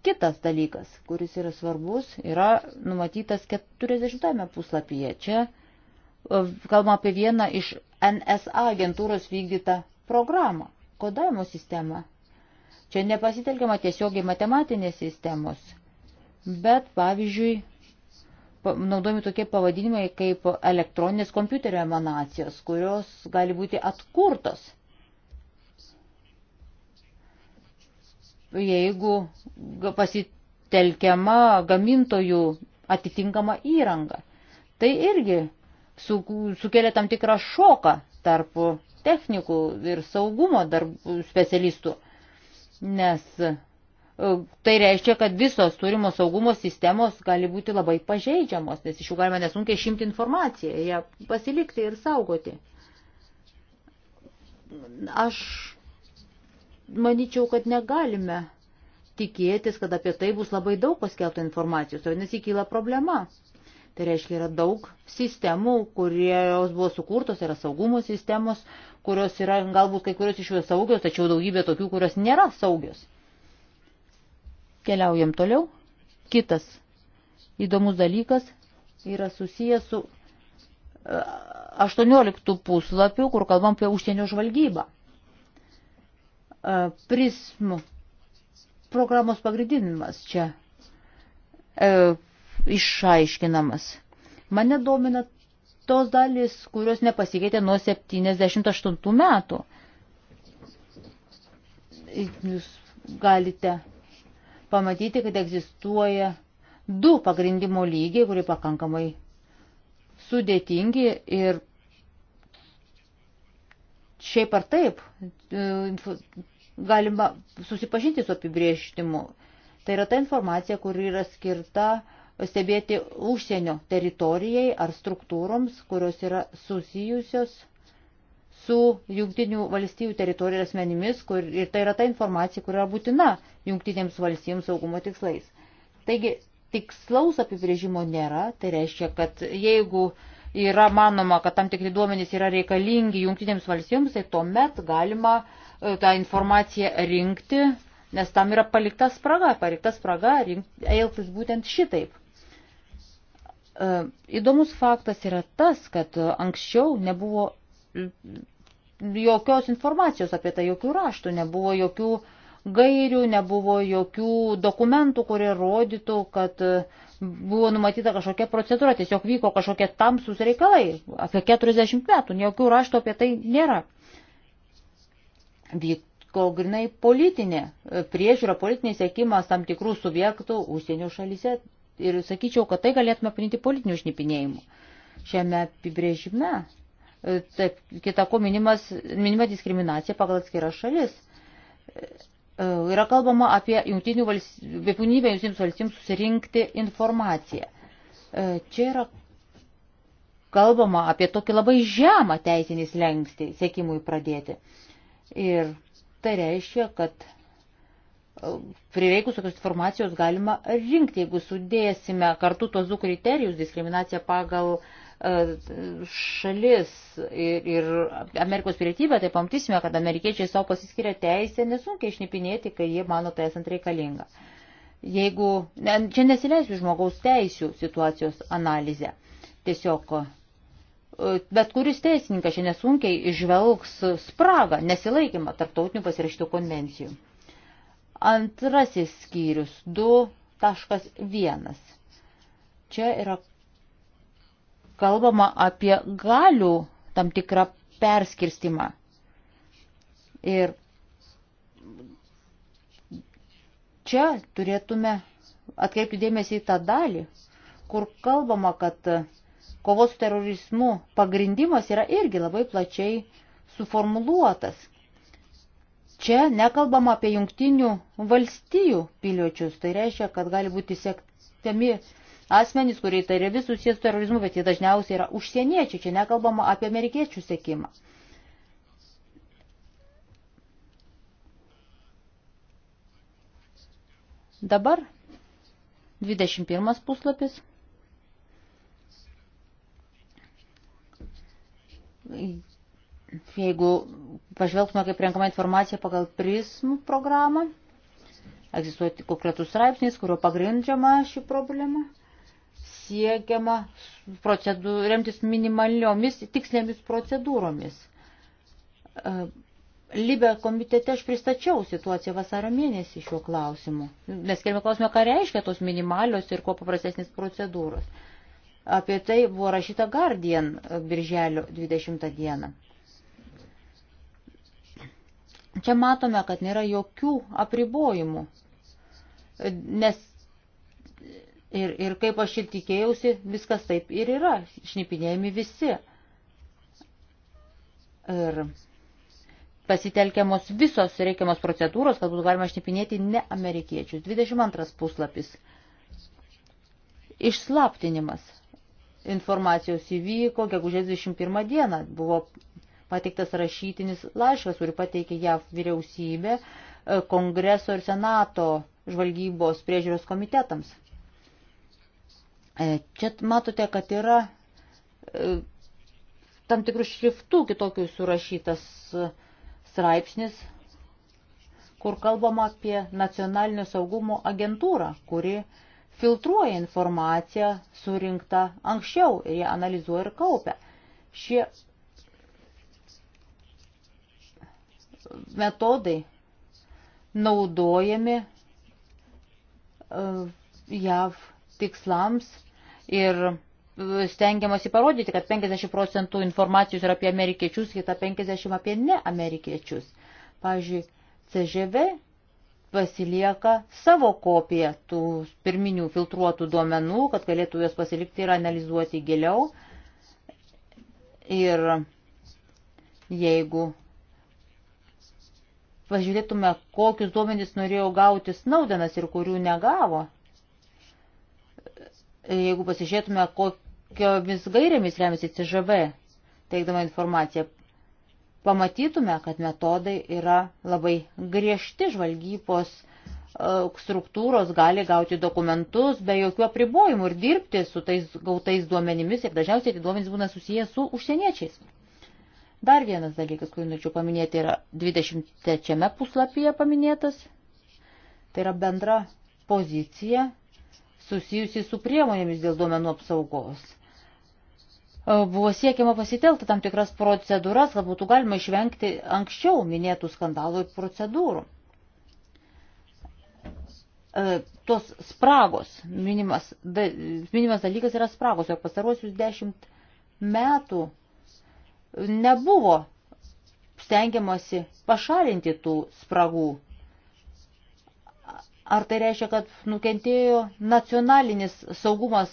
Kitas dalykas, kuris yra svarbus, yra numatytas 40 puslapyje. Čia e, kalbama apie vieną iš NSA agentūros vykdytą programą, kodavimo sistemą. Čia nepasitelkiama tiesiogiai matematinės sistemos bet pavyzdžiui, naudojami tokie pavadinimai kaip elektroninės kompiuterio emanacijos, kurios gali būti atkurtos. Jeigu pasitelkiama gamintojų atitinkama įranga, tai irgi su, sukelia tam tikrą šoką tarp technikų ir saugumo darbų specialistų, nes E, tai reiškia, kad visos turimos saugumo sistemos gali būti labai pažeidžiamos, nes iš jų galima nesunkiai šimti informaciją, ją pasilikti ir saugoti. Aš manyčiau, kad negalime tikėtis, kad apie tai bus labai daug paskelbta informacijos, o nesikyla problema. Tai reiškia, yra daug sistemų, kurios buvo sukurtos, yra saugumo sistemos, kurios yra, galbūt kai kurios iš jų saugios, tačiau daugybė tokių, kurios nėra saugios Keliaujam toliau. Kitas įdomus dalykas yra susijęs su 18 e, puslapiu, kur kalbam apie užsienio žvalgybą. E, prismų programos pagrindinimas čia e, išaiškinamas. Mane domina tos dalys, kurios nepasikeitė nuo 78 metų. Jūs galite pamatyti, kad egzistuoja du pagrindimo lygiai, kurie pakankamai sudėtingi ir šiaip ar taip e, galima susipažinti su apibrieštimu. Tai yra ta informacija, kuri yra skirta stebėti užsienio teritorijai ar struktūroms, kurios yra susijusios su jungtinių valstybių teritorijos asmenimis, kur, ir tai yra ta informacija, kur yra būtina jungtinėms valstybėms saugumo tikslais. Taigi, tikslaus apibrėžimo nėra, tai reiškia, kad jeigu yra manoma, kad tam tikri duomenys yra reikalingi jungtinėms valstybėms, tai tuomet galima e, tą informaciją rinkti, nes tam yra palikta spraga, palikta spraga elgtis būtent šitaip. E, įdomus faktas yra tas, kad anksčiau nebuvo jokios informacijos apie tai, jokių raštų, nebuvo jokių gairių, nebuvo jokių dokumentų, kurie rodytų, kad e, buvo numatyta kažkokia procedūra, tiesiog vyko kažkokie tamsus reikalai, apie 40 metų, jokių raštų apie tai nėra. Vyko grinai politinė e, priežiūra, politinis sėkimas tam tikrų subjektų užsienio šalyse ir sakyčiau, kad tai galėtume apinti politinių šnipinėjimų. Šiame apibrėžime taip, kitako minimas, minima diskriminacija pagal atskiras šalis. E, yra kalbama apie jungtinių valstybių, būtinybę jungtinėms valstybėms susirinkti informaciją. E, čia yra kalbama apie tokį labai žemą teisinį slengstį sėkimui pradėti. Ir tai reiškia, kad e, prireikus tokios informacijos galima rinkti, jeigu sudėsime kartu tos du kriterijus, diskriminaciją pagal uh, E, šalis ir, ir Amerikos pilietybę, tai pamatysime, kad amerikiečiai savo pasiskiria teisę nesunkiai išnipinėti, kai jie mano tai esant reikalinga. Jeigu, ne, čia nesileisiu žmogaus teisių situacijos analizę, tiesiog e, bet kuris teisininkas čia nesunkiai išvelgs spragą, nesilaikymą tarptautinių pasirašytų konvencijų. Antrasis skyrius 2.1. Čia yra kalbama apie galių tam tikrą perskirstimą. Ir čia turėtume atkreipti dėmesį į tą dalį, kur kalbama, kad kovos su terorizmu pagrindimas yra irgi labai plačiai suformuluotas. Čia nekalbama apie jungtinių valstijų piliečius, tai reiškia, kad gali būti sektami asmenys, kurie įtariami susijęs su terorizmu, bet jie dažniausiai yra užsieniečiai, čia nekalbama apie amerikiečių sėkimą. Dabar 21 puslapis. Jeigu pažvelgtume, kaip renkama informacija pagal prism programą, egzistuoja konkretus straipsnis, kurio pagrindžiama ši problema siekiama remtis minimaliomis tikslėmis procedūromis. E, Libe komitete aš pristačiau situaciją vasario mėnesį šiuo klausimu. Mes kelime klausimą, ką reiškia tos minimalios ir kuo paprastesnės procedūros. Apie tai buvo rašyta Guardian birželio 20 dieną. Čia matome, kad nėra jokių apribojimų, nes Ir, ir kaip aš ir tikėjausi, viskas taip ir yra, šnipinėjami visi. Ir pasitelkiamos visos reikiamos procedūros, kad būtų galima šnipinėti ne amerikiečius. 22 puslapis. Išslaptinimas informacijos įvyko, gegužės 21 dieną buvo pateiktas rašytinis laiškas, kurį pateikė JAV vyriausybė, e, kongreso ir senato žvalgybos priežiūros komitetams. E, čia matote, kad yra e, tam tikrų šriftų kitokių surašytas e, straipsnis, kur kalbama apie nacionalinio saugumo agentūrą, kuri filtruoja informaciją surinktą anksčiau ir ją analizuoja ir kaupia. Šie metodai naudojami JAV tikslams ir e, stengiamasi parodyti, kad 50 procentų informacijos yra apie amerikiečius, kita 50 apie neamerikiečius. Pavyzdžiui, CŽV pasilieka savo kopiją tų pirminių filtruotų duomenų, kad galėtų juos pasilikti ir analizuoti giliau. Ir jeigu pažiūrėtume, kokius duomenys norėjo gauti Snaudenas ir kurių negavo, jeigu pasižiūrėtume, kokiomis gairėmis remiasi CŽV, teikdama informaciją, pamatytume, kad metodai yra labai griežti žvalgybos e, struktūros gali gauti dokumentus be jokių apribojimų ir dirbti su tais gautais duomenimis ir dažniausiai tie duomenys būna susijęs su užsieniečiais. Dar vienas dalykas, kurį norėčiau paminėti, yra 23 puslapyje paminėtas. Tai yra bendra pozicija susijusi su priemonėmis dėl duomenų apsaugos. E, Buvo siekiama pasitelkti tam tikras procedūras, kad būtų galima išvengti anksčiau minėtų skandalų ir procedūrų. E, Tos spragos, minimas, da, minimas dalykas yra spragos, jo pastaruosius dešimt metų nebuvo stengiamasi pašalinti tų spragų Ar tai reiškia, kad nukentėjo nacionalinis saugumas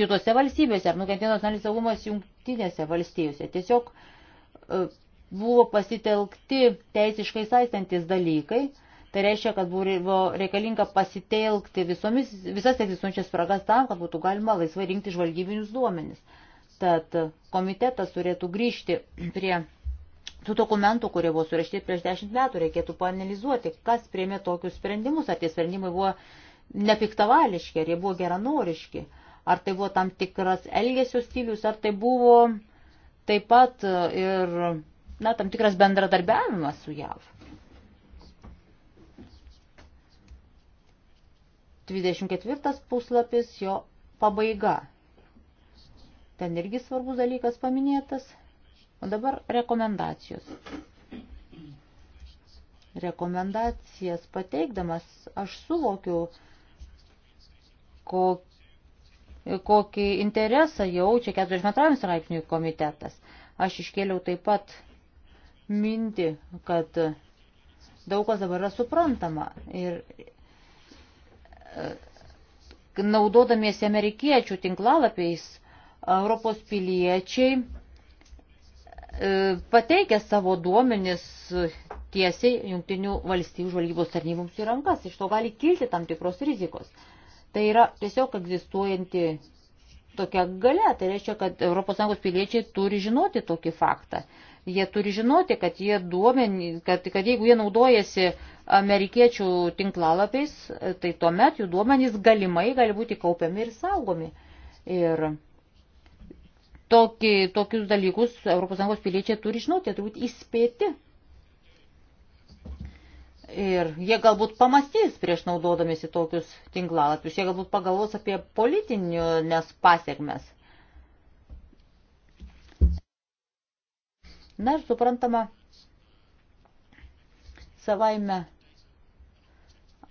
kitose valstybėse, ar nukentėjo nacionalinis saugumas jungtinėse valstybėse? Tiesiog e, buvo pasitelkti teisiškai saistantis dalykai. Tai reiškia, kad buvo reikalinga pasitelkti visomis, visas egzistuojančias spragas tam, kad būtų galima laisvai rinkti žvalgybinius duomenis. Tad komitetas turėtų grįžti prie tų dokumentų, kurie buvo surašyti prieš dešimt metų, reikėtų panalizuoti, kas priemė tokius sprendimus, ar tie sprendimai buvo nepiktavališki, ar jie buvo geranoriški, ar tai buvo tam tikras elgesio stilius, ar tai buvo taip pat e, ir na, tam tikras bendradarbiavimas su JAV. 24 puslapis jo pabaiga. Ten irgi svarbus dalykas paminėtas – O dabar rekomendacijos. Rekomendacijas pateikdamas aš suvokiu, kokį interesą jaučia 42 straipsnių komitetas. Aš iškėliau taip pat mintį, kad daug kas dabar yra suprantama. Ir e, naudodamiesi amerikiečių tinklalapiais, Europos piliečiai E, pateikia savo duomenis tiesiai jungtinių valstybių žvalgybos tarnyboms į rankas. Iš to gali kilti tam tikros rizikos. Tai yra tiesiog egzistuojanti tokia gale. Tai reiškia, kad ES piliečiai turi žinoti tokį faktą. Jie turi žinoti, kad, jie duomenį, kad, kad jeigu jie naudojasi amerikiečių tinklalapiais, tai tuomet jų duomenys galimai gali būti kaupiami ir saugomi. Ir tokį, tokius dalykus ES piliečiai turi žinoti, jie turbūt įspėti. Ir jie galbūt pamastys prieš naudodamėsi tokius tinklalapius, jie galbūt pagalvos apie politinės pasiekmes. Na ir suprantama, savaime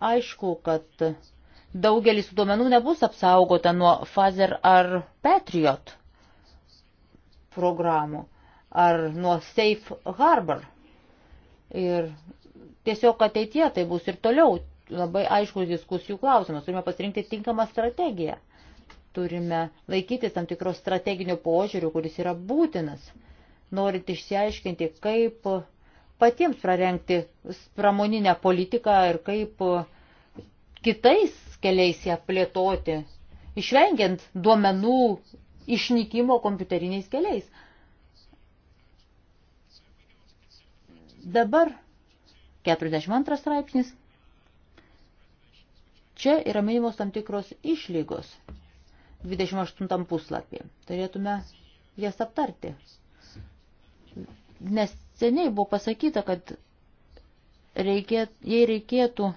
aišku, kad daugelis duomenų nebus apsaugota nuo Fazer ar Patriot programų ar nuo Safe Harbor. Ir tiesiog ateitie tai bus ir toliau labai aiškus diskusijų klausimas. Turime pasirinkti tinkamą strategiją. Turime laikytis tam tikros strateginio požiūrių, kuris yra būtinas, norint išsiaiškinti, kaip patiems prarengti pramoninę politiką ir kaip kitais keliais ją plėtoti, išvengiant duomenų išnykimo kompiuteriniais keliais. Dabar 42 straipsnis. Čia yra minimos tam tikros išlygos 28 puslapį. Turėtume jas aptarti. Nes seniai buvo pasakyta, kad reikėt, jei reikėtų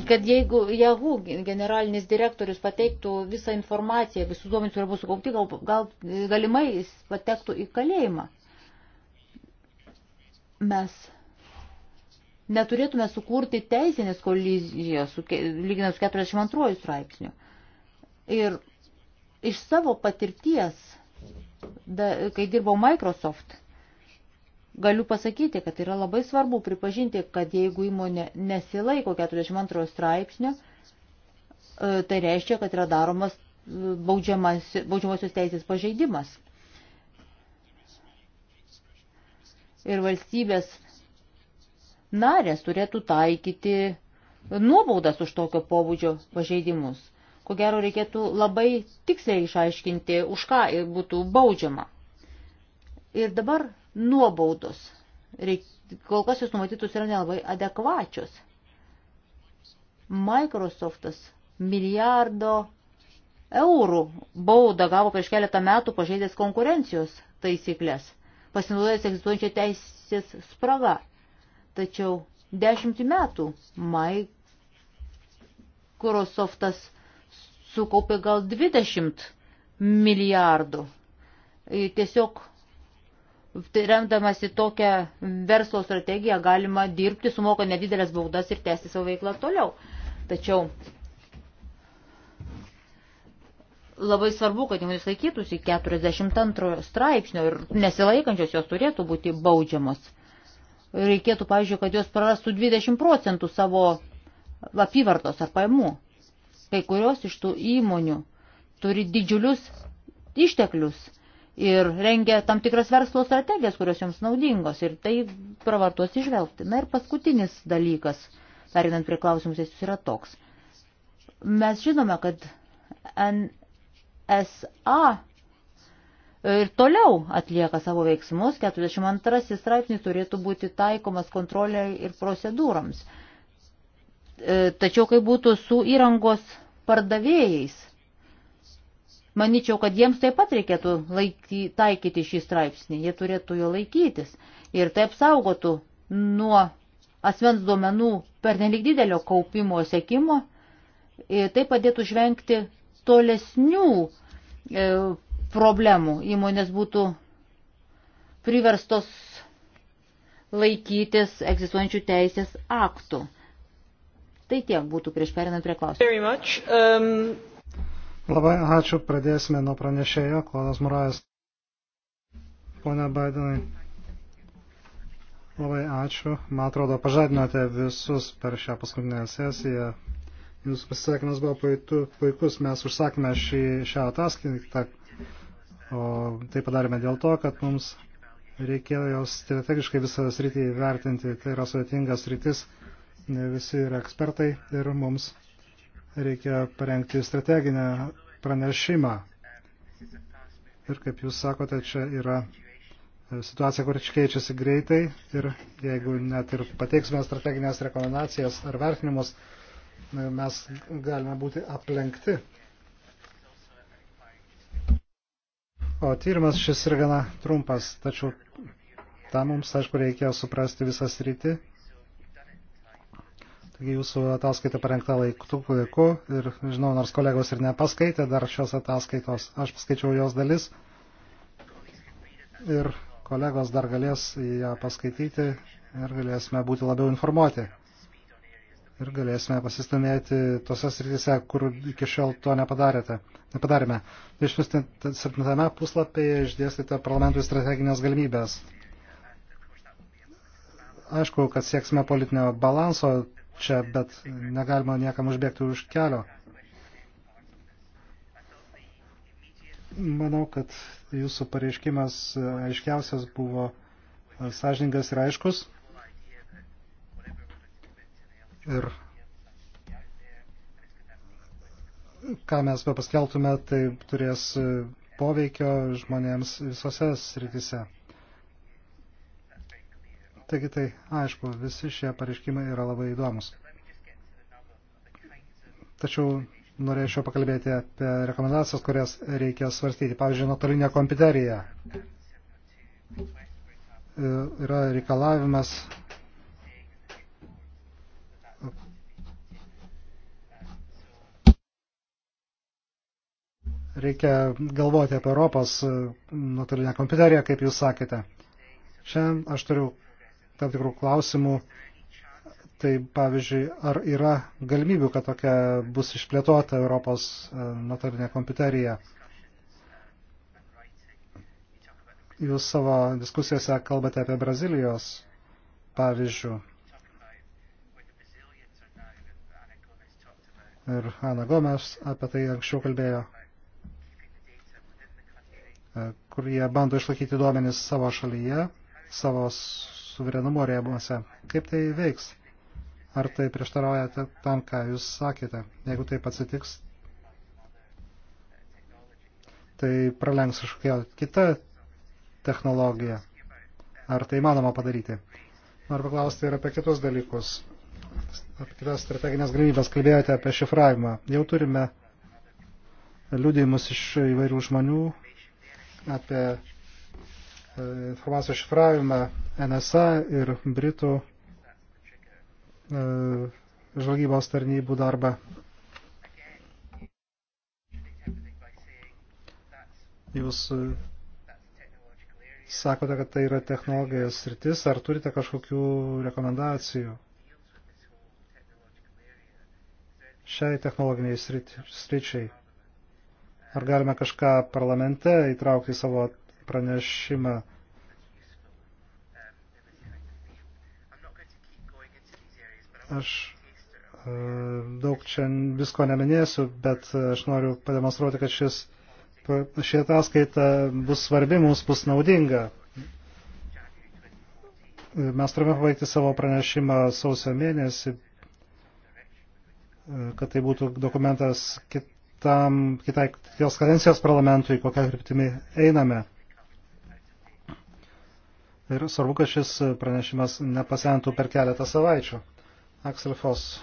kad jeigu Yahoo generalinis direktorius pateiktų visą informaciją, visus duomenys, kurie buvo sukaupti, gal, gal galimai jis patektų į kalėjimą. Mes neturėtume sukurti teisinės kolizijos, su, lyginant su 42 straipsniu. Ir iš savo patirties, da, kai dirbau Microsoft, galiu pasakyti, kad yra labai svarbu pripažinti, kad jeigu įmonė nesilaiko 42 straipsnio, e, tai reiškia, kad yra daromas e, baudžiamosios teisės pažeidimas. Ir valstybės narės turėtų taikyti nuobaudas už tokio pobūdžio pažeidimus. Ko gero reikėtų labai tiksliai išaiškinti, už ką būtų baudžiama. Ir dabar nuobaudos. Reik, kol kas jūs numatytus yra nelabai adekvačios. Microsoftas milijardo eurų baudą gavo prieš keletą metų pažeidęs konkurencijos taisyklės, pasinaudojęs egzistuojančią teisės spragą. Tačiau dešimtį metų Microsoftas sukaupė gal 20 milijardų. Tiesiog Tai remdamasi tokią verslo strategiją galima dirbti, sumoka nedidelės baudas ir tęsti savo veiklą toliau. Tačiau labai svarbu, kad įmonės laikytųsi 42 straipsnio ir nesilaikančios jos turėtų būti baudžiamos. Reikėtų, pavyzdžiui, kad jos prarastų 20 procentų savo apyvartos ar paimų. Kai kurios iš tų įmonių turi didžiulius išteklius ir rengia tam tikras verslo strategijas, kurios jums naudingos ir tai pravartos išvelgti. Na ir paskutinis dalykas, perinant prie klausimus, jis yra toks. Mes žinome, kad NSA ir toliau atlieka savo veiksmus, 42 straipsnis turėtų būti taikomas kontroliai ir procedūrams. E, tačiau, kai būtų su įrangos pardavėjais, Maničiau, kad jiems taip pat reikėtų laiky, taikyti šį straipsnį, jie turėtų jo laikytis ir tai apsaugotų nuo asmens duomenų per nelik didelio kaupimo sėkimo ir tai padėtų žvengti tolesnių e, problemų. Įmonės būtų priverstos laikytis egzistuojančių teisės aktų. Tai tiek būtų prieš perinant prie klausimų. Labai ačiū, pradėsime nuo pranešėjo, Klonas Murajas. Pone Bidenai, labai ačiū. Man atrodo, pažadinote visus per šią paskutinę sesiją. Jūsų pasisakymas buvo puitu, puikus, mes užsakėme šį, šią ataskaitą, o tai padarėme dėl to, kad mums reikėjo strategiškai visą sritį vertinti, tai yra sudėtingas sritis, ne visi yra ekspertai ir mums reikia parengti strateginę pranešimą. Ir kaip jūs sakote, čia yra e, situacija, kur keičiasi greitai ir jeigu net ir pateiksime strateginės rekomendacijas ar vertinimus, mes galime būti aplenkti. O tyrimas šis yra gana trumpas, tačiau tam mums, aišku, reikia suprasti visą sritį jūsų ataskaita parengta laiku, laiku ir žinau, nors kolegos ir nepaskaitė dar šios ataskaitos, aš paskaičiau jos dalis ir kolegos dar galės ją paskaityti ir galėsime būti labiau informuoti. Ir galėsime pasistumėti tose srityse, kur iki šiol to nepadarėte. nepadarėme. 27 puslapyje išdėstėte parlamentui strateginės galimybės. Aišku, kad sieksime politinio balanso, čia, bet negalima niekam užbėgti už kelio. Manau, kad jūsų pareiškimas aiškiausias buvo sąžiningas ir aiškus. Ir ką mes be paskeltume, tai turės poveikio žmonėms visose sritise. Taigi tai, aišku, visi šie pareiškimai yra labai įdomus. Tačiau norėčiau pakalbėti apie rekomendacijas, kurias reikia svarstyti. Pavyzdžiui, nuotolinė kompiuterija. E, yra reikalavimas reikia galvoti apie Europos e, nuotolinę kompiuteriją, kaip jūs sakėte. Šiandien aš turiu tam tikrų klausimų. Tai pavyzdžiui, ar yra galimybių, kad tokia bus išplėtota Europos e, notarinė kompiuterija? Jūs savo diskusijose kalbate apie Brazilijos pavyzdžių. Ir Ana Gomes apie tai anksčiau kalbėjo, e, kur jie bando išlaikyti duomenis savo šalyje, savo suverenumo rėmuose. Kaip tai veiks? Ar tai prieštarauja tam, ką jūs sakėte? Jeigu taip atsitiks, tai pralenks kažkokia kita technologija. Ar tai įmanoma padaryti? Noriu paklausti ir apie kitus dalykus. Apie kitas strateginės galimybės kalbėjote apie šifravimą. Jau turime liūdėjimus iš įvairių žmonių apie informacijos šifravimą NSA ir Britų e, žvalgybos tarnybų darbą. Jūs e, sakote, kad tai yra technologijos sritis, ar turite kažkokių rekomendacijų šiai technologiniai sričiai? Ar galime kažką parlamente įtraukti į savo pranešimą. Aš e, daug čia visko neminėsiu, bet e, aš noriu pademonstruoti, kad šis, šie ataskaita bus svarbi, mums bus naudinga. E, mes turime pabaigti savo pranešimą sausio mėnesį, kad tai būtų dokumentas kitam, kitai, kitos kadencijos parlamentui, kokią kryptimį einame. Ir svarbu, kad šis pranešimas nepasentų per keletą savaičių. Aksel Foss.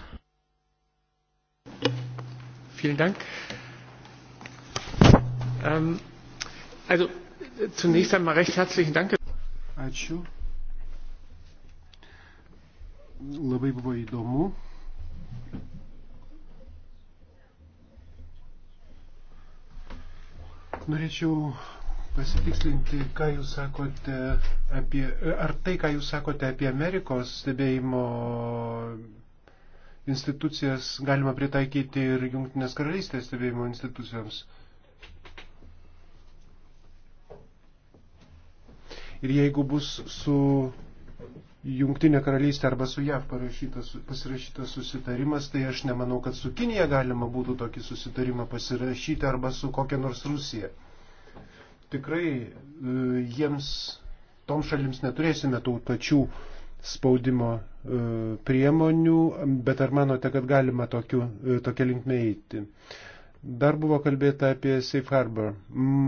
Vielen Dank. Ähm, also zunächst einmal recht herzlichen Dank. Ačiū. Labai buvo įdomu. Norėčiau pasitikslinti, ką jūs sakote apie, ar tai, ką jūs sakote apie Amerikos stebėjimo institucijas, galima pritaikyti ir Junktinės karalystės stebėjimo institucijoms. Ir jeigu bus su Junktinė karalystė arba su JAV pasirašytas susitarimas, tai aš nemanau, kad su Kinija galima būtų tokį susitarimą pasirašyti arba su kokia nors Rusija tikrai e, jiems, tom šalims neturėsime tų pačių spaudimo e, priemonių, bet ar manote, kad galima tokiu, e, tokia linkme eiti? Dar buvo kalbėta apie Safe Harbor.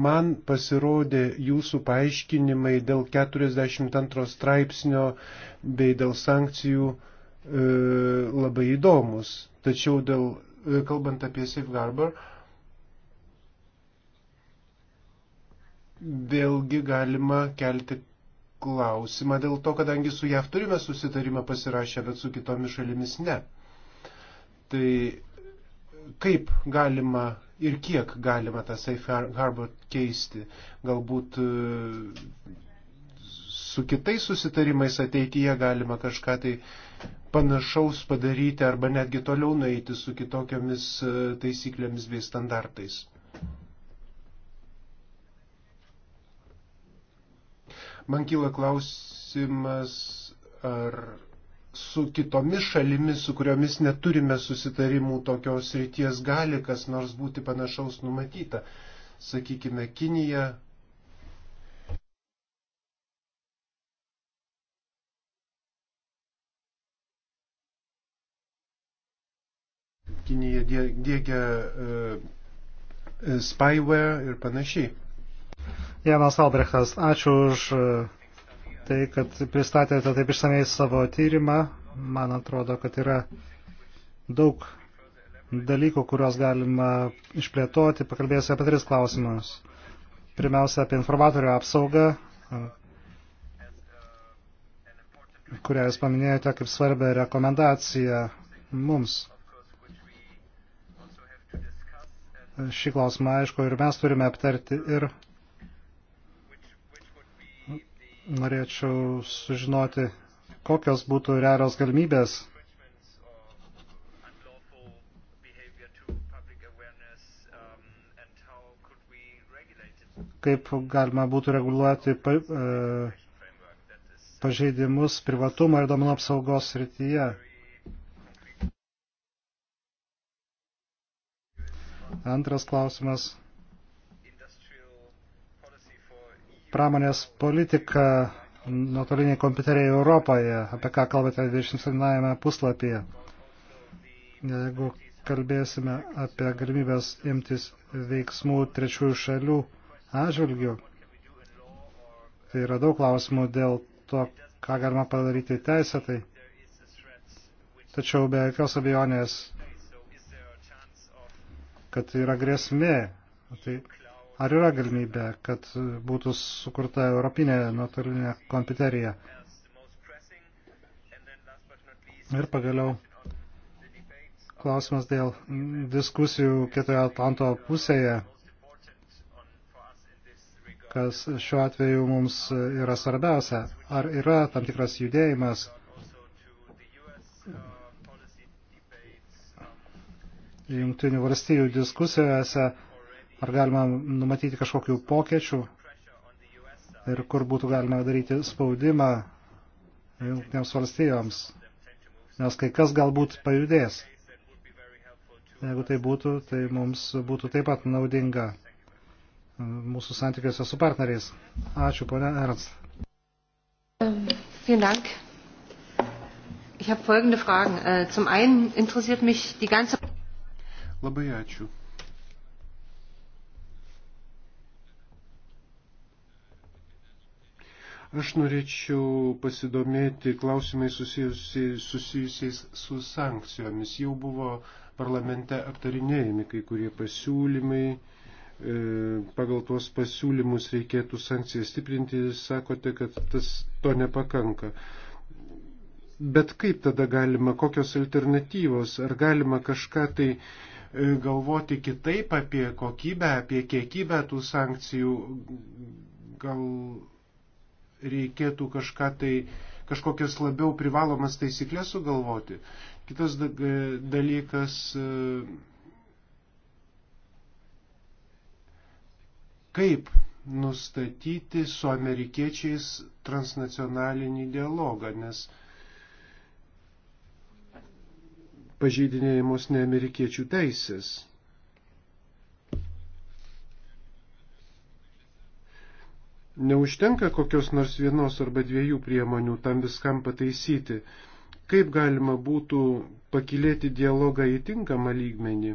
Man pasirodė jūsų paaiškinimai dėl 42 straipsnio bei dėl sankcijų e, labai įdomus. Tačiau dėl, kalbant apie Safe Harbor, e, vėlgi galima kelti klausimą dėl to, kadangi su JAV turime susitarimą pasirašę, bet su kitomis šalimis ne. Tai kaip galima ir kiek galima tą Safe Harbor keisti? Galbūt e, su kitais susitarimais ateityje galima kažką tai panašaus padaryti arba netgi toliau nueiti su kitokiamis e, taisyklėmis bei standartais. Man kyla klausimas, ar su kitomis šalimis, su kuriomis neturime susitarimų tokios ryties, gali kas nors būti panašaus numatyta. Sakykime, Kinija, Kinija diegia uh, spyware ir panašiai. Janas Albrechtas, ačiū už e, tai, kad pristatėte taip išsamei savo tyrimą. Man atrodo, kad yra daug dalykų, kuriuos galima išplėtoti. Pakalbėsiu apie tris klausimus. Pirmiausia, apie informatorių apsaugą, e, kurią jūs paminėjote kaip svarbę rekomendaciją mums. Šį klausimą, aišku, ir mes turime aptarti ir norėčiau sužinoti, kokios būtų realios galimybės kaip galima būtų reguliuoti pa, e, pažeidimus privatumo ir domenų apsaugos srityje. Antras klausimas. pramonės politika nuotoliniai kompiuteriai Europoje, apie ką kalbate 27 puslapyje. Jeigu kalbėsime apie galimybės imtis veiksmų trečiųjų šalių atžvilgių, tai yra daug klausimų dėl to, ką galima padaryti teisėtai. Tačiau be jokios abejonės, kad tai yra grėsmė. Tai Ar yra galimybė, kad būtų sukurta europinė nuotolinė kompiuterija? Ir pagaliau klausimas dėl diskusijų kitoje Atlanto pusėje, kas šiuo atveju mums yra svarbiausia. Ar yra tam tikras judėjimas jungtinių valstybių diskusijose Ar galima numatyti kažkokių pokėčių ir kur būtų galima daryti spaudimą jungtinėms valstijoms, nes kai kas galbūt pajudės. Jeigu tai būtų, tai mums būtų taip pat naudinga mūsų santykiuose su partneriais. Ačiū, ponia Ernst. Vielen Dank. Ich habe folgende Fragen. Äh, zum einen interessiert mich die ganze. Labai ačiū. Aš norėčiau pasidomėti klausimai susijusiais, susijusiais su sankcijomis. Jau buvo parlamente aptarinėjami kai kurie pasiūlymai e, pagal tuos pasiūlymus reikėtų sankcijas stiprinti, sakote, kad tas, to nepakanka. Bet kaip tada galima, kokios alternatyvos, ar galima kažką tai e, galvoti kitaip apie kokybę, apie kiekybę tų sankcijų, gal reikėtų kažką tai, kažkokias labiau privalomas taisyklės sugalvoti. Kitas e, dalykas. E, kaip nustatyti su amerikiečiais transnacionalinį dialogą, nes pažeidinėjamos ne amerikiečių teisės. Neužtenka kokios nors vienos arba dviejų priemonių tam viskam pataisyti. Kaip galima būtų pakilėti dialogą į tinkamą lygmenį?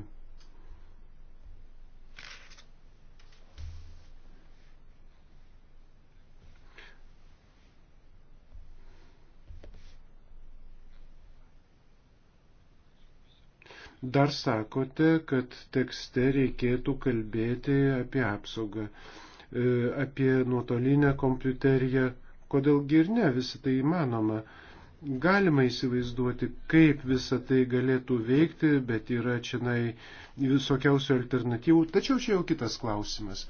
Dar sakote, kad tekste reikėtų kalbėti apie apsaugą. E, apie nuotolinę kompiuteriją. Kodėlgi ir ne, visą tai įmanoma. Galima įsivaizduoti, kaip visa tai galėtų veikti, bet yra čianai visokiausių alternatyvų. Tačiau čia jau kitas klausimas.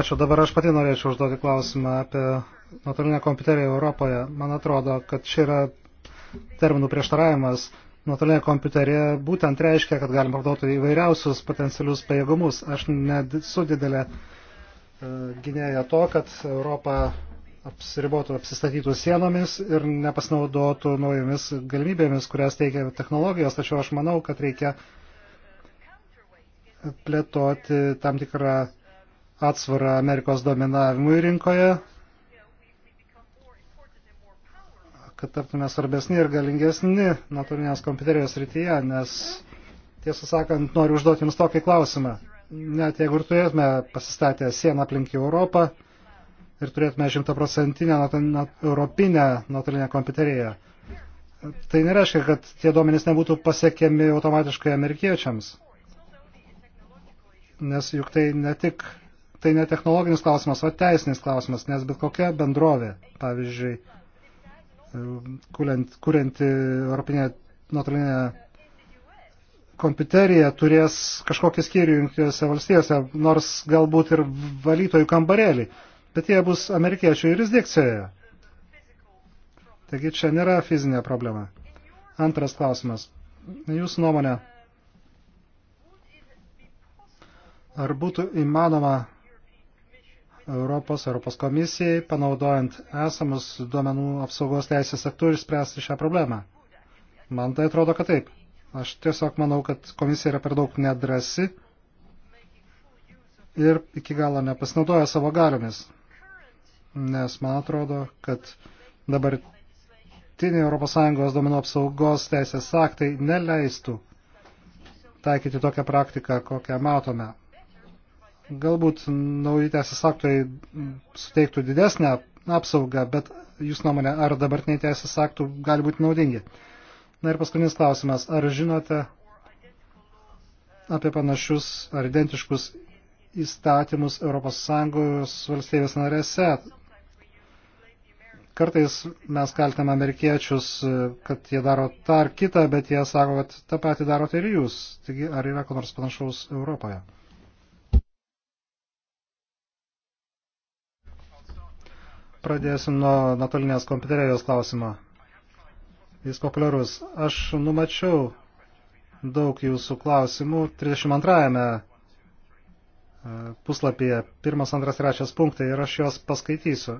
Ačiū. Dabar aš pati norėčiau užduoti klausimą apie nuotolinę kompiuteriją Europoje. Man atrodo, kad čia yra terminų prieštaravimas. Nuotolinė kompiuterija būtent reiškia, kad galima parduoti įvairiausius potencialius pajėgumus. Aš nesu didelė gynėja to, kad Europa apsiribotų, apsistatytų sienomis ir nepasinaudotų naujomis galimybėmis, kurias teikia technologijos, tačiau aš manau, kad reikia plėtoti tam tikrą atsvarą Amerikos dominavimui rinkoje, kad taptume svarbesni ir galingesni naturinės kompiuterijos rytyje, nes tiesą sakant, noriu užduoti Jums tokį klausimą net jeigu ir turėtume pasistatę sieną aplink Europą ir turėtume šimtaprocentinę europinę nuotolinę kompiuteriją, tai nereiškia, kad tie duomenys nebūtų pasiekiami automatiškai amerikiečiams. Nes juk tai ne tik, tai ne technologinis klausimas, o teisinis klausimas, nes bet kokia bendrovė, pavyzdžiui, kurianti europinę nuotolinę kompiuterija turės kažkokį skyrių jungtinėse valstijose, nors galbūt ir valytojų kambarėlį, bet jie bus amerikiečių jurisdikcijoje. Taigi čia nėra fizinė problema. Antras klausimas. Jūsų nuomonė, ar būtų įmanoma Europos, Europos komisijai, panaudojant esamus duomenų apsaugos teisės aktų, išspręsti šią problemą? Man tai atrodo, kad taip. Aš tiesiog manau, kad komisija yra per daug nedrasi ir iki galo nepasinaudoja savo galiomis. Nes man atrodo, kad dabartiniai ES domino apsaugos teisės aktai neleistų taikyti tokią praktiką, kokią matome. Galbūt nauji teisės aktai suteiktų didesnę apsaugą, bet jūs nuomonė, ar dabartiniai teisės aktų gali būti naudingi. Na ir paskutinis klausimas. Ar žinote apie panašius ar identiškus įstatymus ES valstybės narėse? Kartais mes kaltiname amerikiečius, kad jie daro tą ar kitą, bet jie sako, kad tą patį darote ir jūs. Taigi, ar yra ko nors panašaus Europoje? Pradėsim nuo natalinės kompiuterijos klausimo jis populiarus. Aš numačiau daug jūsų klausimų 32 e, puslapyje, pirmas, antras, trečias punktai ir aš juos paskaitysiu,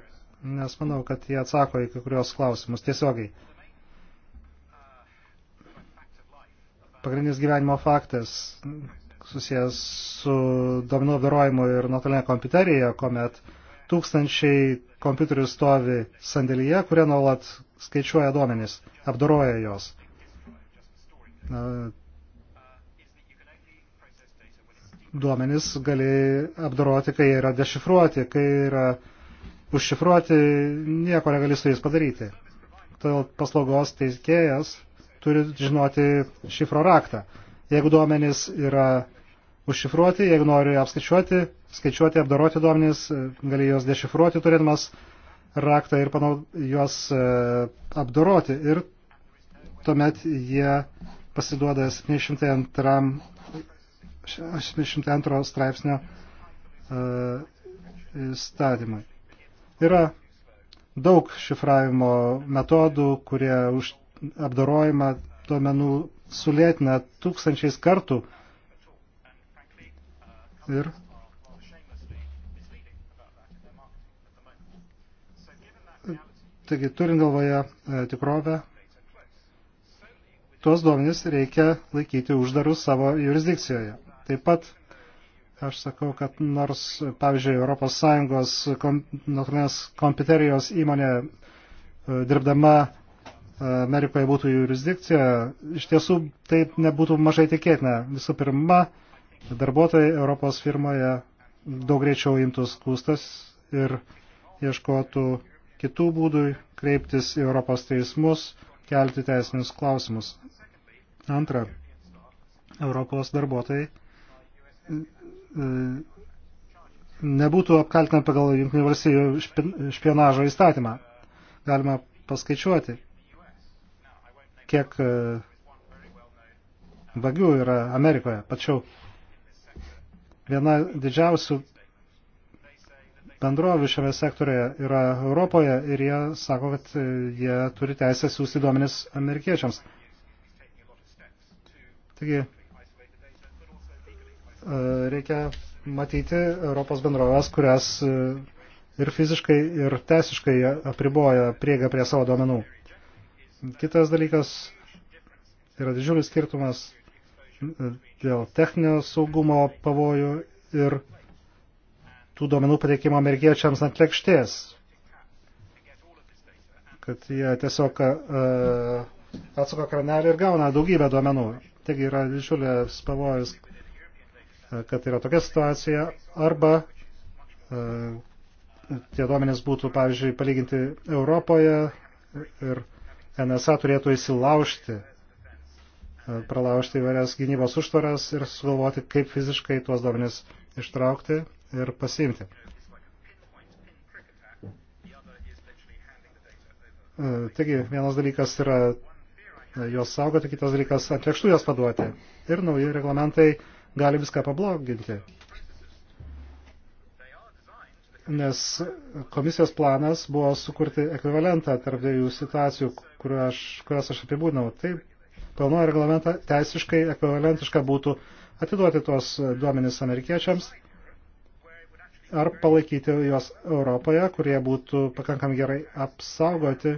nes manau, kad jie atsako į kiekvienos klausimus tiesiogiai. Pagrindinis gyvenimo faktas susijęs su domino apdarojimu ir nuotolinė kompiuterija, kuomet uh, tūkstančiai kompiuterių stovi sandėlyje, kurie nuolat skaičiuoja duomenis, apdoroja jos. Duomenis gali apdoroti, kai yra dešifruoti, kai yra užšifruoti, nieko negali su jais padaryti. Todėl paslaugos teikėjas turi žinoti šifro raktą. Jeigu duomenys yra užšifruoti, jeigu nori apskaičiuoti, skaičiuoti, apdaroti duomenys, gali juos dešifruoti turėdamas raktą ir panau, juos e, apdaroti. Ir tuomet jie pasiduoda 702, 702 straipsnio e, įstatymai. Yra daug šifravimo metodų, kurie už apdarojimą duomenų sulėtina tūkstančiais kartų. Ir Taigi, turint galvoje e, tikrovę, tuos duomenys reikia laikyti uždarus savo jurisdikcijoje. Taip pat aš sakau, kad nors, pavyzdžiui, ES kom, kompiuterijos įmonė e, dirbdama e, Amerikoje būtų jurisdikcija, iš tiesų tai nebūtų mažai tikėtina. Visų pirma, darbuotojai Europos firmoje daug greičiau imtų skūstas ir ieškotų kitų būdų kreiptis į Europos teismus, kelti teisinius klausimus. Antra, Europos darbuotojai e, e, nebūtų apkaltinami pagal Junktinių valstybių špionažo įstatymą. Galima paskaičiuoti, kiek e, vagių yra Amerikoje. Tačiau viena didžiausių bendrovių šiame sektorėje yra Europoje ir jie sako, kad e, jie turi teisę siūsti duomenis amerikiečiams. Taigi, e, reikia matyti Europos bendrovės, kurias e, ir fiziškai, ir teisiškai apriboja prieigą prie savo duomenų. Kitas dalykas yra didžiulis skirtumas dėl techninio saugumo pavojų ir tų duomenų pateikimo amerikiečiams ant lėkštės, kad jie tiesiog uh, e, atsuko kranelį ir gauna daugybę duomenų. Taigi yra didžiulės pavojus, e, kad yra tokia situacija, arba uh, tie duomenys būtų, pavyzdžiui, palyginti Europoje ir NSA turėtų įsilaužti, uh, pralaužti įvairias gynybos užtvaras ir sugalvoti, kaip fiziškai tuos duomenys ištraukti ir pasiimti. E, taigi, vienas dalykas yra jos saugoti, kitas dalykas ant lėkštų jos paduoti. Ir nauji reglamentai gali viską pabloginti. Nes komisijos planas buvo sukurti ekvivalentą tarp dviejų situacijų, kurias aš, kurias aš apibūdinau. Tai planuoja reglamentą teisiškai ekvivalentiška būtų atiduoti tuos duomenis amerikiečiams ar palaikyti juos Europoje, kurie būtų pakankamai gerai apsaugoti.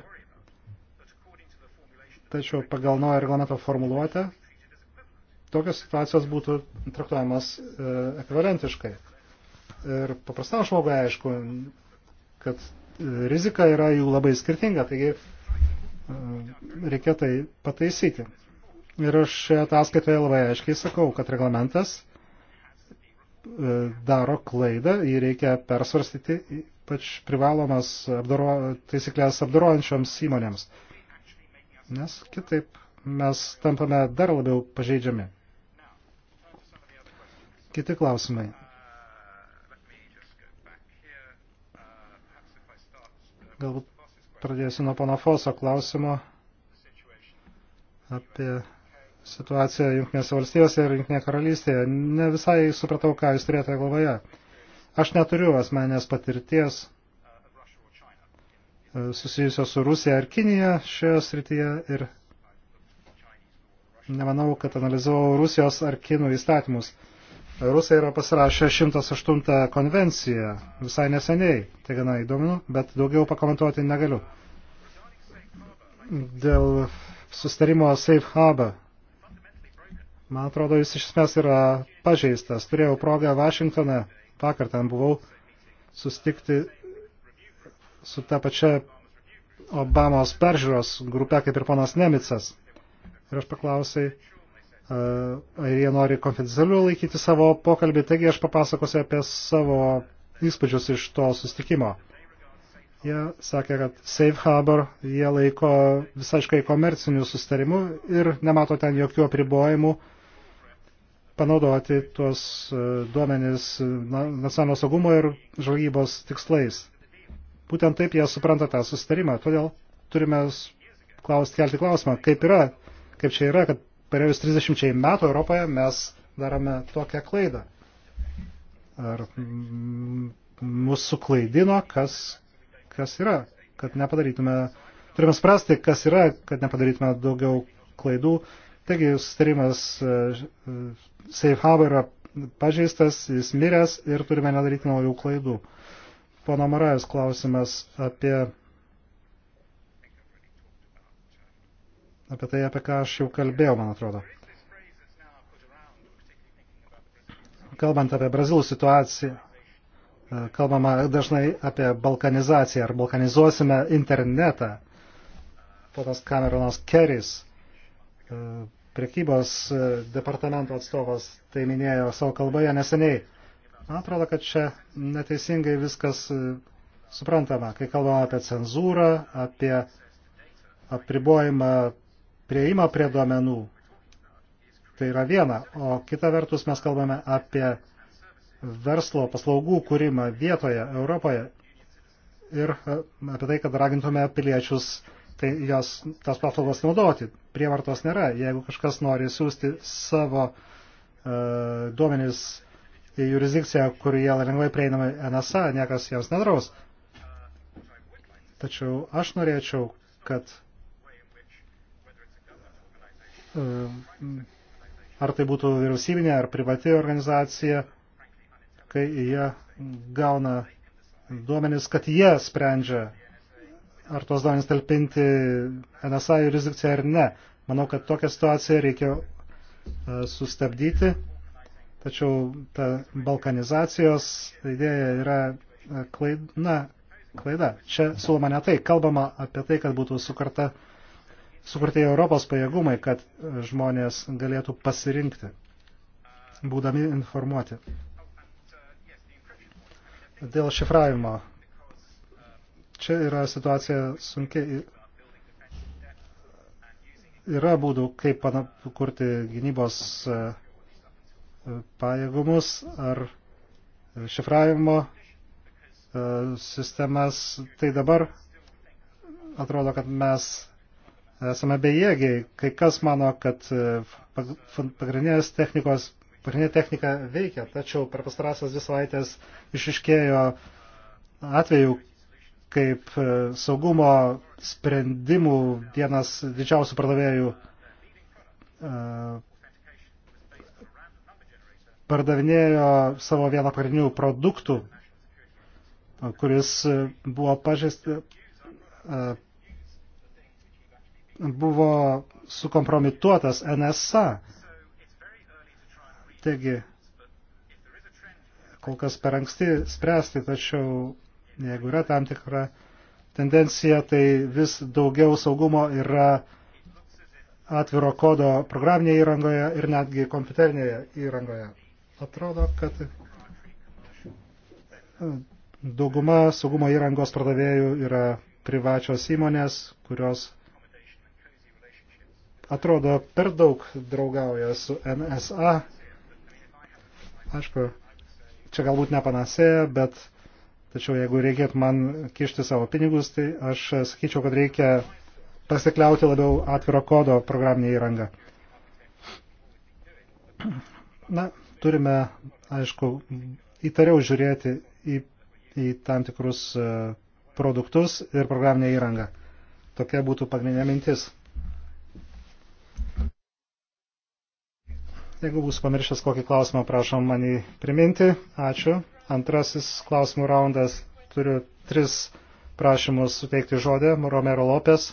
Tačiau pagal naują reglamento formuluotę tokios situacijos būtų traktuojamas e, ekvivalentiškai. Ir paprastam žmogui aišku, kad e, rizika yra jų labai skirtinga, taigi e, reikia tai pataisyti. Ir aš ataskaitoje labai aiškiai sakau, kad reglamentas E, daro klaidą, jį reikia persvarstyti, ypač privalomas apdaro, taisyklės apdarojančioms įmonėms. Nes kitaip mes tampame dar labiau pažeidžiami. Kiti klausimai. Galbūt pradėsiu nuo pana Foso klausimo apie situaciją Junktinėse valstijose ir Junktinėje karalystėje. Ne visai supratau, ką jūs turėjote galvoje. Aš neturiu asmenės patirties e, susijusios su Rusija ar Kinija šioje srityje ir nemanau, kad analizavau Rusijos ar Kinų įstatymus. Rusai yra pasirašę 108 konvenciją visai neseniai, tai gana įdomu, bet daugiau pakomentuoti negaliu. Dėl sustarimo Safe Harbor Man atrodo, jis iš esmės yra pažeistas. Turėjau progą Vašingtone, vakar ten buvau, sustikti su ta pačia Obamos peržiūros grupė, kaip ir ponas Nemicas. Ir aš paklausai, ar jie nori konfidencialiu laikyti savo pokalbį, taigi aš papasakosiu apie savo įspūdžius iš to sustikimo. Jie sakė, kad Safe Harbor jie laiko visaiškai komercinių sustarimų ir nemato ten jokių apribojimų panaudoti tuos e, duomenis nacionalinio saugumo ir žvalgybos tikslais. Būtent taip jie supranta tą susitarimą. Todėl turime klaust, kelti klausimą, kaip yra, kaip čia yra, kad perėjus 30 metų Europoje mes darome tokią klaidą. Ar mūsų suklaidino, kas, kas yra, kad nepadarytume, turime spręsti, kas yra, kad nepadarytume daugiau klaidų. Taigi, sustarimas e, safe harbor yra pažeistas, jis miręs ir turime nedaryti naujų klaidų. Pono Marajas klausimas apie, apie tai, apie ką aš jau kalbėjau, man atrodo. Kalbant apie Brazilų situaciją, kalbama dažnai apie balkanizaciją ar balkanizuosime internetą. Ponas Cameronas Keris prekybos e, departamento atstovas tai minėjo savo kalboje neseniai. Man atrodo, kad čia neteisingai viskas e, suprantama, kai kalbama apie cenzūrą, apie apribojimą prieimą prie duomenų. Tai yra viena, o kita vertus mes kalbame apie verslo paslaugų kūrimą vietoje Europoje ir e, apie tai, kad ragintume piliečius tai jos tas paslaugas naudoti. Prievartos nėra. Jeigu kažkas nori siūsti savo uh, e, duomenys į jurisdikciją, kur jie lengvai prieinami NSA, niekas jiems nedraus. Tačiau aš norėčiau, kad e, ar tai būtų vyriausybinė ar privati organizacija, kai jie gauna duomenis, kad jie sprendžia ar tos duomenys talpinti NSA jurisdikciją ar ne. Manau, kad tokią situaciją reikia e, sustabdyti, tačiau ta balkanizacijos idėja yra e, klaidna, klaida. Čia siūloma ne tai, kalbama apie tai, kad būtų sukurta, sukurti Europos pajėgumai, kad e, žmonės galėtų pasirinkti, būdami informuoti. Dėl šifravimo Čia yra situacija sunkiai. Yra būdų, kaip kurti gynybos e, pajėgumus ar šifravimo e, sistemas. Tai dabar atrodo, kad mes esame bejėgiai. Kai kas mano, kad e, pagrindinės technikos, pagrindinė technika veikia, tačiau per pastarąsias dvi savaitės išiškėjo atveju, kaip e, saugumo sprendimų vienas didžiausių pardavėjų e, pardavinėjo savo vieną pagrindinių produktų, e, kuris buvo pažįstas, buvo sukompromituotas NSA. Taigi, kol kas per anksti spręsti, tačiau Jeigu yra tam tikra tendencija, tai vis daugiau saugumo yra atviro kodo programinėje įrangoje ir netgi kompiuterinėje įrangoje. Atrodo, kad e, dauguma saugumo įrangos pardavėjų yra privačios įmonės, kurios atrodo per daug draugauja su NSA. Aišku, čia galbūt ne panasėja, bet Tačiau jeigu reikėtų man kišti savo pinigus, tai aš sakyčiau, kad reikia pasikliauti labiau atviro kodo programinė įranga. Na, turime, aišku, įtariau žiūrėti į, į tam tikrus e, produktus ir programinę įrangą. Tokia būtų pagrindinė mintis. Jeigu bus pamiršęs kokį klausimą, prašom manį priminti. Ačiū. Antrasis klausimų raundas. Turiu tris prašymus suteikti žodį. Romero Lopes,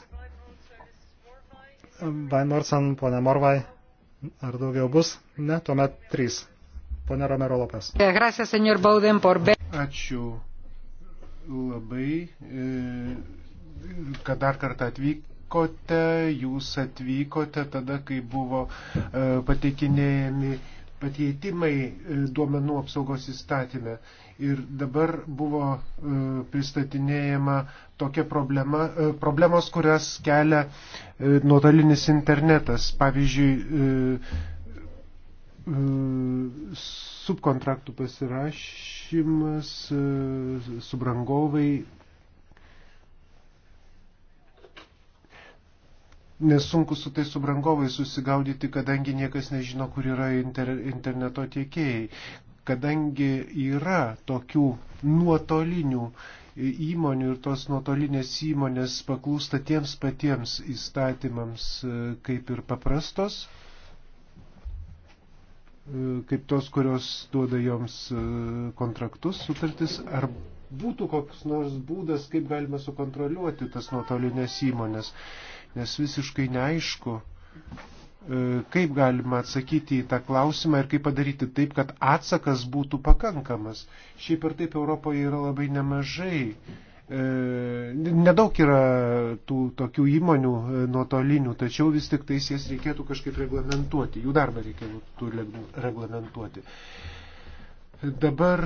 Vainmorsen, ponė Morvai. Ar daugiau bus? Ne, tuomet trys. Pone Romero Lopes. Ačiū labai, e, kad dar kartą atvykote. Jūs atvykote tada, kai buvo e, pateikinėjami pakeitimai e, duomenų apsaugos įstatymę. Ir dabar buvo e, pristatinėjama tokia problema, e, problemos, kurias kelia nuotolinis internetas. Pavyzdžiui, subkontraktų pasirašymas, subrangovai nesunku su tais subrangovais susigaudyti, kadangi niekas nežino, kur yra inter, interneto tiekėjai. Kadangi yra tokių nuotolinių įmonių ir tos nuotolinės įmonės paklūsta tiems patiems įstatymams e, kaip ir paprastos, e, kaip tos, kurios duoda joms e, kontraktus, sutartis, ar būtų koks nors būdas, kaip galima sukontroliuoti tas nuotolinės įmonės nes visiškai neaišku, e, kaip galima atsakyti į tą klausimą ir kaip padaryti taip, kad atsakas būtų pakankamas. Šiaip ir taip Europoje yra labai nemažai. E, nedaug yra tų tokių įmonių e, nuotolinių, tačiau vis tik tais jas reikėtų kažkaip reglamentuoti, jų darbą reikėtų reglamentuoti. Dabar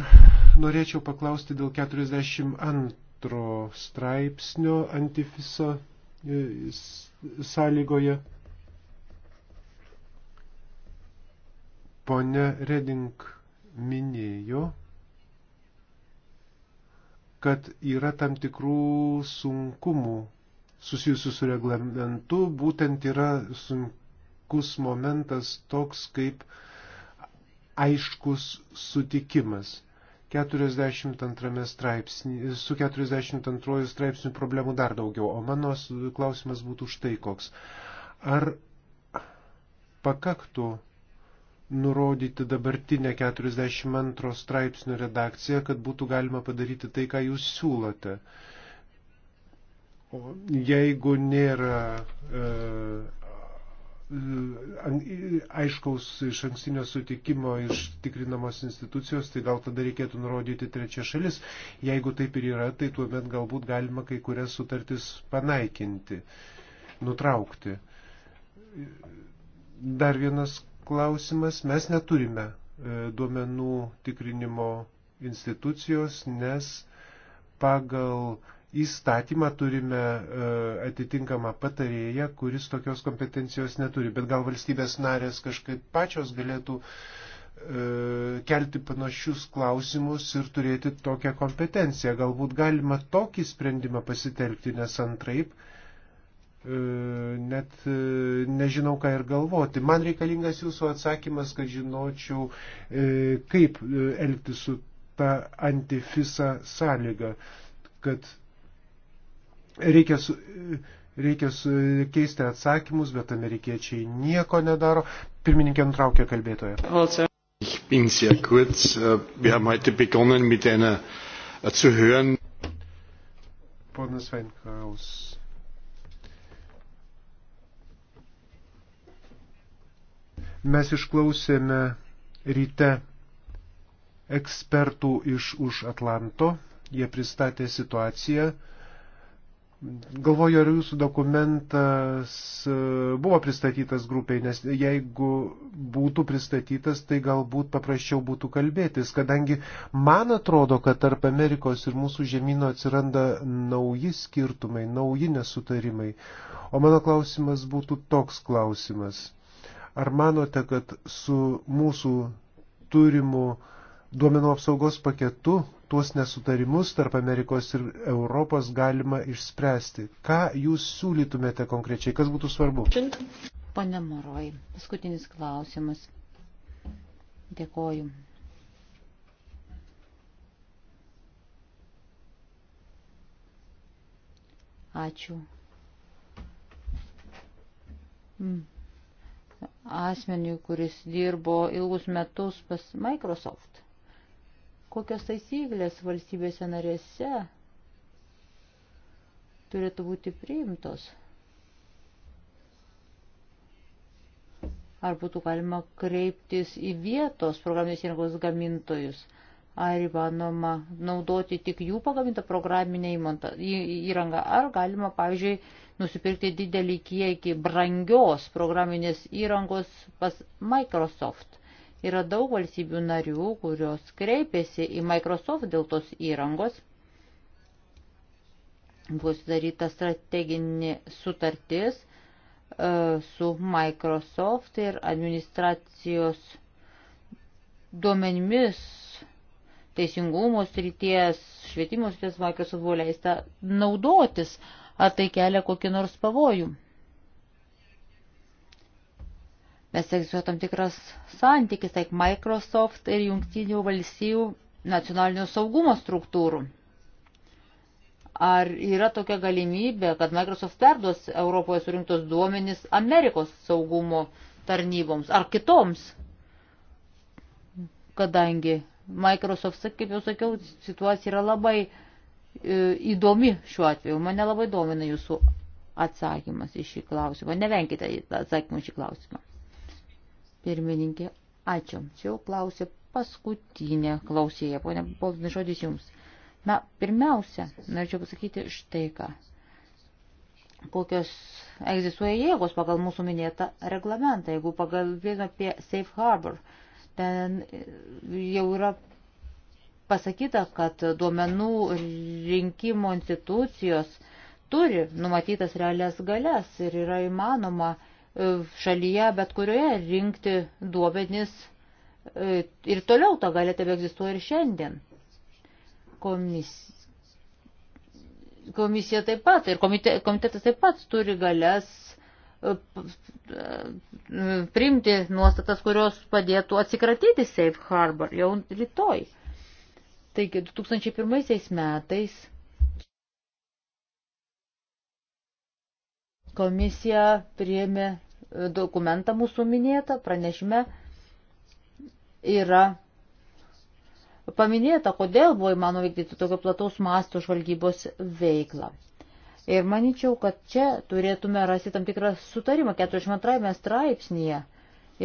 norėčiau paklausti dėl 42 straipsnio antifiso E, sąlygoje. Pone Reding minėjo, kad yra tam tikrų sunkumų susijusių su reglamentu, būtent yra sunkus momentas toks kaip aiškus sutikimas. 42 straipsnį, su 42 straipsniu problemų dar daugiau, o mano klausimas būtų štai koks. Ar pakaktų nurodyti dabartinę 42 straipsnio redakciją, kad būtų galima padaryti tai, ką jūs siūlote? O jeigu nėra e, E, aiškaus iš ankstinio sutikimo iš tikrinamos institucijos, tai gal tada reikėtų nurodyti trečią šalis. Jeigu taip ir yra, tai tuomet galbūt galima kai kurias sutartis panaikinti, nutraukti. Dar vienas klausimas. Mes neturime e, duomenų tikrinimo institucijos, nes pagal įstatymą turime e, atitinkamą patarėją, kuris tokios kompetencijos neturi, bet gal valstybės narės kažkaip pačios galėtų e, kelti panašius klausimus ir turėti tokią kompetenciją. Galbūt galima tokį sprendimą pasitelkti, nes antraip e, net nežinau, ką ir galvoti. Man reikalingas jūsų atsakymas, kad žinočiau, kaip elgti su ta antifisa sąlyga, kad Reikia, su, reikia su, keisti atsakymus, bet amerikiečiai nieko nedaro. Pirmininkė nutraukė kalbėtoją. Also. Ich bin sehr kurz. Äh, wir haben heute begonnen mit einer äh, zu hören. Ponas Weinkraus. Mes išklausėme ryte ekspertų iš už Atlanto. Jie pristatė situaciją, Galvoju, ar jūsų dokumentas e, buvo pristatytas grupiai, nes jeigu būtų pristatytas, tai galbūt paprasčiau būtų kalbėtis, kadangi man atrodo, kad tarp Amerikos ir mūsų žemynų atsiranda nauji skirtumai, nauji nesutarimai. O mano klausimas būtų toks klausimas. Ar manote, kad su mūsų turimu uh, duomenų apsaugos paketu tuos nesutarimus tarp Amerikos ir Europos galima išspręsti. Ką jūs siūlytumėte konkrečiai, kas būtų svarbu? Pane Moroj, paskutinis klausimas. Dėkoju. Ačiū. Hmm. Asmeniui, kuris dirbo ilgus metus pas Microsoft kokios taisyklės valstybėse narėse turėtų būti priimtos. Ar būtų galima kreiptis į vietos programinės įrangos gamintojus, ar įmanoma naudoti tik jų pagamintą programinę įrangą, ar galima, pavyzdžiui, nusipirkti didelį kiekį brangios programinės įrangos pas Microsoft Yra daug valstybių narių, kurios kreipėsi į Microsoft dėl tos įrangos. Bus daryta strateginė sutartis e, su Microsoft ir administracijos duomenimis teisingumo srities, švietimo srities Microsoft buvo leista naudotis, ar tai kelia kokį nors pavojų. Mes egzistuoja tam tikras santykis tarp Microsoft ir jungtinių valstybių nacionalinio saugumo struktūrų. Ar yra tokia galimybė, kad Microsoft perduos Europoje surinktos duomenys Amerikos saugumo tarnyboms ar kitoms? Kadangi Microsoft, kaip jau sakiau, situacija yra labai e, įdomi šiuo atveju. Mane labai domina jūsų atsakymas į šį klausimą. Nevenkite atsakymą į šį klausimą. Pirmininkė, ačiū. Čia jau klausė paskutinė klausėja. Pone Polinai, žodis jums. Na, pirmiausia, norėčiau pasakyti štai ką. Kokios egzistuoja jėgos pagal mūsų minėtą reglamentą. Jeigu pagalbėjome apie Safe Harbor, ten jau yra pasakyta, kad duomenų rinkimo institucijos turi numatytas realias galias ir yra įmanoma uh, šalyje, bet kurioje rinkti duomenis e, ir toliau to gali tebe egzistuoja ir šiandien. Komisija, komisija taip pat ir komite, komitetas taip pat turi galės e, e, priimti nuostatas, kurios padėtų atsikratyti Safe Harbor jau rytoj. Taigi 2001 metais Komisija priėmė e, dokumentą mūsų minėtą, pranešime yra paminėta, kodėl buvo įmanoma vykdyti tokio plataus masto žvalgybos veiklą. Ir manyčiau, kad čia turėtume rasti tam tikrą sutarimą 42 straipsnėje.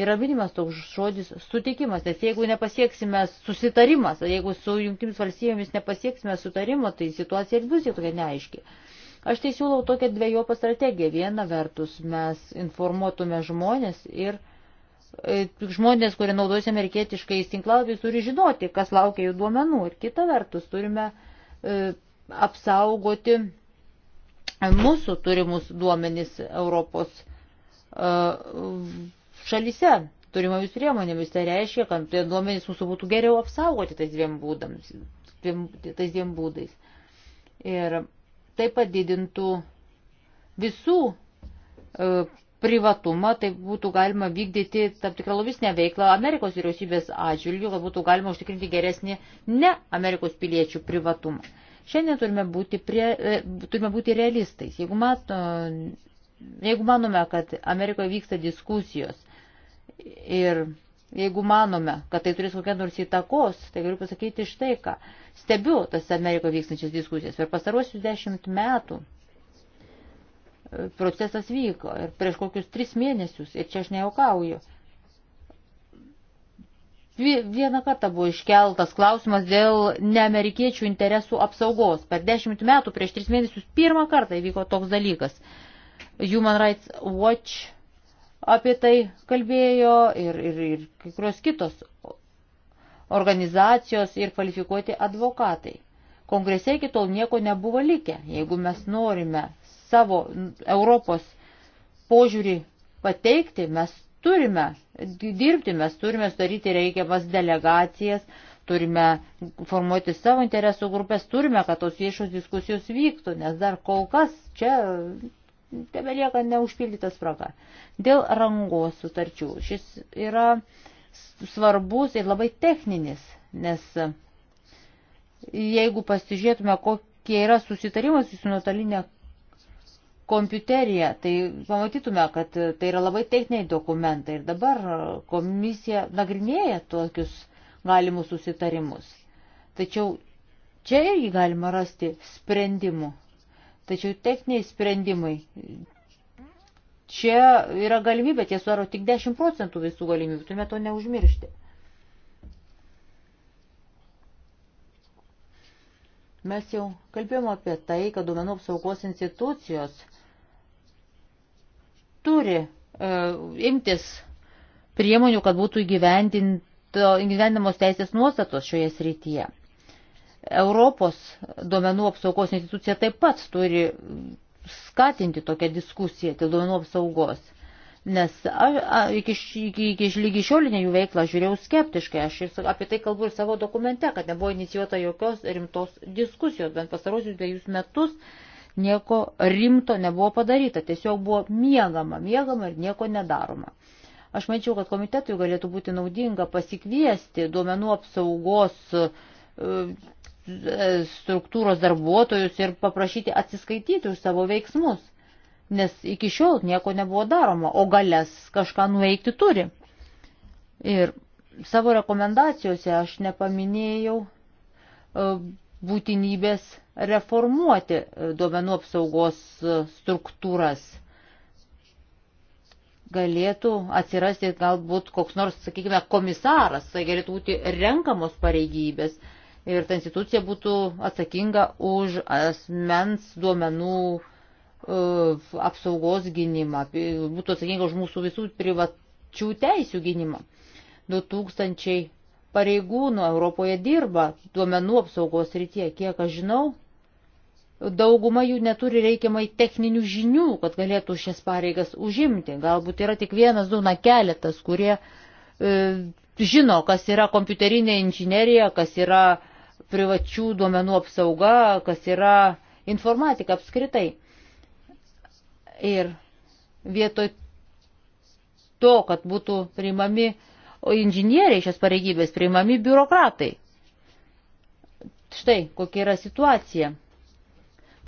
Yra minimas toks žodis sutikimas, nes jeigu nepasieksime susitarimas, jeigu su jungtimis valstybėmis nepasieksime sutarimo, tai situacija ir bus jau tokia neaiški. Aš tai siūlau tokią dviejopą strategiją. Viena vertus mes informuotume žmonės ir e, žmonės, kurie naudojasi amerikietiškais tinklalapiais, turi žinoti, kas laukia jų duomenų. Ir kita vertus turime e, apsaugoti mūsų turimus duomenys Europos e, šalyse turimomis priemonėmis. Tai reiškia, kad tie duomenys mūsų būtų geriau apsaugoti tais dviem, būdams, tais dviem būdais. Ir tai padidintų visų e, privatumą, tai būtų galima vykdyti tam tikrą lobistinę veiklą Amerikos vyriausybės atžvilgių, kad būtų galima užtikrinti geresnį ne Amerikos piliečių privatumą. Šiandien turime būti, prie, e, turime būti realistais. Jeigu, mato, jeigu manome, kad Amerikoje vyksta diskusijos ir jeigu manome, kad tai turės kokią nors įtakos, tai galiu pasakyti štai ką. E, stebiu tas Amerikoje vykstančias diskusijas. Per pastaruosius dešimt metų e, procesas vyko ir prieš kokius tris mėnesius, ir čia aš nejaukauju, vieną kartą buvo iškeltas klausimas dėl neamerikiečių interesų apsaugos. Per dešimt metų, prieš tris mėnesius, pirmą kartą įvyko toks dalykas. Human Rights Watch apie tai kalbėjo ir, ir, ir kai kurios kitos organizacijos ir kvalifikuoti advokatai. Kongrese iki tol nieko nebuvo likę. Jeigu mes norime savo Europos požiūrį pateikti, mes turime dirbti, mes turime sudaryti reikiamas delegacijas, turime formuoti savo interesų grupės, turime, kad tos viešos diskusijos vyktų, nes dar kol kas čia tebelieka neužpildytas spraga. Dėl rangos sutarčių. Šis yra svarbus ir labai techninis, nes jeigu pasižiūrėtume, kokie yra susitarimai su nuotolinė kompiuterija, tai pamatytume, kad tai yra labai techniniai dokumentai ir dabar komisija nagrinėja tokius galimus susitarimus. Tačiau čia irgi galima rasti sprendimų. Tačiau techniniai sprendimai čia yra galimybė, tie sudaro tik 10 procentų visų galimybių, turime to neužmiršti. Mes jau kalbėjome apie tai, kad duomenų apsaugos institucijos turi e, imtis priemonių, kad būtų įgyvendinamos teisės nuostatos šioje srityje. Europos duomenų apsaugos institucija taip pat turi skatinti tokią diskusiją dėl duomenų apsaugos. Nes aš a, iki, iki, iki lygi šiolinę jų veiklą žiūrėjau skeptiškai, aš ir apie tai kalbu ir savo dokumente, kad nebuvo inicijuota jokios rimtos diskusijos, bent pasarosius dviejus metus nieko rimto nebuvo padaryta, tiesiog buvo miegama, miegama ir nieko nedaroma. Aš manyčiau, kad komitetui galėtų būti naudinga pasikviesti duomenų apsaugos e, struktūros darbuotojus ir paprašyti atsiskaityti už savo veiksmus, nes iki šiol nieko nebuvo daroma, o galės kažką nuveikti turi. Ir savo rekomendacijose aš nepaminėjau e, būtinybės reformuoti e, duomenų apsaugos e, struktūras. Galėtų atsirasti galbūt koks nors, sakykime, komisaras, tai galėtų būti renkamos pareigybės, ir ta institucija būtų atsakinga už asmens duomenų e, apsaugos gynimą, būtų atsakinga už mūsų visų privačių teisių gynimą. 2000 pareigūnų Europoje dirba duomenų apsaugos rytie, kiek aš žinau, dauguma jų neturi reikiamai techninių žinių, kad galėtų šias pareigas užimti. Galbūt yra tik vienas, du, na keletas, kurie e, žino, kas yra kompiuterinė inžinierija, kas yra privačių duomenų apsauga, kas yra informatika apskritai. Ir vietoj to, kad būtų priimami inžinieriai šias pareigybės, priimami biurokratai. Štai kokia yra situacija.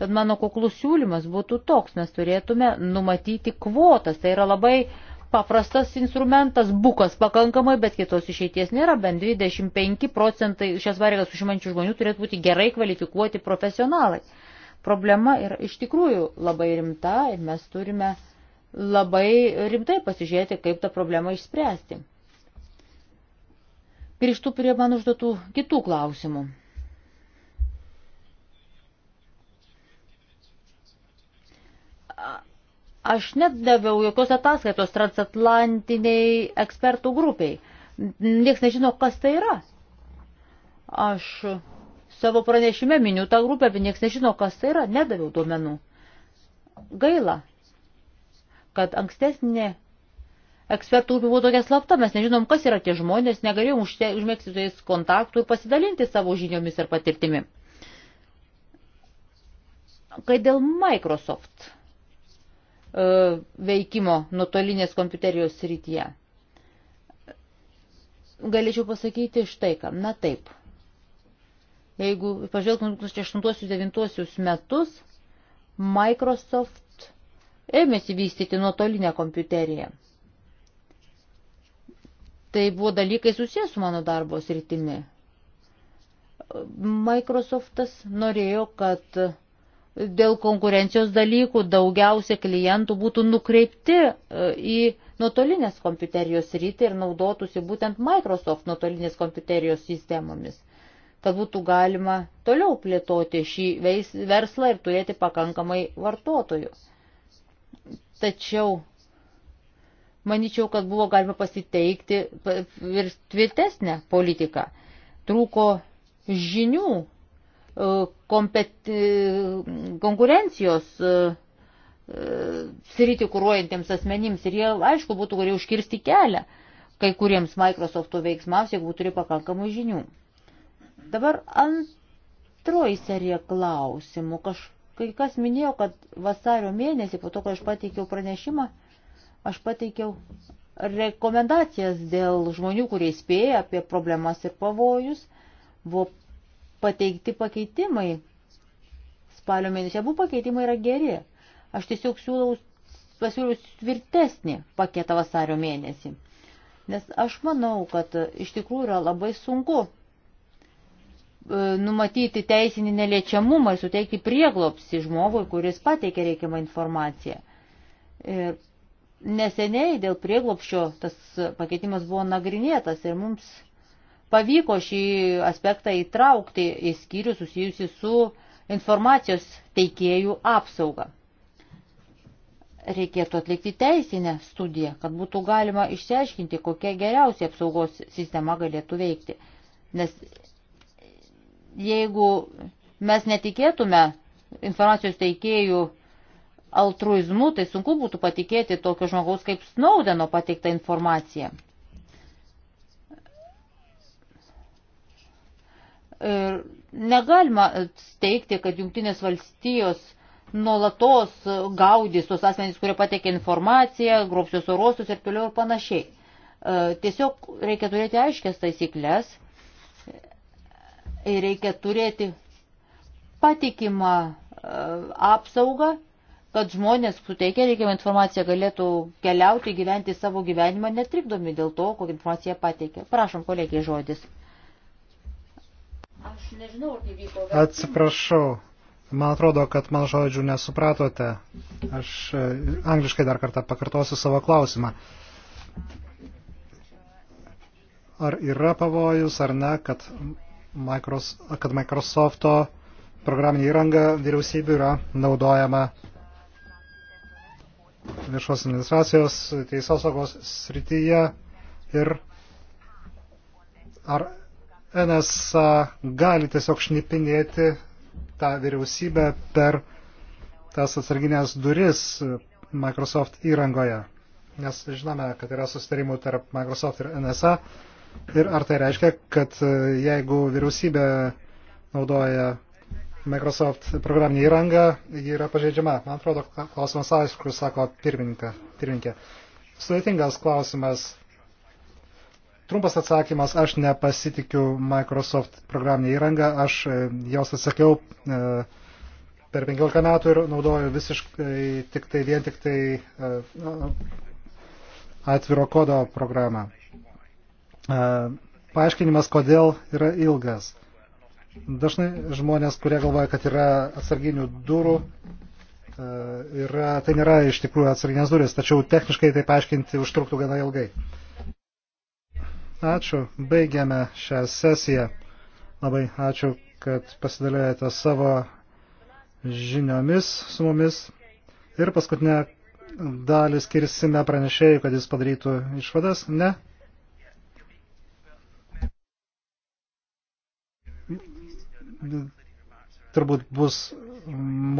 Tad mano kuklus siūlymas būtų toks, mes turėtume numatyti kvotas. Tai yra labai uh, paprastas instrumentas, bukas pakankamai, bet kitos išeities nėra. Bent 25 procentai šias pareigas užimančių žmonių turėtų būti gerai kvalifikuoti profesionalai. Problema yra iš tikrųjų labai rimta ir mes turime labai rimtai pasižiūrėti, kaip tą problemą išspręsti. Grįžtu prie man užduotų kitų klausimų. Aš net daviau jokios ataskaitos transatlantiniai ekspertų grupiai. Niekas nežino, kas tai yra. Aš savo pranešime miniu tą grupę, bet niekas nežino, kas tai yra. Nedaviau duomenų. Gaila, kad ankstesnė ekspertų grupė buvo tokia slapta, mes nežinom, kas yra tie žmonės, negalėjom užmėgsti su jais kontaktų ir pasidalinti savo žiniomis ir patirtimi. Kai dėl Microsoft E, veikimo nuotolinės kompiuterijos srityje. Galėčiau pasakyti štai ką. Na taip. Jeigu pažvelgtum 2008-2009 metus, Microsoft ėmėsi vystyti nuotolinę kompiuteriją. Tai buvo dalykai susijęs su mano darbo sritimi. Microsoftas norėjo, kad dėl konkurencijos dalykų daugiausia klientų būtų nukreipti e, į nuotolinės kompiuterijos rytį ir naudotųsi būtent Microsoft nuotolinės kompiuterijos sistemomis, kad būtų galima toliau plėtoti šį verslą ir turėti pakankamai vartotojų. Tačiau manyčiau, kad buvo galima pasiteikti ir tvirtesnę politiką. Trūko žinių kompeti... konkurencijos e, e, sritį kūruojantiems asmenims ir jie, aišku, būtų kurie užkirsti kelią kai kuriems Microsofto veiksmams, jeigu turi pakankamų žinių. Dabar antroji serija klausimų. Kaž, kai kas minėjo, kad vasario mėnesį, po to, kai aš pateikiau pranešimą, aš pateikiau rekomendacijas dėl žmonių, kurie spėja apie problemas ir pavojus. Buvo pateikti pakeitimai. Spalio mėnesį abu pakeitimai yra geri. Aš tiesiog siūlau pasiūlius tvirtesnį paketą vasario mėnesį. Nes aš manau, kad iš tikrųjų yra labai sunku e, numatyti teisinį neliečiamumą ir suteikti prieglopsį žmogui, kuris pateikė reikiamą informaciją. Ir neseniai dėl prieglopščio tas pakeitimas buvo nagrinėtas ir mums pavyko šį aspektą įtraukti į skyrių susijusi su informacijos teikėjų apsauga. Reikėtų atlikti teisinę studiją, kad būtų galima išsiaiškinti, kokia geriausia apsaugos sistema galėtų veikti. Nes jeigu mes netikėtume informacijos teikėjų altruizmu, tai sunku būtų patikėti tokio žmogaus kaip Snaudeno pateiktą informaciją. Negalima teikti, kad jungtinės valstijos nuolatos gaudys tos asmenys, kurie patekė informaciją, grobsios orostus ir toliau ir panašiai. E, tiesiog reikia turėti aiškias taisyklės ir reikia turėti patikimą e, apsaugą, kad žmonės suteikia reikiamą informaciją galėtų keliauti, gyventi savo gyvenimą netrikdomi dėl to, kokią informaciją pateikia. Prašom, kolegiai, žodis. Aš nežinau, ar tai vyko. Bet... Atsiprašau. Man atrodo, kad mano žodžių nesupratote. Aš e, angliškai dar kartą pakartosiu savo klausimą. Ar yra pavojus ar ne, kad, Micros, kad Microsofto programinė įranga vyriausybių yra naudojama viešos administracijos teisės saugos srityje ir ar NSA gali tiesiog šnipinėti tą vyriausybę per tas atsarginės duris Microsoft įrangoje. Nes žinome, kad yra sustarimų tarp Microsoft ir NSA. Ir ar tai reiškia, kad e, jeigu vyriausybė naudoja Microsoft programinį įrangą, ji yra pažeidžiama. Man atrodo, klausimas aišku, sako pirmininkė. Sudėtingas klausimas Trumpas atsakymas, aš nepasitikiu Microsoft programinė įranga, aš e, jos atsakiau e, per 15 metų ir naudoju visiškai tik tai vien tik tai e, nu, atviro kodo programą. Paaiškinimas, kodėl yra ilgas. Dažnai žmonės, kurie galvoja, kad yra atsarginių durų, yra, tai nėra iš tikrųjų atsarginės durys, tačiau techniškai tai paaiškinti užtruktų gana ilgai. Ačiū, baigiame šią sesiją. Labai ačiū, kad pasidalėjote savo žiniomis su mumis. Ir paskutinę dalį skirsime pranešėjui, kad jis padarytų išvadas. Ne? Turbūt bus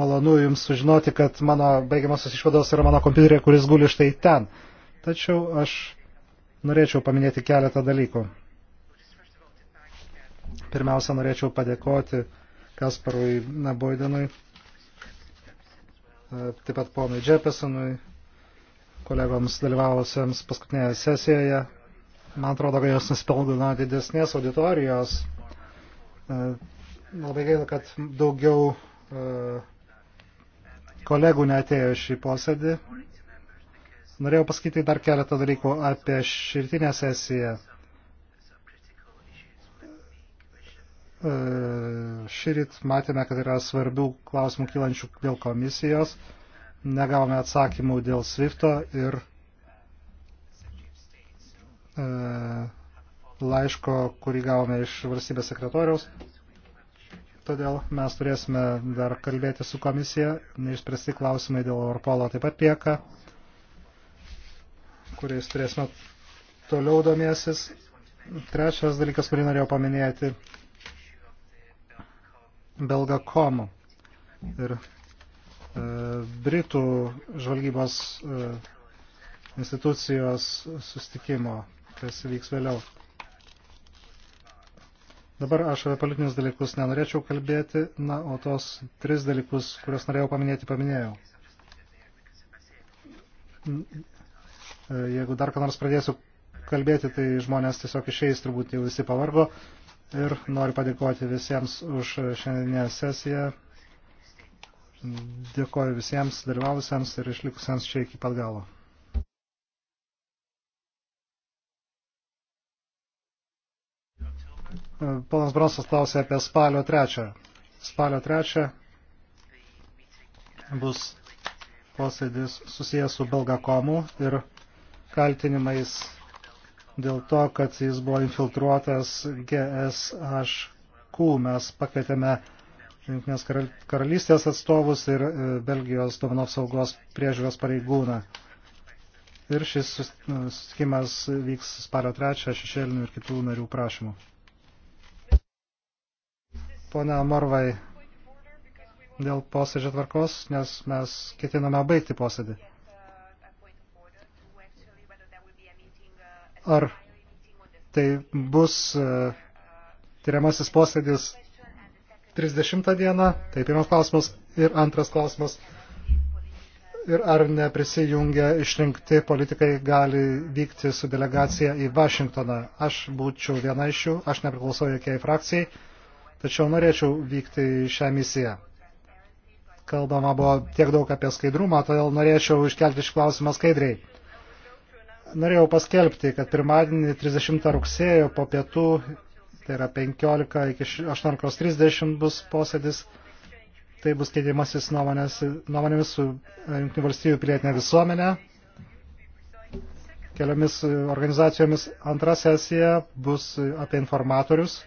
malonu jums sužinoti, kad mano baigiamasis išvados yra mano kompiuterė, kuris guli štai ten. Tačiau aš Norėčiau paminėti keletą dalykų. Pirmiausia, norėčiau padėkoti Kasparui Naboidenui, e, taip pat ponui Džepesonui, kolegoms dalyvavusiems paskutinėje sesijoje. Man atrodo, kad jos nusipelno didesnės auditorijos. E, labai gaila, kad daugiau e, kolegų neatėjo šį posėdį. Norėjau pasakyti dar keletą dalykų apie širtinę sesiją. E, šįryt matėme, kad yra svarbių klausimų kylančių dėl komisijos. Negavome atsakymų dėl Swifto ir e, laiško, kurį gavome iš valstybės sekretoriaus. Todėl mes turėsime dar kalbėti su komisija, neišspręsti klausimai dėl Europolo taip pat pieka kuriais turėsime toliau domėsis. Trečias dalykas, kurį norėjau paminėti, Belgacom ir e, Britų žvalgybos e, institucijos sustikimo, kas vyks vėliau. Dabar aš apie politinius dalykus nenorėčiau kalbėti, na, o tos tris dalykus, kuriuos norėjau paminėti, paminėjau E, jeigu dar ką nors pradėsiu kalbėti, tai žmonės tiesiog išeis, turbūt jau visi pavargo. Ir noriu padėkoti visiems už šiandieninę sesiją. Dėkoju visiems dalyvavusiems ir išlikusiems čia iki pat galo. E, ponas Bronsas klausė apie spalio trečią. Spalio trečią bus posėdis susijęs su Belgakomu ir kaltinimais dėl to, kad jis buvo infiltruotas GSHQ. Mes pakvietėme Junktinės karalystės atstovus ir e, Belgijos duomenų apsaugos priežiūros pareigūną. Ir šis e, susitikimas vyks spalio 3 šešėlinių ir kitų narių prašymų. Pone Morvai, dėl posėdžio tvarkos, nes mes ketiname baigti posėdį. Ar tai bus e, tyriamasis posėdis 30 dieną? Tai pirmas klausimas. Ir antras klausimas. Ir ar neprisijungę išrinkti politikai gali vykti su delegacija į Vašingtoną? Aš būčiau viena iš jų, aš nepriklausau jokiai frakcijai, tačiau norėčiau vykti į šią misiją. Kalbama buvo tiek daug apie skaidrumą, todėl norėčiau iškelti šį klausimą skaidriai norėjau paskelbti, kad pirmadienį 30 rugsėjo po pietų, tai yra 15 iki 18.30 bus posėdis, tai bus keitimasis nuomonės, nuomonėmis su e, Junktinių valstybių pilietinė visuomenė. Keliomis e, organizacijomis antra sesija bus e, apie informatorius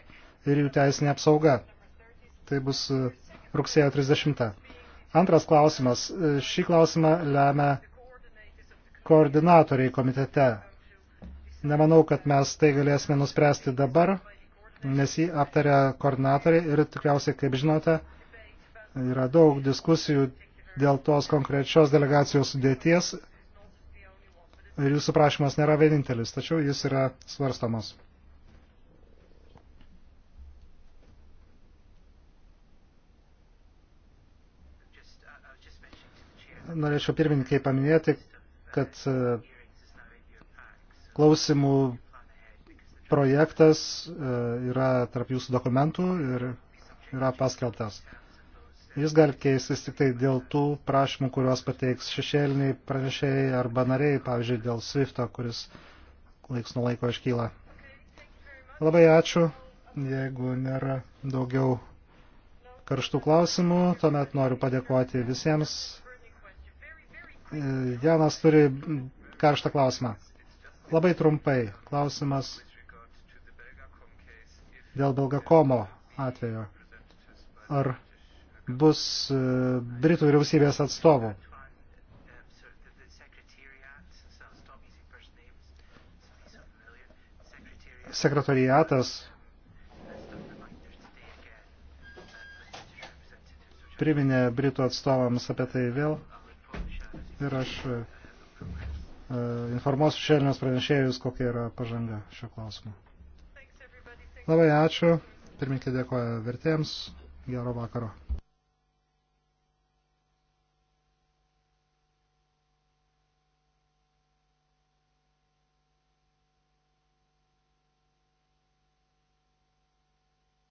ir jų teisinė apsauga. Tai bus rugsėjo 30. Antras klausimas. Šį klausimą lemia koordinatoriai komitete. Nemanau, kad mes tai galėsime nuspręsti dabar, nes jį aptarė koordinatoriai ir tikriausiai, kaip žinote, yra daug diskusijų dėl tos konkrečios delegacijos sudėties ir jūsų prašymas nėra vienintelis, tačiau jis yra svarstamas. Norėčiau pirmininkai paminėti, kad e, klausimų projektas e, yra tarp jūsų dokumentų ir yra paskeltas. Jis gali keistis tik tai dėl tų prašymų, kuriuos pateiks šešėliniai pranešėjai arba nariai, pavyzdžiui, dėl Swifto, kuris laiks nuo laiko iškyla. Labai ačiū. Jeigu nėra daugiau karštų klausimų, tuomet noriu padėkoti visiems Janas turi karštą klausimą. Labai trumpai klausimas dėl Belgakomo atvejo. Ar bus e, Britų vyriausybės atstovų? Sekretariatas priminė Britų atstovams apie tai vėl ir aš e, e, informuosiu šiandienos pranešėjus, kokia yra pažanga šio klausimo. Labai ačiū. Pirminkė dėkoja vertėjams. Gero vakaro.